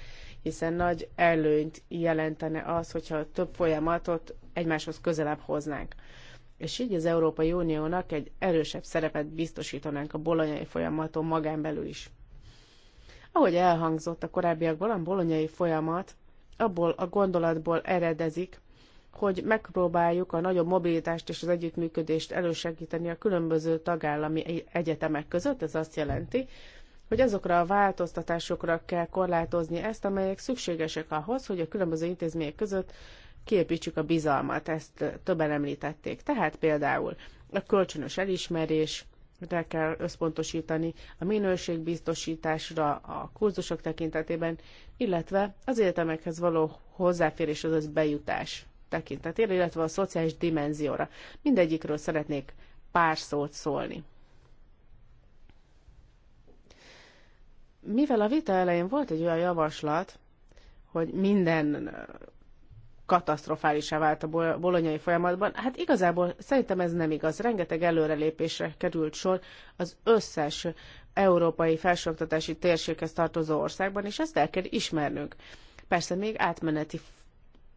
hiszen nagy előnyt jelentene az, hogyha több folyamatot egymáshoz közelebb hoznánk. És így az Európai Uniónak egy erősebb szerepet biztosítanánk a bolonyai folyamaton magán belül is. Ahogy elhangzott a korábbiakban, a bolonyai folyamat abból a gondolatból eredezik, hogy megpróbáljuk a nagyobb mobilitást és az együttműködést elősegíteni a különböző tagállami egyetemek között. Ez azt jelenti, hogy azokra a változtatásokra kell korlátozni ezt, amelyek szükségesek ahhoz, hogy a különböző intézmények között kiépítsük a bizalmat, ezt többen említették. Tehát például a kölcsönös elismerés, de kell összpontosítani a minőségbiztosításra a kurzusok tekintetében, illetve az egyetemekhez való hozzáférés, azaz bejutás tekintetére, illetve a szociális dimenzióra. Mindegyikről szeretnék pár szót szólni. Mivel a vita elején volt egy olyan javaslat, hogy minden katasztrofálisá vált a bolonyai folyamatban. Hát igazából szerintem ez nem igaz. Rengeteg előrelépésre került sor az összes európai felsőoktatási térséghez tartozó országban, és ezt el kell ismernünk. Persze még átmeneti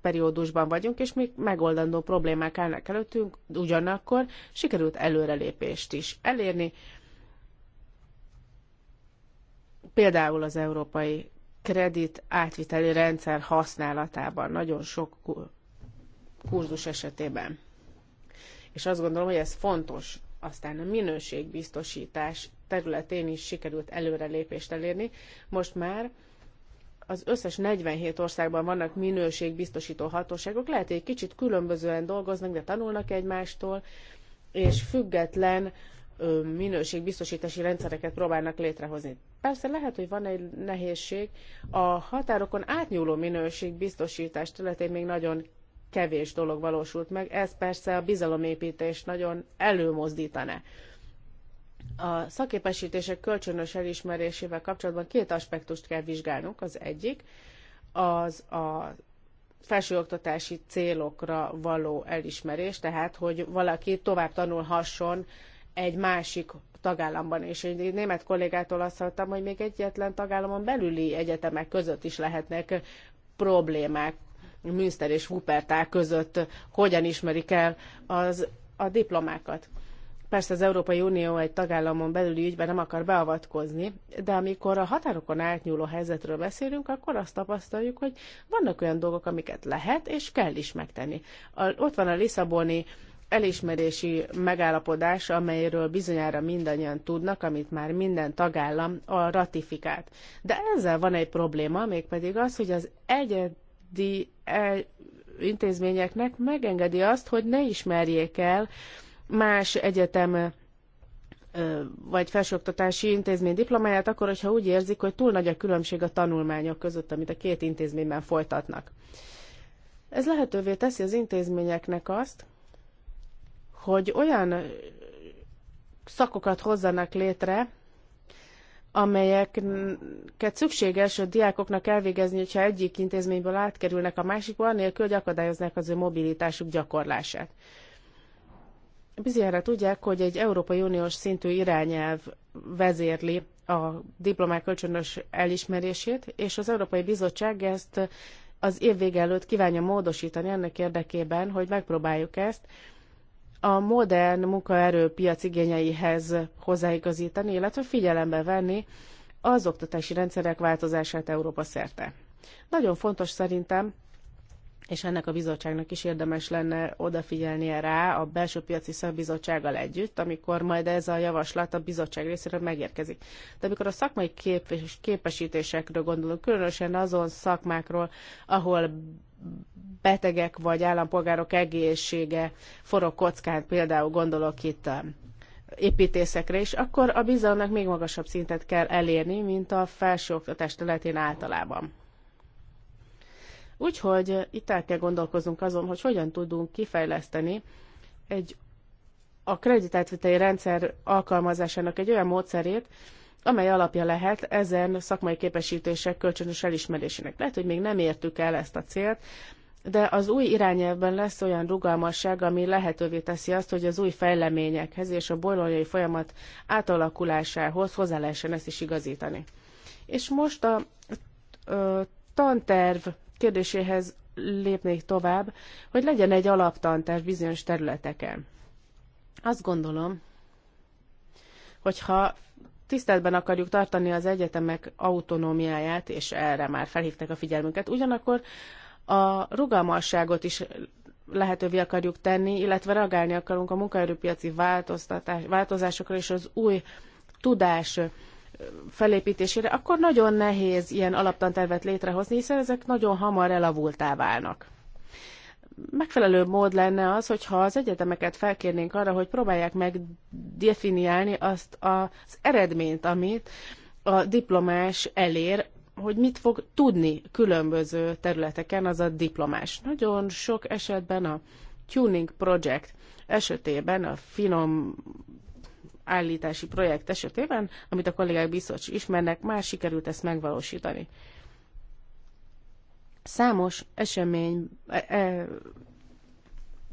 periódusban vagyunk, és még megoldandó problémák állnak előttünk, ugyanakkor sikerült előrelépést is elérni. Például az európai kredit átviteli rendszer használatában, nagyon sok kurzus esetében. És azt gondolom, hogy ez fontos. Aztán a minőségbiztosítás területén is sikerült előrelépést elérni. Most már az összes 47 országban vannak minőségbiztosító hatóságok, lehet, hogy egy kicsit különbözően dolgoznak, de tanulnak egymástól, és független minőségbiztosítási rendszereket próbálnak létrehozni. Persze lehet, hogy van egy nehézség. A határokon átnyúló minőségbiztosítás területén még nagyon kevés dolog valósult meg, ez persze a bizalomépítés nagyon előmozdítaná. A szaképesítések kölcsönös elismerésével kapcsolatban két aspektust kell vizsgálnunk. Az egyik az a felsőoktatási célokra való elismerés, tehát hogy valaki tovább tanulhasson egy másik tagállamban. És egy német kollégától azt hallottam, hogy még egyetlen tagállamon belüli egyetemek között is lehetnek problémák, Münster és Wuppertal között hogyan ismerik el az, a diplomákat. Persze az Európai Unió egy tagállamon belüli ügyben nem akar beavatkozni, de amikor a határokon átnyúló helyzetről beszélünk, akkor azt tapasztaljuk, hogy vannak olyan dolgok, amiket lehet és kell is megtenni. A, ott van a Lisszaboni elismerési megállapodás, amelyről bizonyára mindannyian tudnak, amit már minden tagállam a ratifikált. De ezzel van egy probléma, mégpedig az, hogy az egyedi eh, intézményeknek megengedi azt, hogy ne ismerjék el más egyetem vagy felsőoktatási intézmény diplomáját, akkor, hogyha úgy érzik, hogy túl nagy a különbség a tanulmányok között, amit a két intézményben folytatnak. Ez lehetővé teszi az intézményeknek azt, hogy olyan szakokat hozzanak létre, amelyeket szükséges a diákoknak elvégezni, hogyha egyik intézményből átkerülnek a másikba, anélkül, hogy akadályoznák az ő mobilitásuk gyakorlását. Bizonyára tudják, hogy egy Európai Uniós szintű irányelv vezérli a diplomák kölcsönös elismerését, és az Európai Bizottság ezt az év vége előtt kívánja módosítani ennek érdekében, hogy megpróbáljuk ezt a modern munkaerőpiac igényeihez hozzáigazítani, illetve figyelembe venni az oktatási rendszerek változását Európa szerte. Nagyon fontos szerintem, és ennek a bizottságnak is érdemes lenne odafigyelnie rá a belső piaci szakbizottsággal együtt, amikor majd ez a javaslat a bizottság részére megérkezik. De amikor a szakmai kép- képesítésekről gondolunk, különösen azon szakmákról, ahol betegek vagy állampolgárok egészsége forog kockán, például gondolok itt építészekre is, akkor a bizalomnak még magasabb szintet kell elérni, mint a felsőoktatás területén általában. Úgyhogy eh, itt el kell gondolkoznunk azon, hogy hogyan tudunk kifejleszteni egy a kreditátviteli rendszer alkalmazásának egy olyan módszerét, amely alapja lehet ezen szakmai képesítések kölcsönös elismerésének. Lehet, hogy még nem értük el ezt a célt, de az új irányelvben lesz olyan rugalmasság, ami lehetővé teszi azt, hogy az új fejleményekhez és a bolonyai folyamat átalakulásához hozzá lehessen ezt is igazítani. És most a, a tanterv kérdéséhez lépnék tovább, hogy legyen egy alaptantás bizonyos területeken. Azt gondolom, hogyha tiszteletben akarjuk tartani az egyetemek autonómiáját, és erre már felhívták a figyelmünket, ugyanakkor a rugalmasságot is lehetővé akarjuk tenni, illetve reagálni akarunk a munkaerőpiaci változásokra és az új tudás felépítésére, akkor nagyon nehéz ilyen alaptantervet létrehozni, hiszen ezek nagyon hamar elavultá válnak. Megfelelő mód lenne az, hogyha az egyetemeket felkérnénk arra, hogy próbálják meg definiálni azt az eredményt, amit a diplomás elér, hogy mit fog tudni különböző területeken az a diplomás. Nagyon sok esetben a Tuning Project esetében a finom állítási projekt esetében, amit a kollégák biztos ismernek, már sikerült ezt megvalósítani. Számos esemény, e, e,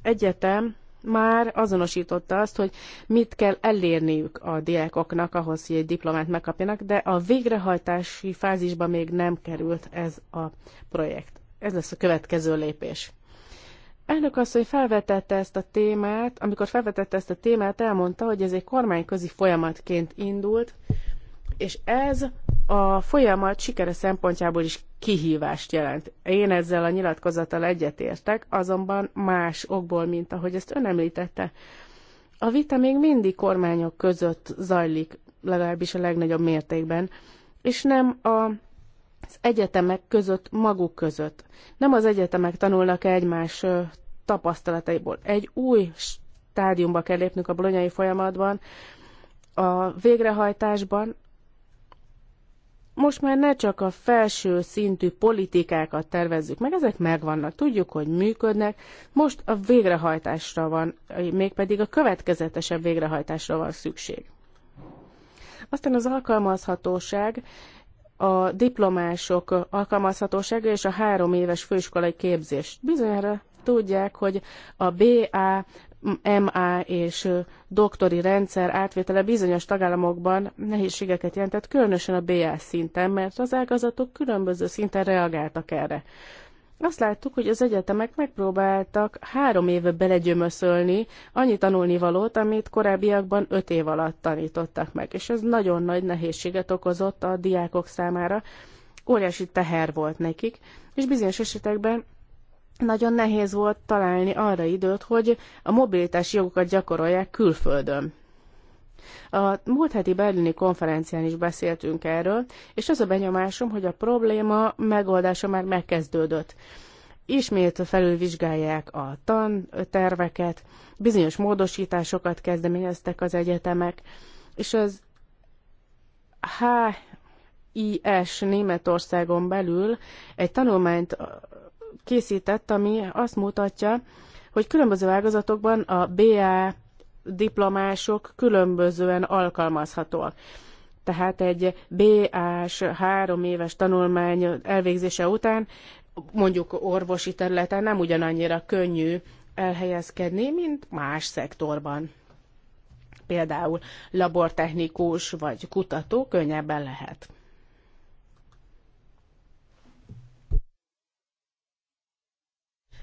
egyetem már azonosította azt, hogy mit kell elérniük a diákoknak ahhoz, hogy egy diplomát megkapjanak, de a végrehajtási fázisban még nem került ez a projekt. Ez lesz a következő lépés. Elnök asszony felvetette ezt a témát, amikor felvetette ezt a témát, elmondta, hogy ez egy kormányközi folyamatként indult, és ez a folyamat sikere szempontjából is kihívást jelent. Én ezzel a nyilatkozattal egyetértek, azonban más okból, mint ahogy ezt ön említette. A vita még mindig kormányok között zajlik, legalábbis a legnagyobb mértékben, és nem a az egyetemek között, maguk között. Nem az egyetemek tanulnak egymás tapasztalataiból. Egy új stádiumba kell lépnünk a bolonyai folyamatban, a végrehajtásban. Most már ne csak a felső szintű politikákat tervezzük meg, ezek megvannak, tudjuk, hogy működnek. Most a végrehajtásra van, mégpedig a következetesebb végrehajtásra van szükség. Aztán az alkalmazhatóság a diplomások alkalmazhatósága és a három éves főiskolai képzés. Bizonyára tudják, hogy a BA, MA és doktori rendszer átvétele bizonyos tagállamokban nehézségeket jelentett, különösen a BA szinten, mert az ágazatok különböző szinten reagáltak erre azt láttuk, hogy az egyetemek megpróbáltak három éve belegyömöszölni annyi tanulnivalót, amit korábbiakban öt év alatt tanítottak meg, és ez nagyon nagy nehézséget okozott a diákok számára, óriási teher volt nekik, és bizonyos esetekben nagyon nehéz volt találni arra időt, hogy a mobilitási jogokat gyakorolják külföldön. A múlt heti berlini konferencián is beszéltünk erről, és az a benyomásom, hogy a probléma megoldása már megkezdődött. Ismét felülvizsgálják a tanterveket, bizonyos módosításokat kezdeményeztek az egyetemek, és az HIS Németországon belül egy tanulmányt készített, ami azt mutatja, hogy különböző ágazatokban a BA diplomások különbözően alkalmazhatóak. Tehát egy BA-s három éves tanulmány elvégzése után mondjuk orvosi területen nem ugyanannyira könnyű elhelyezkedni, mint más szektorban. Például labortechnikus vagy kutató könnyebben lehet.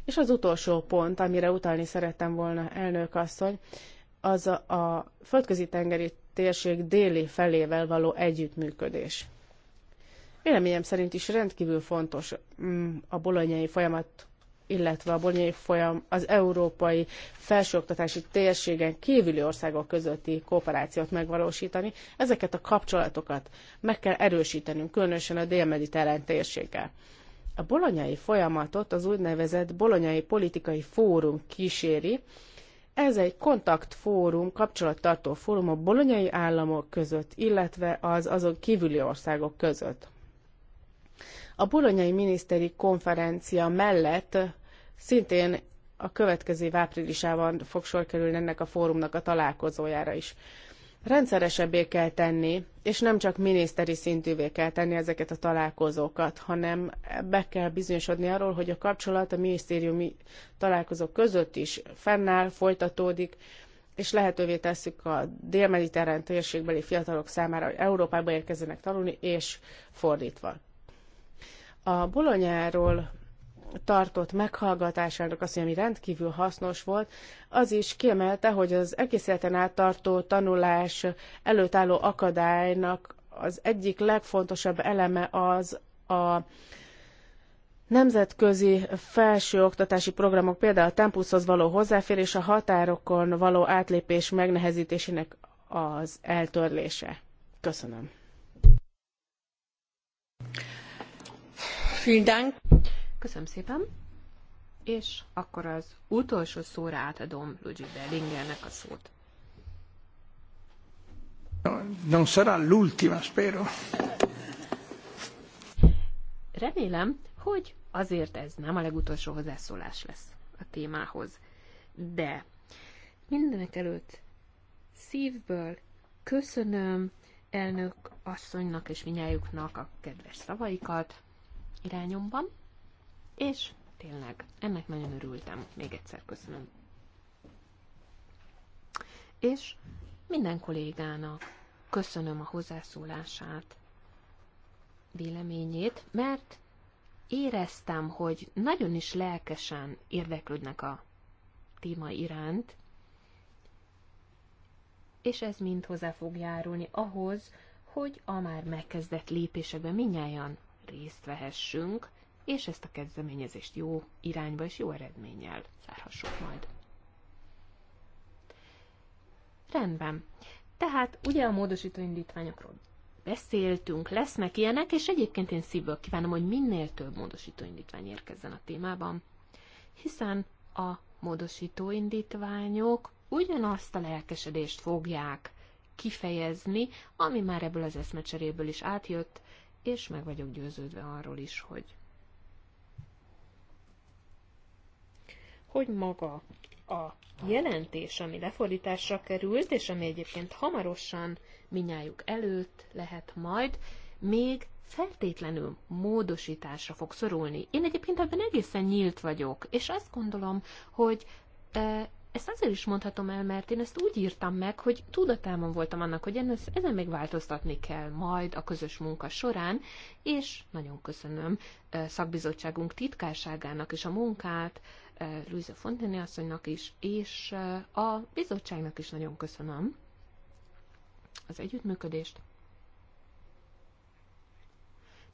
És az utolsó pont, amire utalni szerettem volna, elnök asszony, az a, a földközi tengeri térség déli felével való együttműködés. Véleményem szerint is rendkívül fontos mm, a bolonyai folyamat, illetve a bolonyai folyam az európai felsőoktatási térségen kívüli országok közötti kooperációt megvalósítani. Ezeket a kapcsolatokat meg kell erősítenünk, különösen a dél-mediterrán térséggel. A bolonyai folyamatot az úgynevezett bolonyai politikai fórum kíséri, ez egy kontaktfórum, kapcsolattartó fórum a bolonyai államok között, illetve az azon kívüli országok között. A bolonyai miniszteri konferencia mellett szintén a következő áprilisában fog sor kerülni ennek a fórumnak a találkozójára is rendszeresebbé kell tenni, és nem csak miniszteri szintűvé kell tenni ezeket a találkozókat, hanem be kell bizonyosodni arról, hogy a kapcsolat a minisztériumi találkozók között is fennáll, folytatódik, és lehetővé tesszük a dél-mediterrán térségbeli fiatalok számára, hogy Európába érkezzenek tanulni, és fordítva. A bolonyáról tartott meghallgatásának azt, ami rendkívül hasznos volt, az is kiemelte, hogy az egész életen át tartó tanulás előtt álló akadálynak az egyik legfontosabb eleme az a nemzetközi felsőoktatási programok, például a tempuszhoz való hozzáférés, a határokon való átlépés megnehezítésének az eltörlése. Köszönöm. Vielen Dank. Köszönöm szépen. És akkor az utolsó szóra átadom Luigi Bellingernek a szót. Non sarà l'ultima, spero. Remélem, hogy azért ez nem a legutolsó hozzászólás lesz a témához. De mindenek előtt szívből köszönöm elnök asszonynak és minnyájuknak a kedves szavaikat irányomban és tényleg ennek nagyon örültem. Még egyszer köszönöm. És minden kollégának köszönöm a hozzászólását, véleményét, mert éreztem, hogy nagyon is lelkesen érdeklődnek a téma iránt, és ez mind hozzá fog járulni ahhoz, hogy a már megkezdett lépésekben minnyáján részt vehessünk, és ezt a kezdeményezést jó irányba és jó eredménnyel zárhassuk majd. Rendben. Tehát ugye a módosító indítványokról beszéltünk, lesznek ilyenek, és egyébként én szívből kívánom, hogy minél több módosító indítvány érkezzen a témában, hiszen a módosító indítványok ugyanazt a lelkesedést fogják kifejezni, ami már ebből az eszmecseréből is átjött, és meg vagyok győződve arról is, hogy hogy maga a jelentés, ami lefordításra került, és ami egyébként hamarosan minnyájuk előtt lehet majd, még feltétlenül módosításra fog szorulni. Én egyébként ebben egészen nyílt vagyok, és azt gondolom, hogy e, ezt azért is mondhatom el, mert én ezt úgy írtam meg, hogy tudatában voltam annak, hogy ennek, ezen még változtatni kell majd a közös munka során, és nagyon köszönöm e, szakbizottságunk titkárságának is a munkát, Eh, Luisa Fontené asszonynak is, és eh, a bizottságnak is nagyon köszönöm az együttműködést.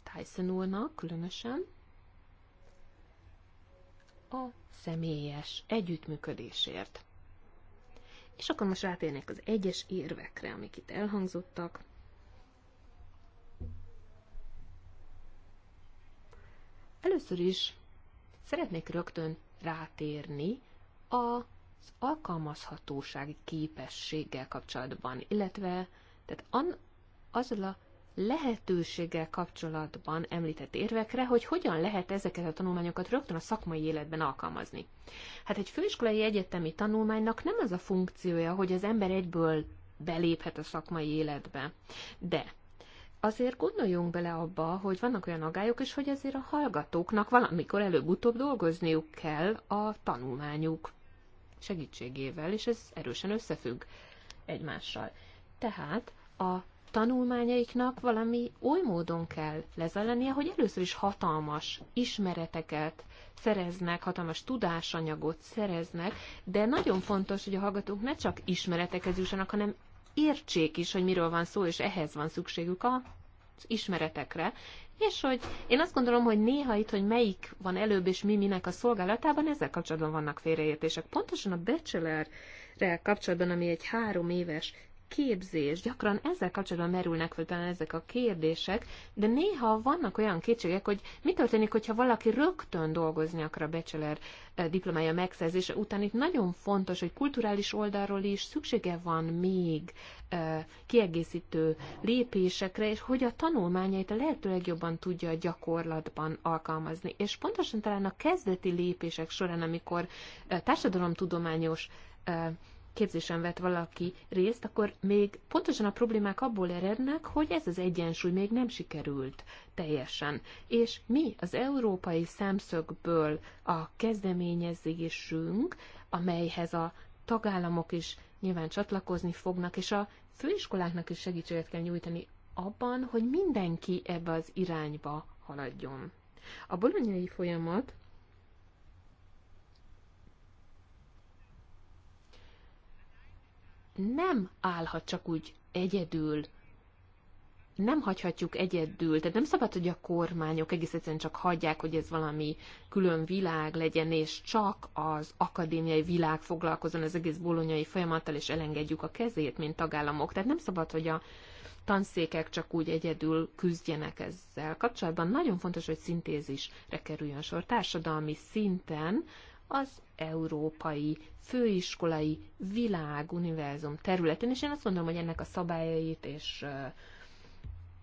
Tyson úrnak különösen a személyes együttműködésért. És akkor most rátérnék az egyes érvekre, amik itt elhangzottak. Először is szeretnék rögtön rátérni az alkalmazhatósági képességgel kapcsolatban, illetve tehát an, azzal a lehetőséggel kapcsolatban említett érvekre, hogy hogyan lehet ezeket a tanulmányokat rögtön a szakmai életben alkalmazni. Hát egy főiskolai egyetemi tanulmánynak nem az a funkciója, hogy az ember egyből beléphet a szakmai életbe, de azért gondoljunk bele abba, hogy vannak olyan agályok is, hogy ezért a hallgatóknak valamikor előbb-utóbb dolgozniuk kell a tanulmányuk segítségével, és ez erősen összefügg egymással. Tehát a tanulmányaiknak valami oly módon kell lezelenie, hogy először is hatalmas ismereteket szereznek, hatalmas tudásanyagot szereznek, de nagyon fontos, hogy a hallgatók ne csak ismeretekhez jussanak, hanem értsék is, hogy miről van szó, és ehhez van szükségük a az ismeretekre, és hogy én azt gondolom, hogy néha itt, hogy melyik van előbb és mi minek a szolgálatában, ezzel kapcsolatban vannak félreértések. Pontosan a bachelor kapcsolatban, ami egy három éves képzés. Gyakran ezzel kapcsolatban merülnek fel talán ezek a kérdések, de néha vannak olyan kétségek, hogy mi történik, hogyha valaki rögtön dolgozni akar a bachelor eh, diplomája megszerzése után. Itt nagyon fontos, hogy kulturális oldalról is szüksége van még eh, kiegészítő lépésekre, és hogy a tanulmányait a lehető legjobban tudja a gyakorlatban alkalmazni. És pontosan talán a kezdeti lépések során, amikor eh, társadalomtudományos képzésen vett valaki részt, akkor még pontosan a problémák abból erednek, hogy ez az egyensúly még nem sikerült teljesen. És mi az európai szemszögből a kezdeményezésünk, amelyhez a tagállamok is nyilván csatlakozni fognak, és a főiskoláknak is segítséget kell nyújtani abban, hogy mindenki ebbe az irányba haladjon. A bolonyai folyamat nem állhat csak úgy egyedül nem hagyhatjuk egyedül, tehát nem szabad, hogy a kormányok egész egyszerűen csak hagyják, hogy ez valami külön világ legyen, és csak az akadémiai világ foglalkozon az egész bolonyai folyamattal, és elengedjük a kezét, mint tagállamok. Tehát nem szabad, hogy a tanszékek csak úgy egyedül küzdjenek ezzel kapcsolatban. Nagyon fontos, hogy szintézisre kerüljön sor társadalmi szinten, az európai főiskolai világuniverzum területén, és én azt mondom, hogy ennek a szabályait és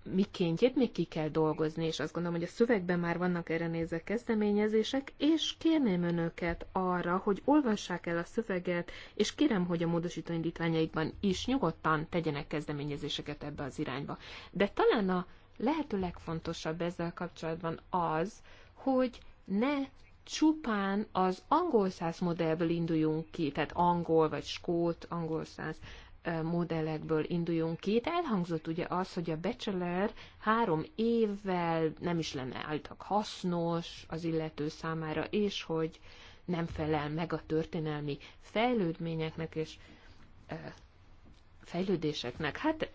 mikéntjét még ki kell dolgozni, és azt gondolom, hogy a szövegben már vannak erre nézve kezdeményezések, és kérném önöket arra, hogy olvassák el a szöveget, és kérem, hogy a módosító indítványaikban is nyugodtan tegyenek kezdeményezéseket ebbe az irányba. De talán a lehető legfontosabb ezzel kapcsolatban az, hogy ne csupán az angol száz modellből induljunk ki, tehát angol vagy skót, angol száz modellekből induljunk ki. Itt elhangzott ugye az, hogy a bachelor három évvel nem is lenne álltak hasznos az illető számára, és hogy nem felel meg a történelmi fejlődményeknek és fejlődéseknek. Hát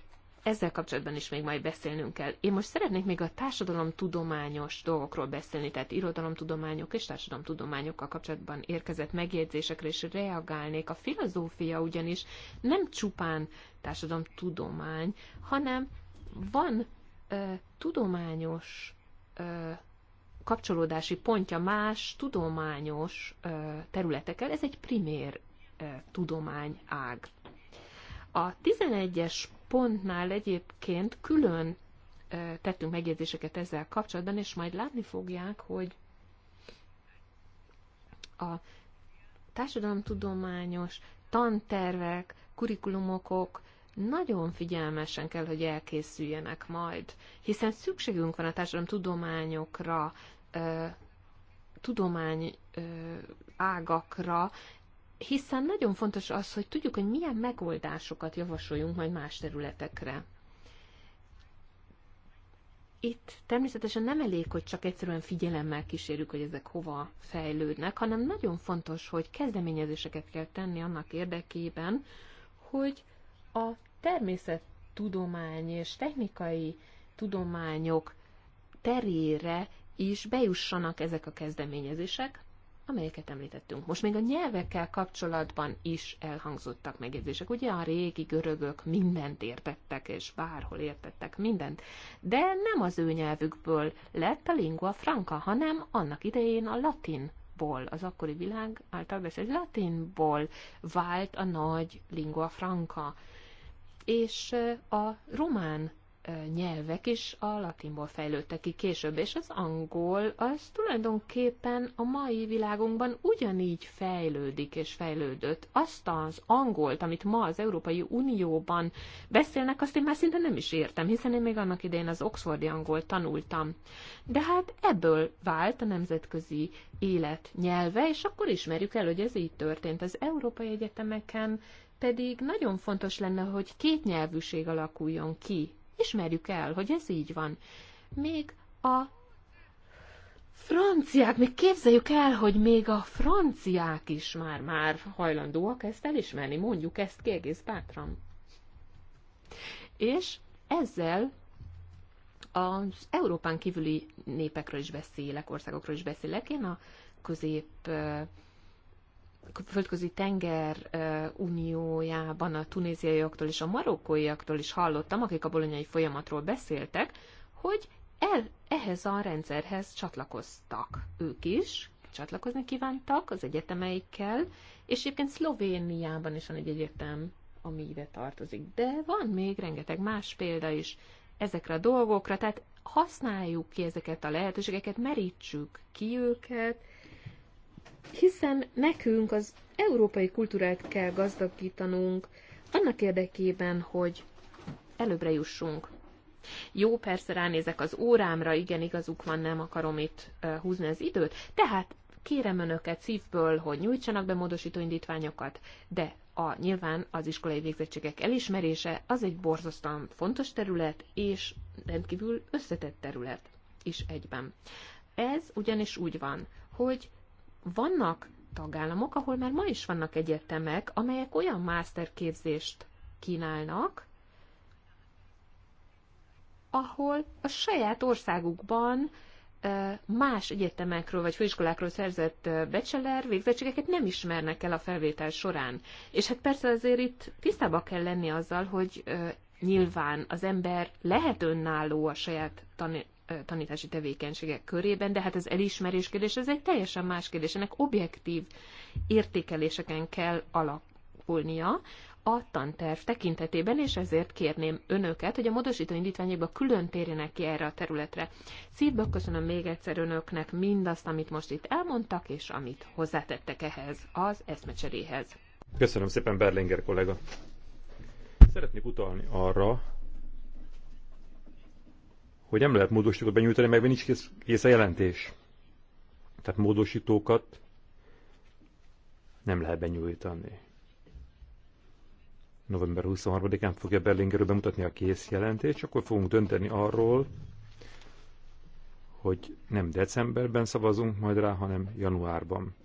ezzel kapcsolatban is még majd beszélnünk kell. Én most szeretnék még a társadalomtudományos dolgokról beszélni, tehát irodalomtudományok és társadalomtudományokkal kapcsolatban érkezett megjegyzésekre is reagálnék. A filozófia ugyanis nem csupán társadalomtudomány, hanem van ö, tudományos ö, kapcsolódási pontja más tudományos ö, területekkel. Ez egy primér ö, tudományág. A 11-es pontnál egyébként külön tettünk megjegyzéseket ezzel kapcsolatban, és majd látni fogják, hogy a társadalomtudományos tantervek, kurikulumokok nagyon figyelmesen kell, hogy elkészüljenek majd, hiszen szükségünk van a társadalomtudományokra, tudomány ágakra, hiszen nagyon fontos az, hogy tudjuk, hogy milyen megoldásokat javasoljunk majd más területekre. Itt természetesen nem elég, hogy csak egyszerűen figyelemmel kísérjük, hogy ezek hova fejlődnek, hanem nagyon fontos, hogy kezdeményezéseket kell tenni annak érdekében, hogy a természettudomány és technikai tudományok terére is bejussanak ezek a kezdeményezések, amelyeket említettünk. Most még a nyelvekkel kapcsolatban is elhangzottak megjegyzések. Ugye a régi görögök mindent értettek, és bárhol értettek mindent, de nem az ő nyelvükből lett a lingua franca, hanem annak idején a latin latinból, az akkori világ által beszélt latinból vált a nagy lingua franca. És a román nyelvek is a latinból fejlődtek ki később, és az angol az tulajdonképpen a mai világunkban ugyanígy fejlődik és fejlődött. Azt az angolt, amit ma az Európai Unióban beszélnek, azt én már szinte nem is értem, hiszen én még annak idején az oxfordi angolt tanultam. De hát ebből vált a nemzetközi élet nyelve, és akkor ismerjük el, hogy ez így történt. Az Európai Egyetemeken pedig nagyon fontos lenne, hogy két nyelvűség alakuljon ki Ismerjük el, hogy ez így van. Még a franciák, még képzeljük el, hogy még a franciák is már-már hajlandóak ezt elismerni, mondjuk ezt ki egész bátran. És ezzel az Európán kívüli népekről is beszélek, országokról is beszélek. Én a közép földközi tenger uniójában a tunéziaiaktól és a marokkóiaktól is hallottam, akik a bolonyai folyamatról beszéltek, hogy el, ehhez a rendszerhez csatlakoztak ők is, csatlakozni kívántak az egyetemeikkel, és egyébként Szlovéniában is van egy egyetem, ami ide tartozik. De van még rengeteg más példa is ezekre a dolgokra, tehát használjuk ki ezeket a lehetőségeket, merítsük ki őket, hiszen nekünk az európai kultúrát kell gazdagítanunk annak érdekében, hogy előbbre jussunk. Jó, persze ránézek az órámra, igen, igazuk van, nem akarom itt húzni az időt, tehát kérem önöket szívből, hogy nyújtsanak be módosító indítványokat, de a, nyilván az iskolai végzettségek elismerése az egy borzasztóan fontos terület, és rendkívül összetett terület is egyben. Ez ugyanis úgy van, hogy vannak tagállamok, ahol már ma is vannak egyetemek, amelyek olyan masterképzést kínálnak, ahol a saját országukban más egyetemekről vagy főiskolákról szerzett bachelor végzettségeket nem ismernek el a felvétel során. És hát persze azért itt tisztába kell lenni azzal, hogy nyilván az ember lehet önálló a saját tanítási tevékenységek körében, de hát ez elismerés kérdés, ez egy teljesen más kérdés. Ennek objektív értékeléseken kell alapulnia a tanterv tekintetében, és ezért kérném önöket, hogy a módosító indítványokba külön térjenek ki erre a területre. Szívből köszönöm még egyszer önöknek mindazt, amit most itt elmondtak, és amit hozzátettek ehhez, az eszmecseréhez. Köszönöm szépen, Berlinger kollega. Szeretnék utalni arra, hogy nem lehet módosítókat benyújtani, mert nincs kész, kész a jelentés. Tehát módosítókat nem lehet benyújtani. November 23-án fogja Berlingerről bemutatni a kész jelentést, akkor fogunk dönteni arról, hogy nem decemberben szavazunk majd rá, hanem januárban.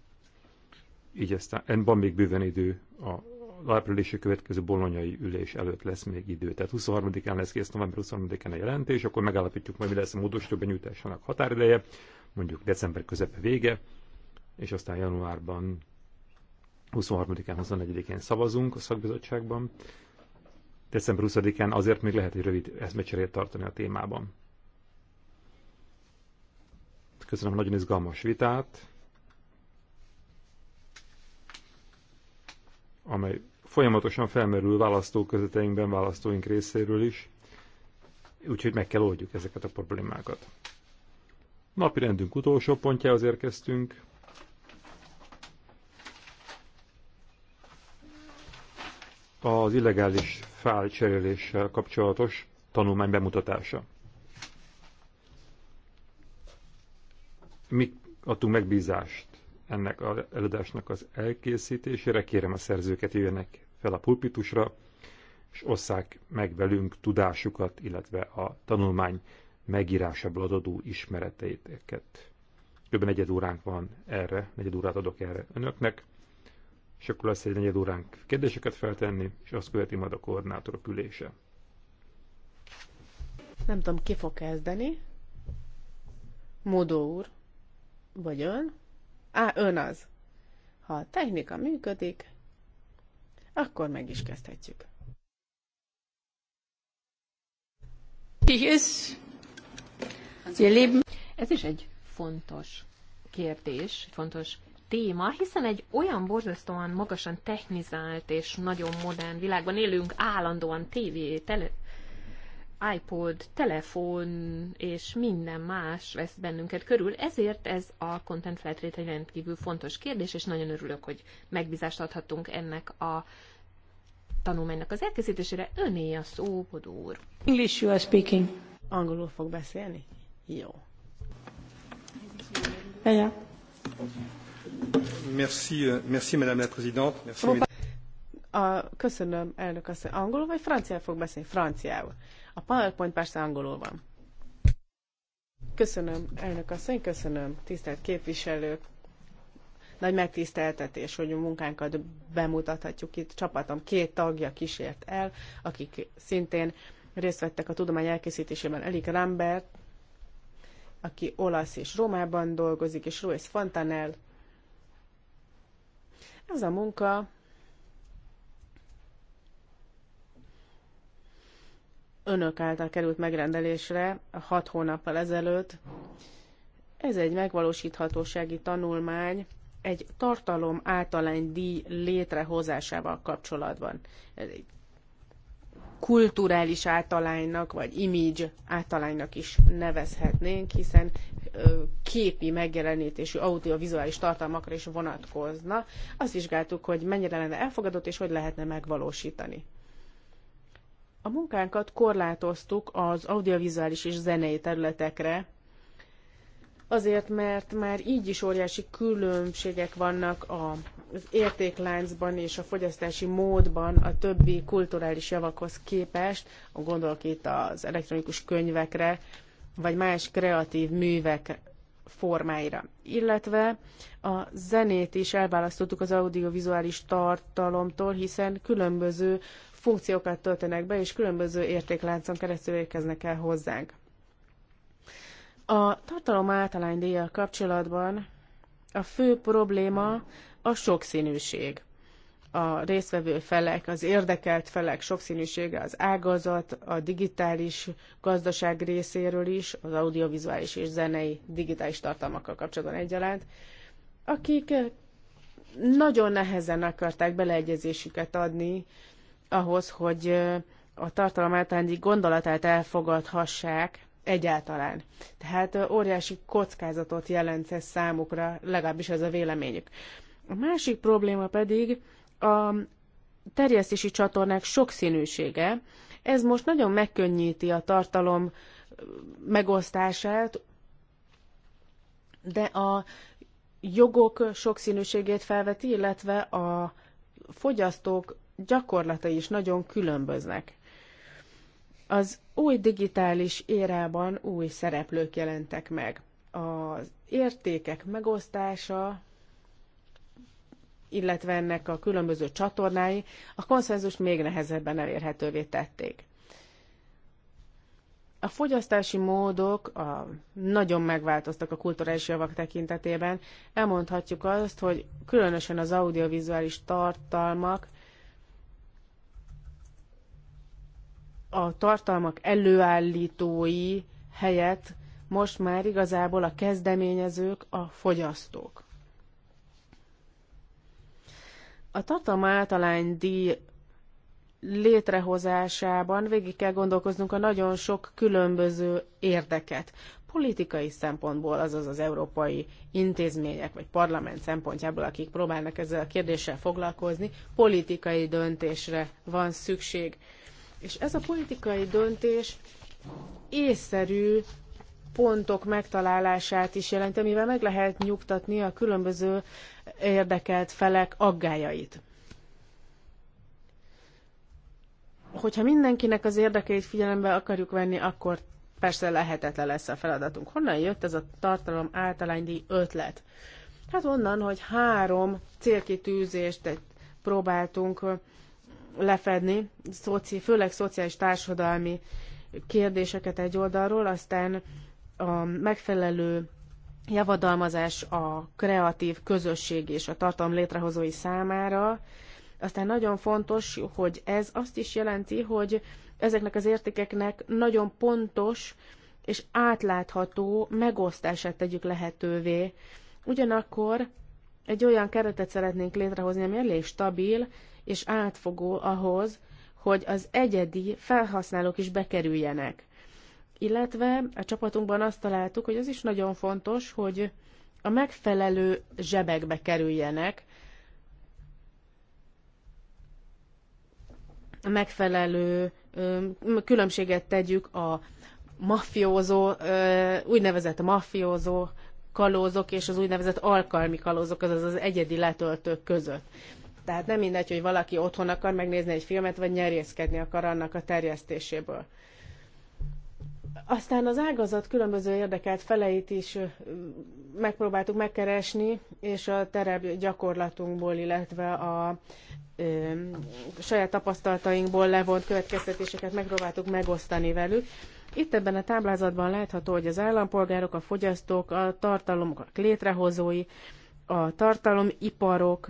Így aztán, van még bőven idő a áprilisi következő bolonyai ülés előtt lesz még idő. Tehát 23-án lesz kész, november 23-án a jelentés, akkor megállapítjuk majd, mi lesz a módosító benyújtásának határideje, mondjuk december közepe vége, és aztán januárban 23-án, 24-én szavazunk a szakbizottságban. December 20-án azért még lehet egy rövid eszmecserét tartani a témában. Köszönöm a nagyon izgalmas vitát. amely folyamatosan felmerül választóközeteinkben, választóink részéről is, úgyhogy meg kell oldjuk ezeket a problémákat. Napi rendünk utolsó pontjához érkeztünk. Az illegális cseréléssel kapcsolatos tanulmány bemutatása. Mi adtunk megbízást ennek az előadásnak az elkészítésére. Kérem a szerzőket jöjjenek fel a pulpitusra, és osszák meg velünk tudásukat, illetve a tanulmány megírásából adódó ismereteiteket. Több negyed óránk van erre, negyed órát adok erre önöknek, és akkor lesz egy negyed óránk kérdéseket feltenni, és azt követi majd a koordinátor ülése. Nem tudom, ki fog kezdeni. Modó úr, vagy ön? Á, ön az. Ha a technika működik, akkor meg is kezdhetjük. Ez is egy fontos kérdés, fontos téma, hiszen egy olyan borzasztóan magasan technizált és nagyon modern világban élünk, állandóan tévé, tele, iPod, telefon és minden más vesz bennünket körül, ezért ez a Content Flight Rate egy rendkívül fontos kérdés, és nagyon örülök, hogy megbízást adhattunk ennek a tanulmánynak az elkészítésére. Öné a szó, úr. English you are speaking. Angolul fog beszélni? Jó. Helye. Merci, euh, merci Madame la Présidente. Merci, a, köszönöm, elnök asszony. Angolul vagy franciául fog beszélni? Franciául. A PowerPoint persze angolul van. Köszönöm, elnök asszony, köszönöm, tisztelt képviselők. Nagy megtiszteltetés, hogy a munkánkat bemutathatjuk itt. Csapatom két tagja kísért el, akik szintén részt vettek a tudomány elkészítésében. Elik Rambert, aki olasz és Romában dolgozik, és Ruiz Fontanel. Ez a munka önök által került megrendelésre hat hónappal ezelőtt. Ez egy megvalósíthatósági tanulmány egy tartalom általány díj létrehozásával kapcsolatban. Ez egy kulturális általánynak, vagy image általánynak is nevezhetnénk, hiszen képi megjelenítésű audiovizuális tartalmakra is vonatkozna. Azt vizsgáltuk, hogy mennyire lenne elfogadott, és hogy lehetne megvalósítani. A munkánkat korlátoztuk az audiovizuális és zenei területekre, azért, mert már így is óriási különbségek vannak az értékláncban és a fogyasztási módban a többi kulturális javakhoz képest, gondolok itt az elektronikus könyvekre, vagy más kreatív művek formáira. Illetve a zenét is elválasztottuk az audiovizuális tartalomtól, hiszen különböző funkciókat töltenek be, és különböző értékláncon keresztül érkeznek el hozzánk. A tartalom általánydíjjal kapcsolatban a fő probléma a sokszínűség. A résztvevő felek, az érdekelt felek sokszínűsége, az ágazat, a digitális gazdaság részéről is, az audiovizuális és zenei digitális tartalmakkal kapcsolatban egyaránt, akik nagyon nehezen akarták beleegyezésüket adni ahhoz, hogy a tartalom általányi gondolatát elfogadhassák egyáltalán. Tehát óriási kockázatot jelent ez számukra, legalábbis ez a véleményük. A másik probléma pedig a terjesztési csatornák sokszínűsége. Ez most nagyon megkönnyíti a tartalom megosztását, de a jogok sokszínűségét felveti, illetve a fogyasztók gyakorlatai is nagyon különböznek. Az új digitális érában új szereplők jelentek meg. Az értékek megosztása, illetve ennek a különböző csatornái a konszenzus még nehezebben elérhetővé tették. A fogyasztási módok a, nagyon megváltoztak a kulturális javak tekintetében. Elmondhatjuk azt, hogy különösen az audiovizuális tartalmak a tartalmak előállítói helyett most már igazából a kezdeményezők a fogyasztók. A tartalma díj létrehozásában végig kell gondolkoznunk a nagyon sok különböző érdeket. Politikai szempontból, azaz az európai intézmények vagy parlament szempontjából, akik próbálnak ezzel a kérdéssel foglalkozni, politikai döntésre van szükség és ez a politikai döntés észszerű pontok megtalálását is jelenti, amivel meg lehet nyugtatni a különböző érdekelt felek aggájait. Hogyha mindenkinek az érdekeit figyelembe akarjuk venni, akkor persze lehetetlen lesz a feladatunk. Honnan jött ez a tartalom általánydíj ötlet? Hát onnan, hogy három célkitűzést próbáltunk lefedni, főleg szociális társadalmi kérdéseket egy oldalról, aztán a megfelelő javadalmazás a kreatív közösség és a tartalom létrehozói számára. Aztán nagyon fontos, hogy ez azt is jelenti, hogy ezeknek az értékeknek nagyon pontos és átlátható megosztását tegyük lehetővé. Ugyanakkor egy olyan keretet szeretnénk létrehozni, ami elég stabil, és átfogó ahhoz, hogy az egyedi felhasználók is bekerüljenek. Illetve a csapatunkban azt találtuk, hogy az is nagyon fontos, hogy a megfelelő zsebekbe kerüljenek, a megfelelő különbséget tegyük a mafiózó, úgynevezett mafiózó kalózok és az úgynevezett alkalmi kalózok, azaz az egyedi letöltők között. Tehát nem mindegy, hogy valaki otthon akar megnézni egy filmet, vagy nyerészkedni akar annak a terjesztéséből. Aztán az ágazat különböző érdekelt feleit is megpróbáltuk megkeresni, és a terep gyakorlatunkból, illetve a ö, saját tapasztalatainkból levont következtetéseket megpróbáltuk megosztani velük. Itt ebben a táblázatban látható, hogy az állampolgárok, a fogyasztók, a tartalomok létrehozói, a tartalomiparok,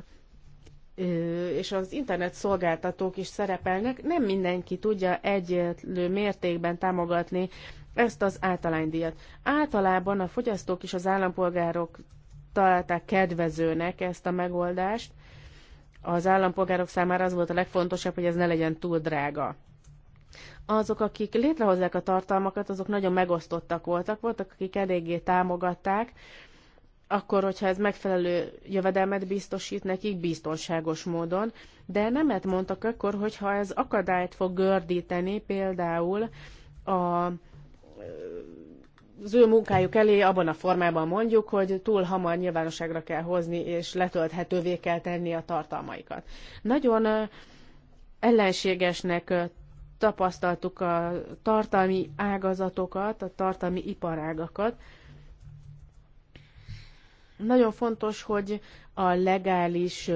és az internet szolgáltatók is szerepelnek, nem mindenki tudja egyenlő mértékben támogatni ezt az általánydíjat. Általában a fogyasztók és az állampolgárok találták kedvezőnek ezt a megoldást. Az állampolgárok számára az volt a legfontosabb, hogy ez ne legyen túl drága. Azok, akik létrehozzák a tartalmakat, azok nagyon megosztottak voltak, voltak, akik eléggé támogatták, akkor, hogyha ez megfelelő jövedelmet biztosít nekik biztonságos módon, de nemet mondtak akkor, hogyha ez akadályt fog gördíteni például a, az ő munkájuk elé abban a formában mondjuk, hogy túl hamar nyilvánosságra kell hozni, és letölthetővé kell tenni a tartalmaikat. Nagyon ellenségesnek tapasztaltuk a tartalmi ágazatokat, a tartalmi iparágakat, nagyon fontos, hogy a legális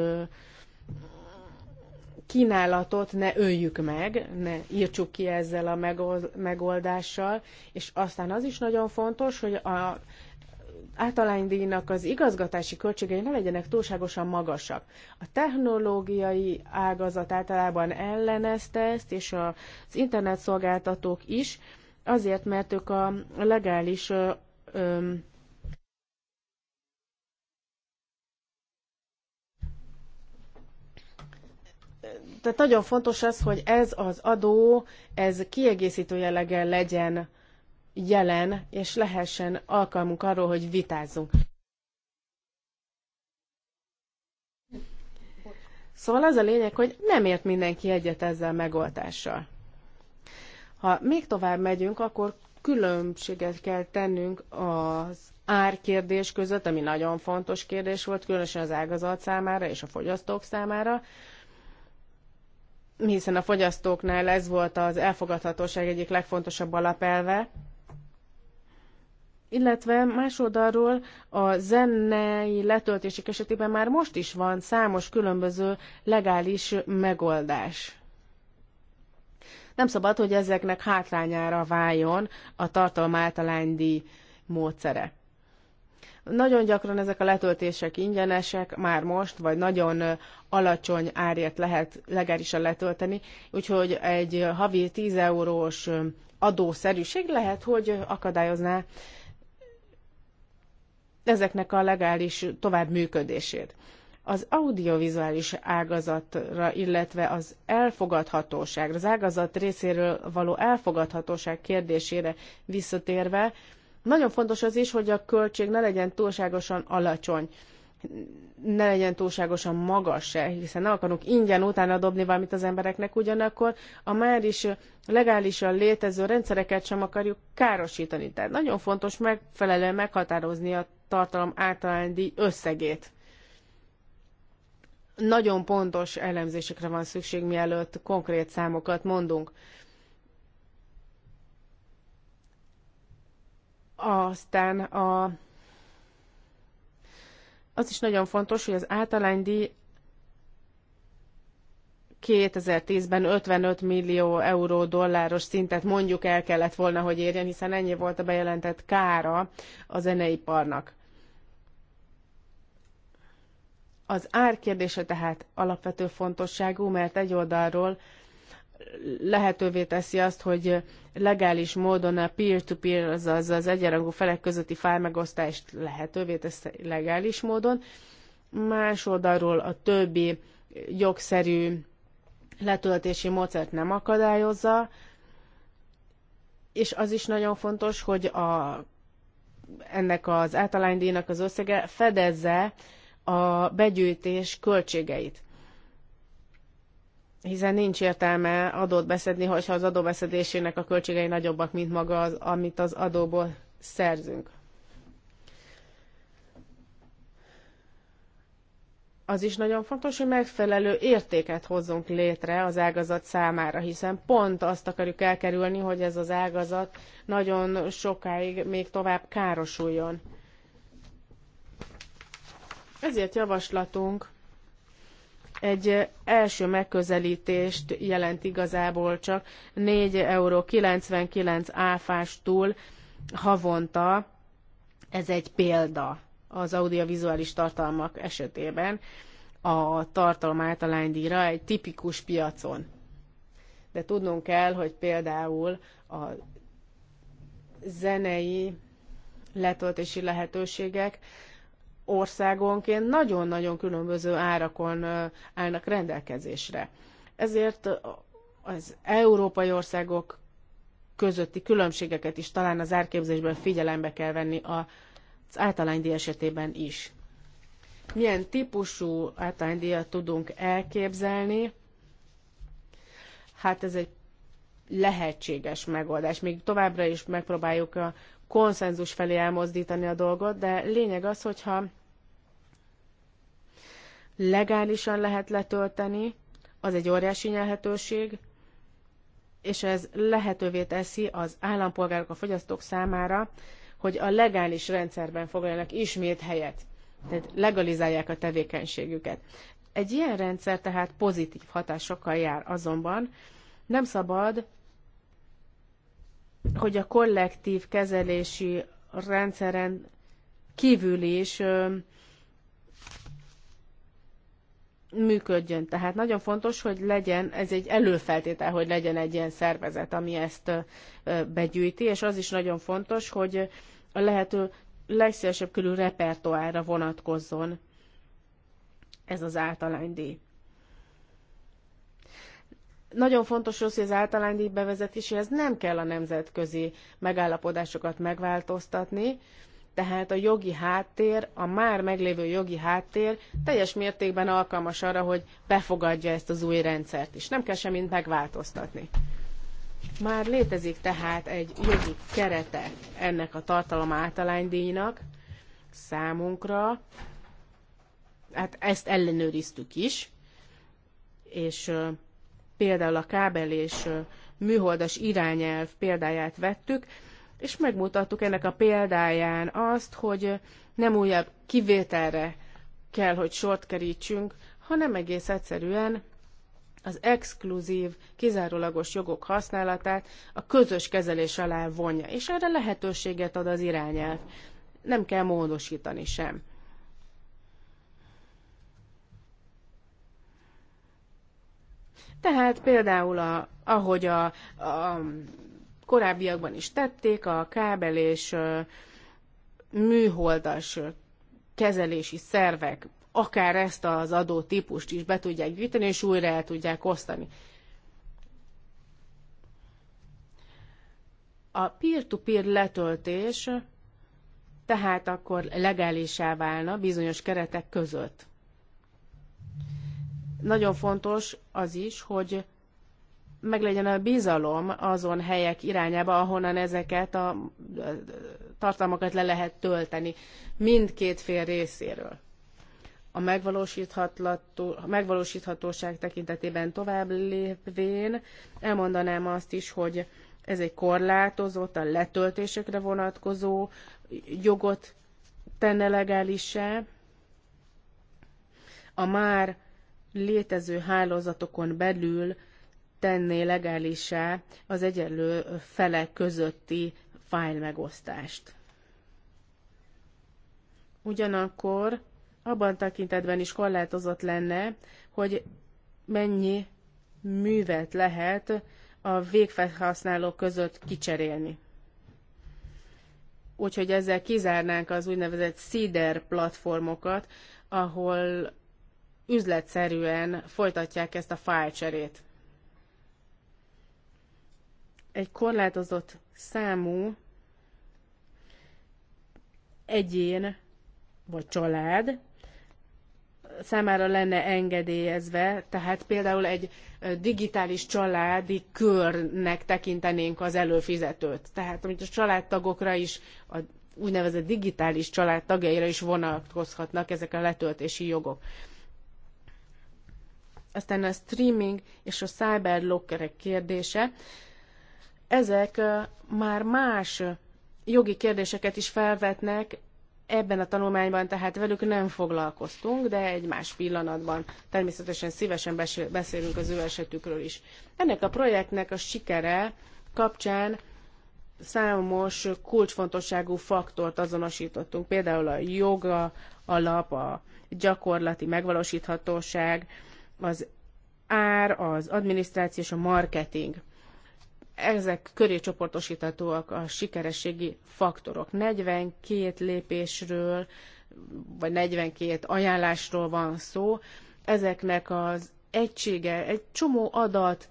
kínálatot ne öljük meg, ne írtsuk ki ezzel a megoldással, és aztán az is nagyon fontos, hogy a általánydíjnak az igazgatási költségei ne legyenek túlságosan magasak. A technológiai ágazat általában ellenezte ezt, és az internetszolgáltatók is, azért, mert ők a legális ö, ö, Tehát nagyon fontos az, hogy ez az adó, ez kiegészítő jellege legyen jelen, és lehessen alkalmunk arról, hogy vitázzunk. Szóval az a lényeg, hogy nem ért mindenki egyet ezzel a megoldással. Ha még tovább megyünk, akkor különbséget kell tennünk az árkérdés között, ami nagyon fontos kérdés volt, különösen az ágazat számára és a fogyasztók számára, hiszen a fogyasztóknál ez volt az elfogadhatóság egyik legfontosabb alapelve, illetve más oldalról a zenei letöltések esetében már most is van számos különböző legális megoldás. Nem szabad, hogy ezeknek hátrányára váljon a tartalom általánydíj módszere. Nagyon gyakran ezek a letöltések ingyenesek már most, vagy nagyon alacsony árért lehet legálisan letölteni, úgyhogy egy havi 10 eurós adószerűség lehet, hogy akadályozná ezeknek a legális működését. Az audiovizuális ágazatra, illetve az elfogadhatóságra, az ágazat részéről való elfogadhatóság kérdésére visszatérve, nagyon fontos az is, hogy a költség ne legyen túlságosan alacsony, ne legyen túlságosan magas se, hiszen nem akarunk ingyen utána dobni valamit az embereknek, ugyanakkor a már is legálisan létező rendszereket sem akarjuk károsítani. Tehát nagyon fontos megfelelően meghatározni a tartalom díj összegét nagyon pontos elemzésekre van szükség, mielőtt konkrét számokat mondunk. Aztán a, az is nagyon fontos, hogy az általánydíj 2010-ben 55 millió euró dolláros szintet mondjuk el kellett volna, hogy érjen, hiszen ennyi volt a bejelentett kára a zeneiparnak. Az ár kérdése tehát alapvető fontosságú, mert egy oldalról lehetővé teszi azt, hogy legális módon a peer-to-peer, -peer, azaz az egyenrangú felek közötti fájmegosztást lehetővé teszi legális módon, más oldalról a többi jogszerű letöltési módszert nem akadályozza, és az is nagyon fontos, hogy a, ennek az általánydíjnak az összege fedezze a begyűjtés költségeit hiszen nincs értelme adót beszedni, ha az adóbeszedésének a költségei nagyobbak, mint maga az, amit az adóból szerzünk. Az is nagyon fontos, hogy megfelelő értéket hozzunk létre az ágazat számára, hiszen pont azt akarjuk elkerülni, hogy ez az ágazat nagyon sokáig még tovább károsuljon. Ezért javaslatunk egy első megközelítést jelent igazából csak 4,99 euró áfástól havonta. Ez egy példa az audiovizuális tartalmak esetében a tartalom általánydíjra egy tipikus piacon. De tudnunk kell, hogy például a zenei letöltési lehetőségek országonként nagyon-nagyon különböző árakon állnak rendelkezésre. Ezért az európai országok közötti különbségeket is talán az árképzésben figyelembe kell venni az általánydi esetében is. Milyen típusú általánydíjat tudunk elképzelni? Hát ez egy lehetséges megoldás. Még továbbra is megpróbáljuk a konszenzus felé elmozdítani a dolgot, de lényeg az, hogyha legálisan lehet letölteni, az egy óriási nyelhetőség, és ez lehetővé teszi az állampolgárok, a fogyasztók számára, hogy a legális rendszerben foglaljanak ismét helyet, tehát legalizálják a tevékenységüket. Egy ilyen rendszer tehát pozitív hatásokkal jár, azonban nem szabad hogy a kollektív kezelési rendszeren kívül is ö, működjön. Tehát nagyon fontos, hogy legyen, ez egy előfeltétel, hogy legyen egy ilyen szervezet, ami ezt ö, begyűjti, és az is nagyon fontos, hogy a lehető legszélesebb körül repertoárra vonatkozzon ez az általánydíj nagyon fontos az, hogy az általánydíj bevezetéséhez nem kell a nemzetközi megállapodásokat megváltoztatni, tehát a jogi háttér, a már meglévő jogi háttér teljes mértékben alkalmas arra, hogy befogadja ezt az új rendszert is. Nem kell semmit megváltoztatni. Már létezik tehát egy jogi kerete ennek a tartalom általánydíjnak számunkra. Hát ezt ellenőriztük is, és például a kábel és műholdas irányelv példáját vettük, és megmutattuk ennek a példáján azt, hogy nem újabb kivételre kell, hogy sort kerítsünk, hanem egész egyszerűen az exkluzív, kizárólagos jogok használatát a közös kezelés alá vonja, és erre lehetőséget ad az irányelv. Nem kell módosítani sem. Tehát például, a, ahogy a, a korábbiakban is tették, a kábel és műholdas kezelési szervek akár ezt az adó típust is be tudják gyűjteni, és újra el tudják osztani. A peer-to-peer -peer letöltés tehát akkor legálisá válna bizonyos keretek között. Nagyon fontos az is, hogy meglegyen a bizalom azon helyek irányába, ahonnan ezeket a tartalmakat le lehet tölteni mindkét fél részéről. A megvalósíthatóság tekintetében tovább lépvén elmondanám azt is, hogy ez egy korlátozott, a letöltésekre vonatkozó jogot tenne legálisá. A már létező hálózatokon belül tenné legálisá az egyenlő felek közötti fájl megosztást. Ugyanakkor abban tekintetben is korlátozott lenne, hogy mennyi művet lehet a végfelhasználók között kicserélni. Úgyhogy ezzel kizárnánk az úgynevezett CIDER platformokat, ahol üzletszerűen folytatják ezt a fájlcserét. Egy korlátozott számú egyén vagy család számára lenne engedélyezve, tehát például egy digitális családi körnek tekintenénk az előfizetőt. Tehát amit a családtagokra is, a úgynevezett digitális család tagjaira is vonatkozhatnak ezek a letöltési jogok. Aztán a streaming és a cyberlockerek kérdése. Ezek már más jogi kérdéseket is felvetnek ebben a tanulmányban, tehát velük nem foglalkoztunk, de egy más pillanatban természetesen szívesen beszélünk az ő esetükről is. Ennek a projektnek a sikere kapcsán számos kulcsfontosságú faktort azonosítottunk, például a joga alap, a gyakorlati megvalósíthatóság, az ár, az adminisztráció és a marketing. Ezek köré csoportosíthatóak a sikerességi faktorok. 42 lépésről, vagy 42 ajánlásról van szó. Ezeknek az egysége, egy csomó adat,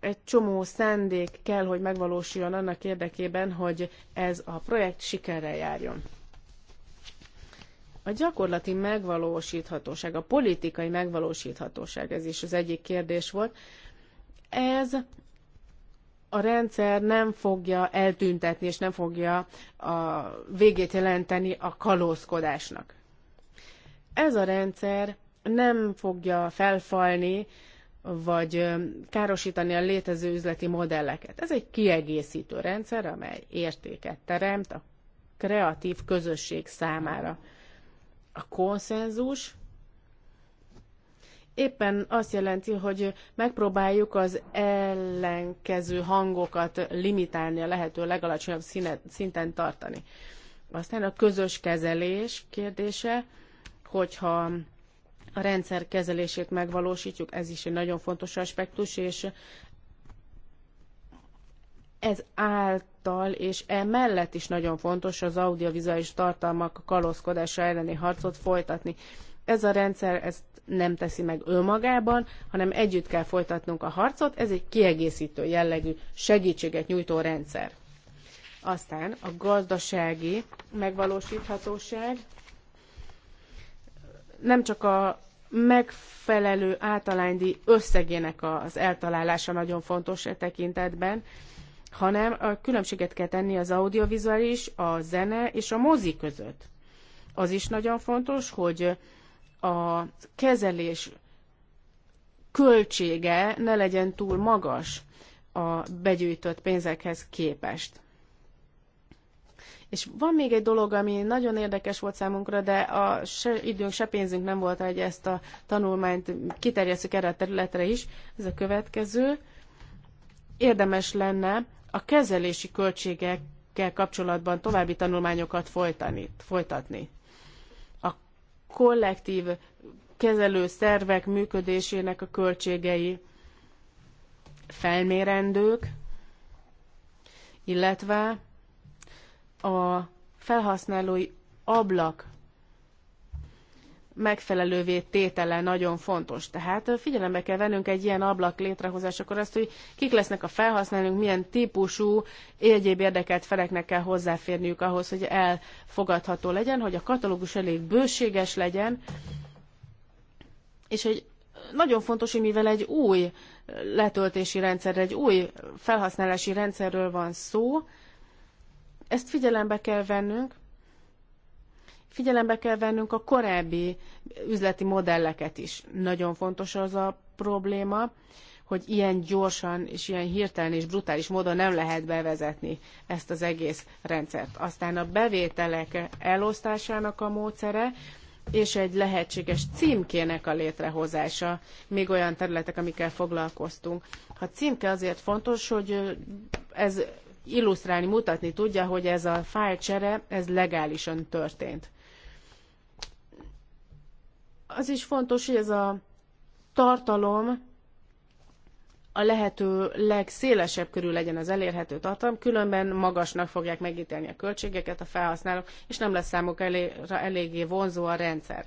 egy csomó szándék kell, hogy megvalósuljon annak érdekében, hogy ez a projekt sikerrel járjon. A gyakorlati megvalósíthatóság, a politikai megvalósíthatóság, ez is az egyik kérdés volt, ez a rendszer nem fogja eltüntetni, és nem fogja a végét jelenteni a kalózkodásnak. Ez a rendszer nem fogja felfalni, vagy károsítani a létező üzleti modelleket. Ez egy kiegészítő rendszer, amely értéket teremt a kreatív közösség számára a konszenzus éppen azt jelenti, hogy megpróbáljuk az ellenkező hangokat limitálni a lehető legalacsonyabb szinten tartani. Aztán a közös kezelés kérdése, hogyha a rendszer kezelését megvalósítjuk, ez is egy nagyon fontos aspektus, és ez által és emellett is nagyon fontos az audiovizuális tartalmak kalózkodása elleni harcot folytatni. Ez a rendszer ezt nem teszi meg önmagában, hanem együtt kell folytatnunk a harcot, ez egy kiegészítő jellegű segítséget nyújtó rendszer. Aztán a gazdasági megvalósíthatóság nem csak a megfelelő általánydíj összegének az eltalálása nagyon fontos e tekintetben, hanem a különbséget kell tenni az audiovizuális, a zene és a mozi között. Az is nagyon fontos, hogy a kezelés költsége ne legyen túl magas a begyűjtött pénzekhez képest. És van még egy dolog, ami nagyon érdekes volt számunkra, de a se időnk, se pénzünk nem volt, hogy ezt a tanulmányt kiterjesszük erre a területre is. Ez a következő. Érdemes lenne a kezelési költségekkel kapcsolatban további tanulmányokat folytani, folytatni. A kollektív kezelő szervek működésének a költségei felmérendők, illetve a felhasználói ablak megfelelővé tétele nagyon fontos. Tehát figyelembe kell vennünk egy ilyen ablak létrehozásakor azt, hogy kik lesznek a felhasználók, milyen típusú, egyéb érdekelt feleknek kell hozzáférniük ahhoz, hogy elfogadható legyen, hogy a katalógus elég bőséges legyen, és hogy nagyon fontos, hogy mivel egy új letöltési rendszer, egy új felhasználási rendszerről van szó, ezt figyelembe kell vennünk, Figyelembe kell vennünk a korábbi üzleti modelleket is. Nagyon fontos az a probléma, hogy ilyen gyorsan és ilyen hirtelen és brutális módon nem lehet bevezetni ezt az egész rendszert. Aztán a bevételek elosztásának a módszere, és egy lehetséges címkének a létrehozása, még olyan területek, amikkel foglalkoztunk. A címke azért fontos, hogy ez illusztrálni, mutatni tudja, hogy ez a fájlcsere, ez legálisan történt. Az is fontos, hogy ez a tartalom a lehető legszélesebb körül legyen az elérhető tartalom, különben magasnak fogják megítélni a költségeket a felhasználók, és nem lesz elé, eléggé vonzó a rendszer.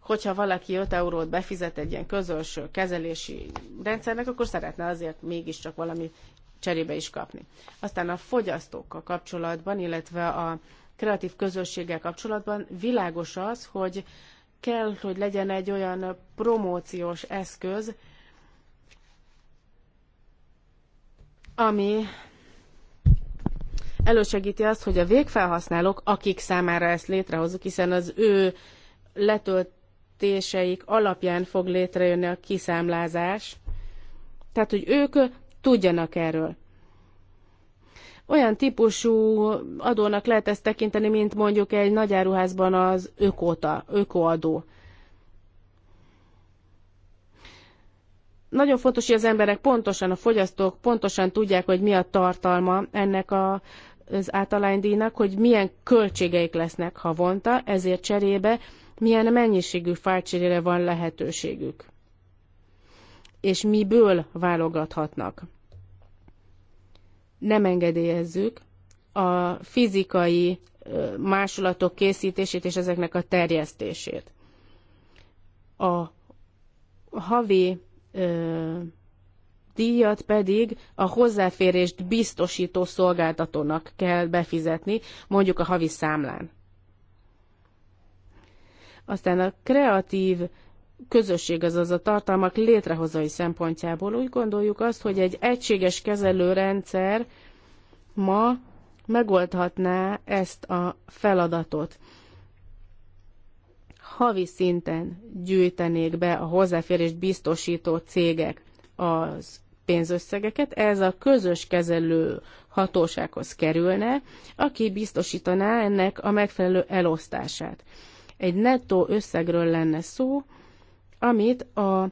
Hogyha valaki 5 eurót befizet egy ilyen közös kezelési rendszernek, akkor szeretne azért mégiscsak valami cserébe is kapni. Aztán a fogyasztókkal kapcsolatban, illetve a kreatív közösséggel kapcsolatban világos az, hogy kell, hogy legyen egy olyan promóciós eszköz, ami elősegíti azt, hogy a végfelhasználók, akik számára ezt létrehozzuk, hiszen az ő letöltéseik alapján fog létrejönni a kiszámlázás, tehát hogy ők tudjanak erről olyan típusú adónak lehet ezt tekinteni, mint mondjuk egy nagy áruházban az ökóta, ökoadó. Nagyon fontos, hogy az emberek pontosan, a fogyasztók pontosan tudják, hogy mi a tartalma ennek a, az általánydíjnak, hogy milyen költségeik lesznek havonta, ezért cserébe milyen mennyiségű fájcserére van lehetőségük, és miből válogathatnak nem engedélyezzük a fizikai másolatok készítését és ezeknek a terjesztését. A havi ö, díjat pedig a hozzáférést biztosító szolgáltatónak kell befizetni, mondjuk a havi számlán. Aztán a kreatív közösség, azaz a tartalmak létrehozói szempontjából. Úgy gondoljuk azt, hogy egy egységes kezelőrendszer ma megoldhatná ezt a feladatot. Havi szinten gyűjtenék be a hozzáférést biztosító cégek az pénzösszegeket, ez a közös kezelő hatósághoz kerülne, aki biztosítaná ennek a megfelelő elosztását. Egy nettó összegről lenne szó, amit a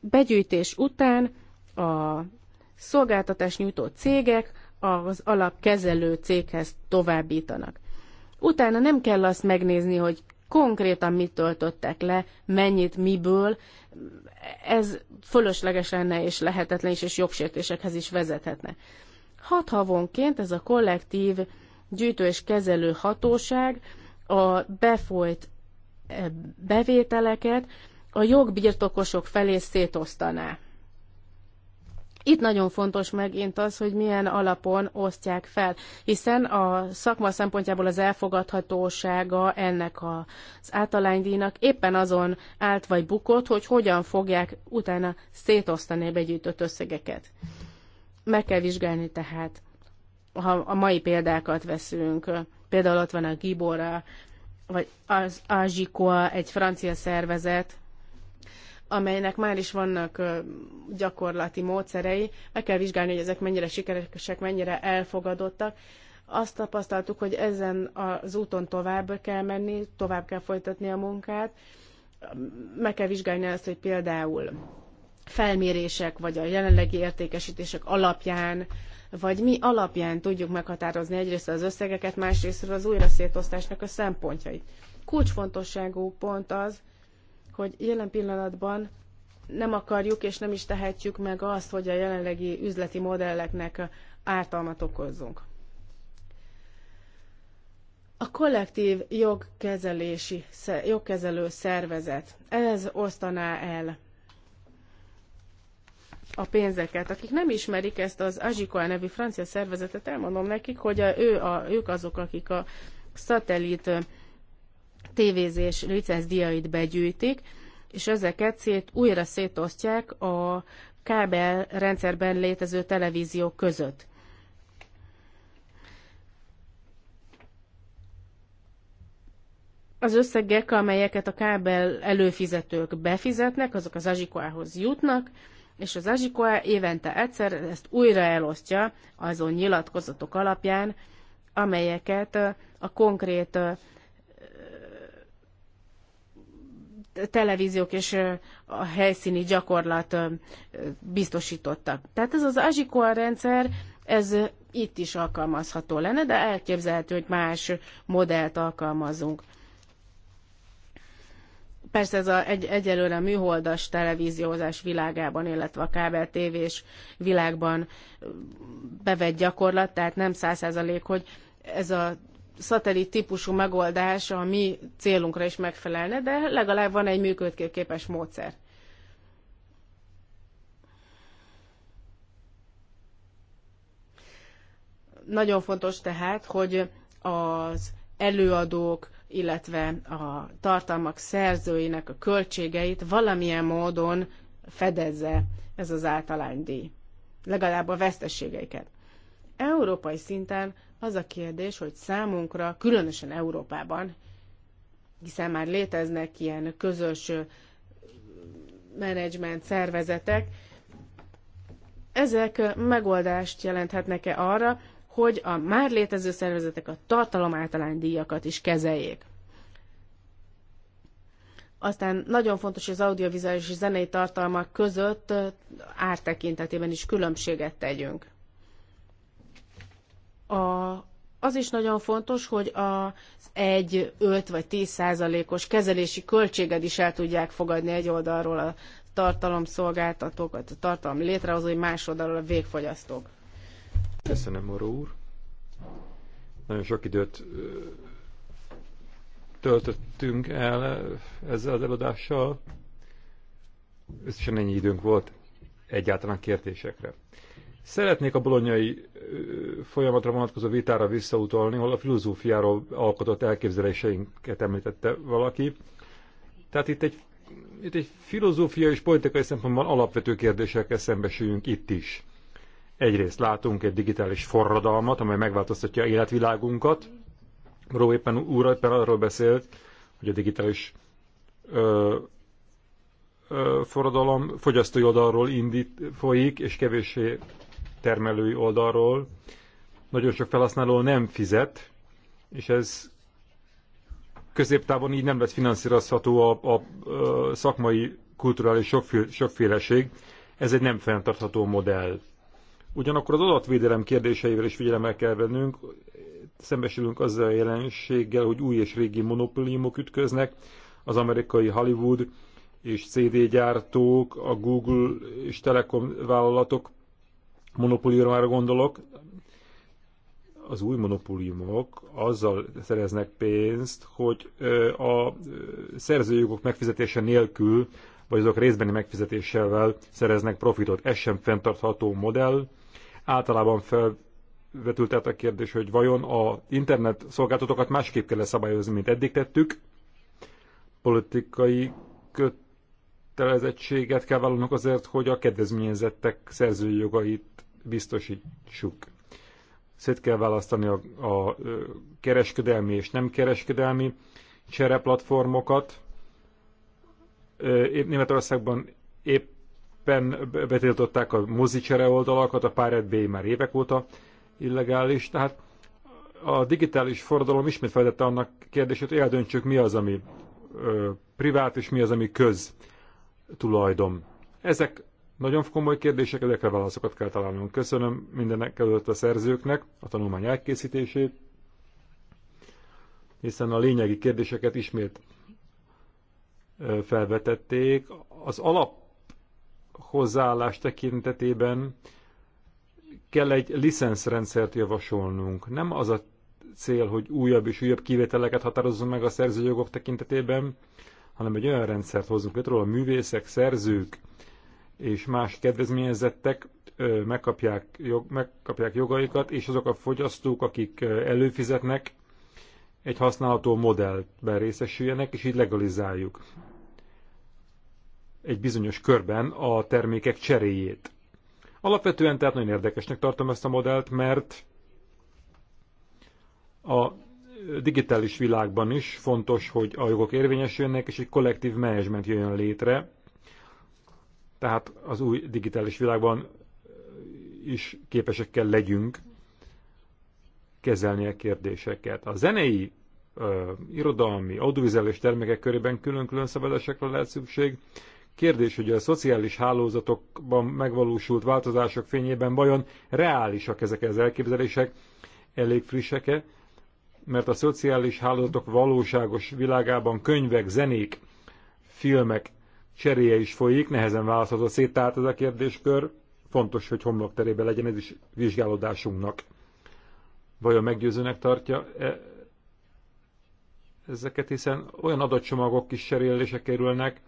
begyűjtés után a szolgáltatás nyújtó cégek az alapkezelő céghez továbbítanak. Utána nem kell azt megnézni, hogy konkrétan mit töltöttek le, mennyit, miből. Ez fölösleges lenne és lehetetlen is, és jogsértésekhez is vezethetne. Hat havonként ez a kollektív gyűjtő és kezelő hatóság a befolyt eh, bevételeket a jogbirtokosok felé szétosztaná. Itt nagyon fontos megint az, hogy milyen alapon osztják fel, hiszen a szakma szempontjából az elfogadhatósága ennek az általánydíjnak éppen azon állt vagy bukott, hogy hogyan fogják utána szétosztani a begyűjtött összegeket. Meg kell vizsgálni tehát, ha a mai példákat veszünk, például ott van a Gibora, vagy az Azsikoa, egy francia szervezet, amelynek már is vannak gyakorlati módszerei, meg kell vizsgálni, hogy ezek mennyire sikeresek, mennyire elfogadottak. Azt tapasztaltuk, hogy ezen az úton tovább kell menni, tovább kell folytatni a munkát, meg kell vizsgálni azt, hogy például felmérések, vagy a jelenlegi értékesítések alapján, vagy mi alapján tudjuk meghatározni egyrészt az összegeket, másrészt az újra szétosztásnak a szempontjait. Kulcsfontosságú pont az, hogy jelen pillanatban nem akarjuk és nem is tehetjük meg azt, hogy a jelenlegi üzleti modelleknek ártalmat okozzunk. A kollektív jogkezelési, jogkezelő szervezet, ez osztaná el a pénzeket. Akik nem ismerik ezt az Azsikoa nevű francia szervezetet, elmondom nekik, hogy a, ő a, ők azok, akik a szatellit tévézés licencdiait begyűjtik, és ezeket szét, újra szétosztják a kábel rendszerben létező televízió között. Az összegek, amelyeket a kábel előfizetők befizetnek, azok az Azsikoához jutnak, és az Azsikoá évente egyszer ezt újra elosztja azon nyilatkozatok alapján, amelyeket a konkrét televíziók és a helyszíni gyakorlat biztosítottak. Tehát ez az Azsikor rendszer, ez itt is alkalmazható lenne, de elképzelhető, hogy más modellt alkalmazunk. Persze ez a, egy, egyelőre a műholdas televíziózás világában, illetve a kábel tévés világban bevett gyakorlat, tehát nem száz százalék, hogy ez a szatellit típusú megoldás a mi célunkra is megfelelne, de legalább van egy működőképes módszer. Nagyon fontos tehát, hogy az előadók, illetve a tartalmak szerzőinek a költségeit valamilyen módon fedezze ez az általánydíj. Legalább a veszteségeiket európai szinten az a kérdés, hogy számunkra, különösen Európában, hiszen már léteznek ilyen közös menedzsment szervezetek, ezek megoldást jelenthetnek-e arra, hogy a már létező szervezetek a tartalom díjakat is kezeljék. Aztán nagyon fontos, hogy az audiovizuális és zenei tartalmak között ártekintetében is különbséget tegyünk. A, az is nagyon fontos, hogy az egy, öt vagy 10 százalékos kezelési költséged is el tudják fogadni egy oldalról a tartalomszolgáltatók, a tartalom létrehozói, más oldalról a végfogyasztók. Köszönöm, Moró úr. Nagyon sok időt töltöttünk el ezzel az előadással. Összesen ennyi időnk volt egyáltalán kérdésekre. Szeretnék a bolonyai folyamatra vonatkozó vitára visszautalni, hol a filozófiáról alkotott elképzeléseinket említette valaki. Tehát itt egy, itt egy filozófiai és politikai szempontból alapvető kérdésekkel szembesüljünk itt is. Egyrészt látunk egy digitális forradalmat, amely megváltoztatja életvilágunkat. Ró éppen úr éppen arról beszélt, hogy a digitális ö, ö, forradalom fogyasztói oldalról indít, folyik, és kevéssé termelői oldalról. Nagyon sok felhasználó nem fizet, és ez középtávon így nem lesz finanszírozható a, a, a szakmai kulturális sokféleség. Ez egy nem fenntartható modell. Ugyanakkor az adatvédelem kérdéseivel is figyelemmel kell vennünk, szembesülünk azzal a jelenséggel, hogy új és régi monopóliumok ütköznek, az amerikai Hollywood és CD gyártók, a Google és Telekom vállalatok monopóliumára gondolok, az új monopóliumok azzal szereznek pénzt, hogy a szerzőjogok megfizetése nélkül, vagy azok részbeni megfizetésével szereznek profitot. Ez sem fenntartható modell. Általában felvetültet a kérdés, hogy vajon a internet szolgáltatókat másképp kell szabályozni, mint eddig tettük. Politikai kötelezettséget kell vállalnunk azért, hogy a kedvezményezettek szerzői jogait biztosítsuk. Szét kell választani a, a kereskedelmi és nem kereskedelmi csereplatformokat. Németországban éppen betiltották a mozi csere oldalakat, a Pirate Bay már évek óta illegális, tehát a digitális forradalom ismét feltette annak kérdését, hogy eldöntsük, mi az, ami ö, privát, és mi az, ami köz tulajdon. Ezek nagyon komoly kérdések, ezekre válaszokat kell találnunk. Köszönöm mindenek előtt a szerzőknek a tanulmány elkészítését, hiszen a lényegi kérdéseket ismét felvetették. Az alap hozzáállás tekintetében kell egy licenszrendszert javasolnunk. Nem az a cél, hogy újabb és újabb kivételeket határozzon meg a szerzőjogok tekintetében, hanem egy olyan rendszert hozunk létre, a művészek, szerzők és más kedvezményezettek megkapják, jog, megkapják jogaikat, és azok a fogyasztók, akik előfizetnek, egy használható modellben részesüljenek, és így legalizáljuk egy bizonyos körben a termékek cseréjét. Alapvetően tehát nagyon érdekesnek tartom ezt a modellt, mert a digitális világban is fontos, hogy a jogok érvényesüljenek, és egy kollektív menedzsment jöjjön létre, tehát az új digitális világban is képesek kell legyünk kezelni a kérdéseket. A zenei, ö, irodalmi, audiovizuális termékek körében külön-külön szabadásokra lehet szükség. Kérdés, hogy a szociális hálózatokban megvalósult változások fényében vajon reálisak ezek az elképzelések, elég frissek-e, mert a szociális hálózatok valóságos világában könyvek, zenék, filmek cseréje is folyik, nehezen választható szét, tehát ez a kérdéskör. Fontos, hogy homlokterébe legyen ez is vizsgálódásunknak. Vajon meggyőzőnek tartja -e ezeket, hiszen olyan adatcsomagok is cserélésre kerülnek,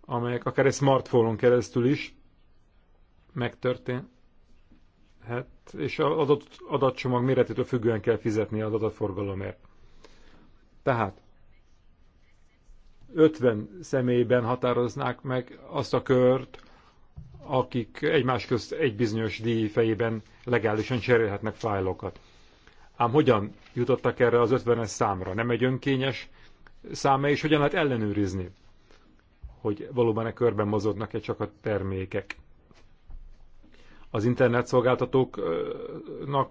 amelyek akár egy smartphone-on keresztül is megtörténhet, és az adott adatcsomag méretétől függően kell fizetni az adatforgalomért. Tehát 50 személyben határoznák meg azt a kört, akik egymás közt egy bizonyos díj fejében legálisan cserélhetnek fájlokat. Ám hogyan jutottak erre az 50-es számra? Nem egy önkényes száma, és hogyan lehet ellenőrizni, hogy valóban e körben mozognak-e csak a termékek? Az internet szolgáltatóknak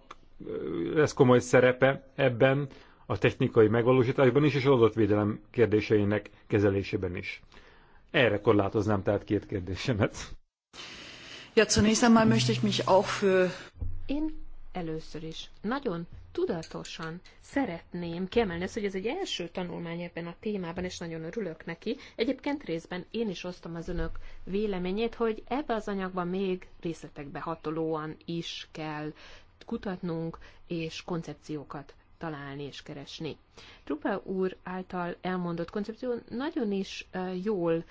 lesz komoly szerepe ebben, a technikai megvalósításban is, és az adatvédelem kérdéseinek kezelésében is. Erre korlátoznám tehát két kérdésemet. Ja, zunächst einmal möchte ich mich auch für... Én először is nagyon tudatosan szeretném kiemelni ezt, hogy ez egy első tanulmány ebben a témában, és nagyon örülök neki. Egyébként részben én is osztom az önök véleményét, hogy ebbe az anyagban még részletekbe hatolóan is kell kutatnunk és koncepciókat találni és keresni. Trupa úr által elmondott koncepció nagyon is jól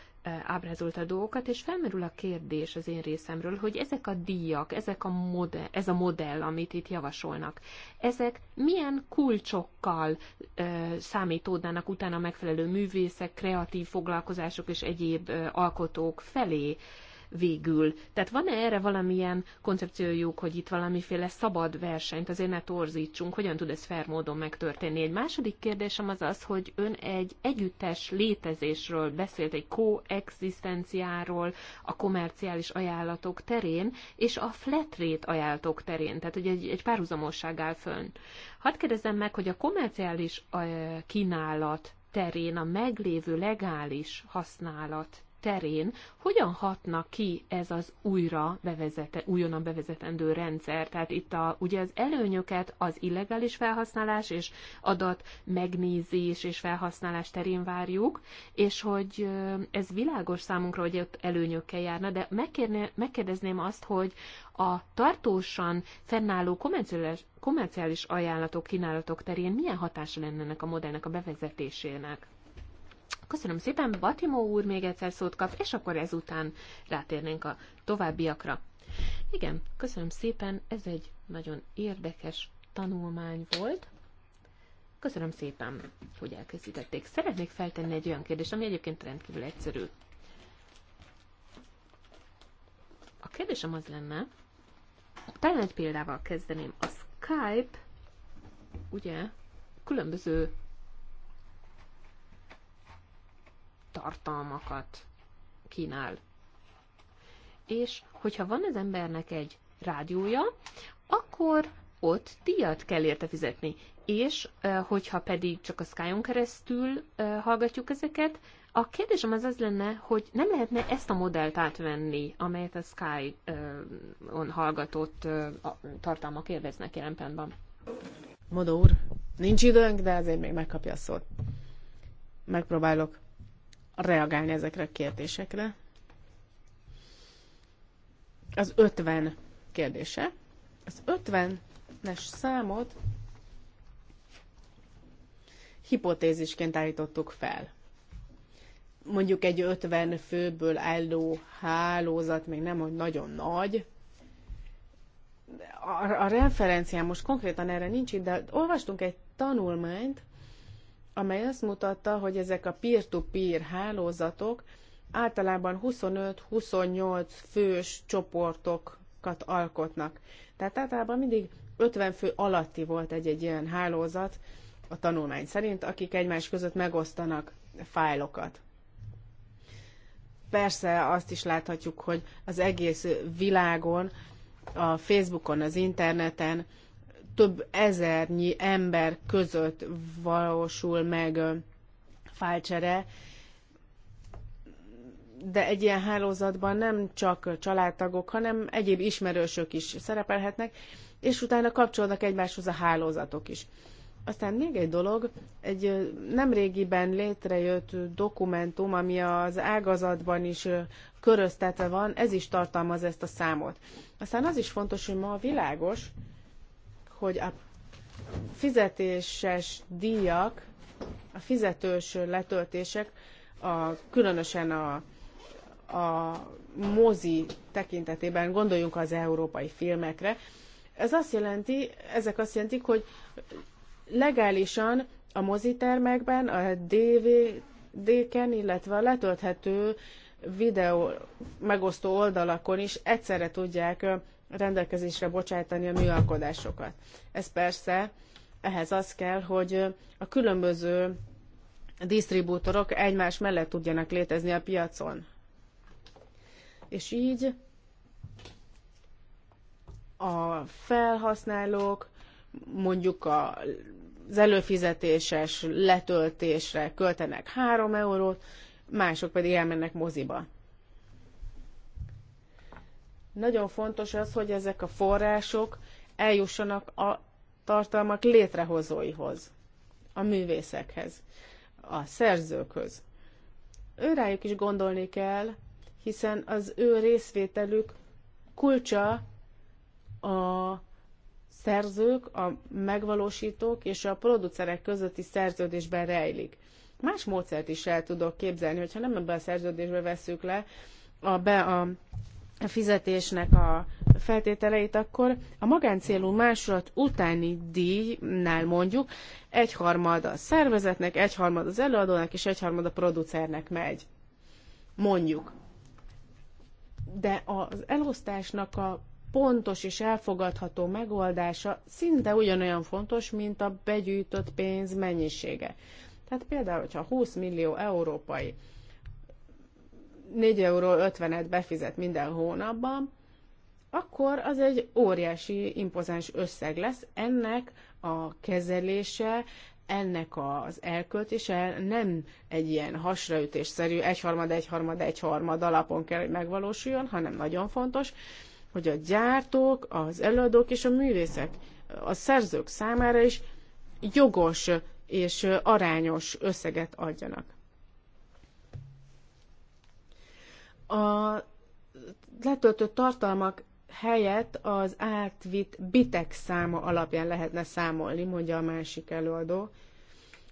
ábrázolta a dolgokat, és felmerül a kérdés az én részemről, hogy ezek a díjak, ezek a modell, ez a modell, amit itt javasolnak, ezek milyen kulcsokkal ö, számítódnának utána megfelelő művészek, kreatív foglalkozások és egyéb ö, alkotók felé, végül. Tehát van-e erre valamilyen koncepciójuk, hogy itt valamiféle szabad versenyt azért ne torzítsunk? Hogyan tud ez fair módon megtörténni? Egy második kérdésem az az, hogy ön egy együttes létezésről beszélt, egy koexisztenciáról a komerciális ajánlatok terén, és a flat rate ajánlatok terén, tehát hogy egy, egy párhuzamosság áll fönn. Hadd kérdezem meg, hogy a komerciális kínálat terén a meglévő legális használat terén hogyan hatna ki ez az újra bevezete, újonnan bevezetendő rendszer? Tehát itt a, ugye az előnyöket az illegális felhasználás és adat megnézés és felhasználás terén várjuk, és hogy ez világos számunkra, hogy ott előnyökkel járna, de megkérne, megkérdezném azt, hogy a tartósan fennálló komerciális, komerciális ajánlatok, kínálatok terén milyen hatása lenne ennek a modellnek a bevezetésének? Köszönöm szépen, Batimó úr még egyszer szót kap, és akkor ezután rátérnénk a továbbiakra. Igen, köszönöm szépen, ez egy nagyon érdekes tanulmány volt. Köszönöm szépen, hogy elkészítették. Szeretnék feltenni egy olyan kérdést, ami egyébként rendkívül egyszerű. A kérdésem az lenne, talán egy példával kezdeném. A Skype, ugye, különböző tartalmakat kínál. És hogyha van az embernek egy rádiója, akkor ott díjat kell érte fizetni. És hogyha pedig csak a Skyon keresztül hallgatjuk ezeket, a kérdésem az az lenne, hogy nem lehetne ezt a modellt átvenni, amelyet a Sky-on hallgatott tartalmak élveznek jelen pillanatban. Modó úr, nincs időnk, de azért még megkapja a szót. Megpróbálok reagálni ezekre a kérdésekre. Az 50 kérdése. Az 50-es számot hipotézisként állítottuk fel. Mondjuk egy 50 főből álló hálózat még nem hogy nagyon nagy, a, a referenciám most konkrétan erre nincs itt, de olvastunk egy tanulmányt, amely azt mutatta, hogy ezek a peer-to-peer -peer hálózatok általában 25-28 fős csoportokat alkotnak. Tehát általában mindig 50 fő alatti volt egy-egy ilyen hálózat a tanulmány szerint, akik egymás között megosztanak fájlokat. Persze azt is láthatjuk, hogy az egész világon, a Facebookon, az interneten, több ezernyi ember között valósul meg fájcsere, de egy ilyen hálózatban nem csak családtagok, hanem egyéb ismerősök is szerepelhetnek, és utána kapcsolnak egymáshoz a hálózatok is. Aztán még egy dolog, egy nemrégiben létrejött dokumentum, ami az ágazatban is köröztetve van, ez is tartalmaz ezt a számot. Aztán az is fontos, hogy ma világos, hogy a fizetéses díjak, a fizetős letöltések, a, különösen a, a mozi tekintetében, gondoljunk az európai filmekre, ez azt jelenti, ezek azt jelentik, hogy legálisan a mozitermekben, a DVD-ken, illetve a letölthető videó megosztó oldalakon is egyszerre tudják rendelkezésre bocsájtani a műalkodásokat. Ez persze ehhez az kell, hogy a különböző disztribútorok egymás mellett tudjanak létezni a piacon. És így a felhasználók, mondjuk a, az előfizetéses letöltésre költenek 3 eurót, mások pedig elmennek moziba. Nagyon fontos az, hogy ezek a források eljussanak a tartalmak létrehozóihoz, a művészekhez, a szerzőkhöz. Őrájuk is gondolni kell, hiszen az ő részvételük kulcsa a szerzők, a megvalósítók és a producerek közötti szerződésben rejlik. Más módszert is el tudok képzelni, hogyha nem ebben a szerződésbe veszük le a, be, a a fizetésnek a feltételeit, akkor a magáncélú másolat utáni díjnál mondjuk egyharmad a szervezetnek, egyharmad az előadónak és egyharmad a producernek megy. Mondjuk. De az elosztásnak a pontos és elfogadható megoldása szinte ugyanolyan fontos, mint a begyűjtött pénz mennyisége. Tehát például, hogyha 20 millió európai 4 euró 50-et befizet minden hónapban, akkor az egy óriási, impozáns összeg lesz. Ennek a kezelése, ennek az elköltése nem egy ilyen hasraütésszerű egyharmad, egyharmad, egyharmad alapon kell, hogy megvalósuljon, hanem nagyon fontos, hogy a gyártók, az előadók és a művészek, a szerzők számára is jogos és arányos összeget adjanak. a letöltött tartalmak helyett az átvitt bitek száma alapján lehetne számolni, mondja a másik előadó.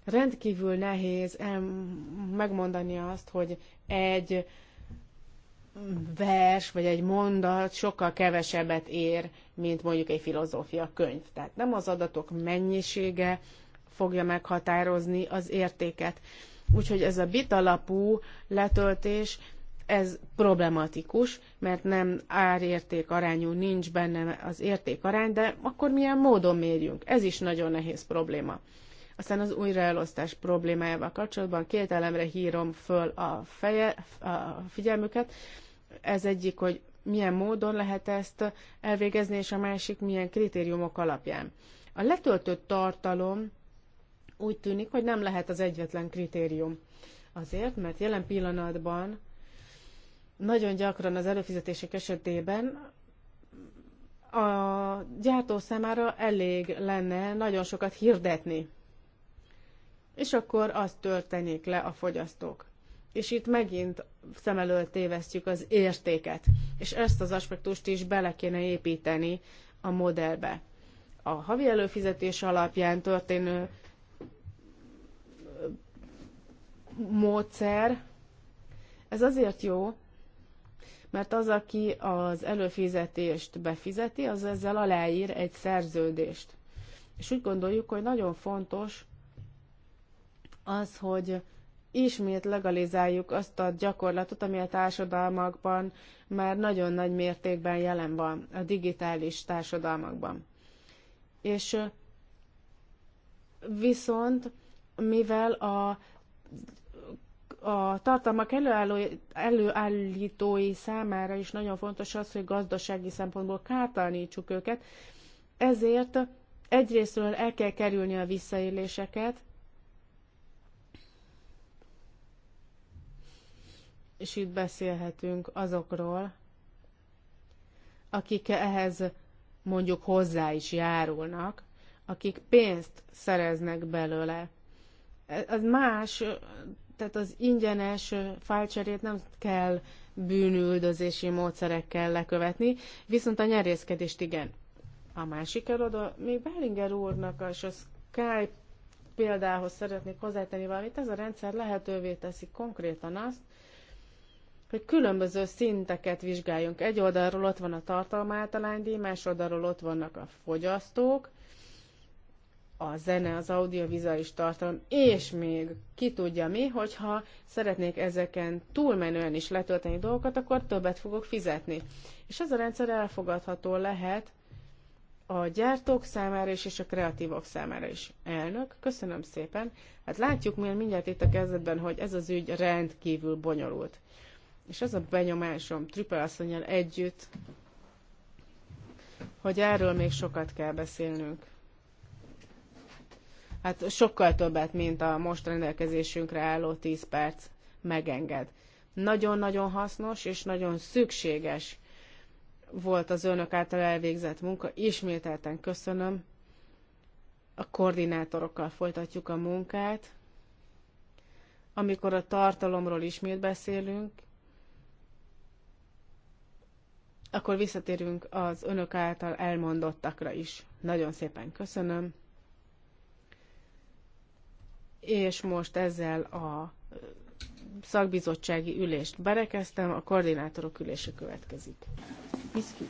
Rendkívül nehéz megmondani azt, hogy egy vers vagy egy mondat sokkal kevesebbet ér, mint mondjuk egy filozófia könyv. Tehát nem az adatok mennyisége fogja meghatározni az értéket. Úgyhogy ez a bit alapú letöltés ez problematikus, mert nem árérték arányú, nincs benne az értékarány, de akkor milyen módon mérjünk? Ez is nagyon nehéz probléma. Aztán az újraelosztás problémájával kapcsolatban két elemre hírom föl a, feje, a figyelmüket. Ez egyik, hogy milyen módon lehet ezt elvégezni, és a másik milyen kritériumok alapján. A letöltött tartalom úgy tűnik, hogy nem lehet az egyetlen kritérium. Azért, mert jelen pillanatban nagyon gyakran az előfizetések esetében a gyártó számára elég lenne nagyon sokat hirdetni. És akkor azt töltenék le a fogyasztók. És itt megint szem elől tévesztjük az értéket. És ezt az aspektust is bele kéne építeni a modellbe. A havi előfizetés alapján történő módszer, ez azért jó, mert az, aki az előfizetést befizeti, az ezzel aláír egy szerződést. És úgy gondoljuk, hogy nagyon fontos az, hogy ismét legalizáljuk azt a gyakorlatot, ami a társadalmakban már nagyon nagy mértékben jelen van, a digitális társadalmakban. És viszont, mivel a a tartalmak előállítói számára is nagyon fontos az, hogy gazdasági szempontból kártalanítsuk őket, ezért egyrésztről el kell kerülni a visszaéléseket, és itt beszélhetünk azokról, akik ehhez mondjuk hozzá is járulnak, akik pénzt szereznek belőle. Az más tehát az ingyenes fájlcserét nem kell bűnüldözési módszerekkel lekövetni, viszont a nyerészkedést igen. A másik eladó, még Bellinger úrnak és a Skype példához szeretnék hozzátenni valamit, ez a rendszer lehetővé teszi konkrétan azt, hogy különböző szinteket vizsgáljunk. Egy oldalról ott van a tartalma általánydíj, más oldalról ott vannak a fogyasztók, a zene, az audiovizuális tartalom, és még ki tudja mi, hogyha szeretnék ezeken túlmenően is letölteni dolgokat, akkor többet fogok fizetni. És ez a rendszer elfogadható lehet a gyártók számára is, és a kreatívok számára is. Elnök, köszönöm szépen. Hát látjuk már mindjárt itt a kezdetben, hogy ez az ügy rendkívül bonyolult. És az a benyomásom Trüppel asszonyjal együtt, hogy erről még sokat kell beszélnünk hát sokkal többet, mint a most rendelkezésünkre álló 10 perc megenged. Nagyon-nagyon hasznos és nagyon szükséges volt az önök által elvégzett munka. Ismételten köszönöm. A koordinátorokkal folytatjuk a munkát. Amikor a tartalomról ismét beszélünk, akkor visszatérünk az önök által elmondottakra is. Nagyon szépen köszönöm és most ezzel a szakbizottsági ülést berekeztem, a koordinátorok ülése következik. Biszki.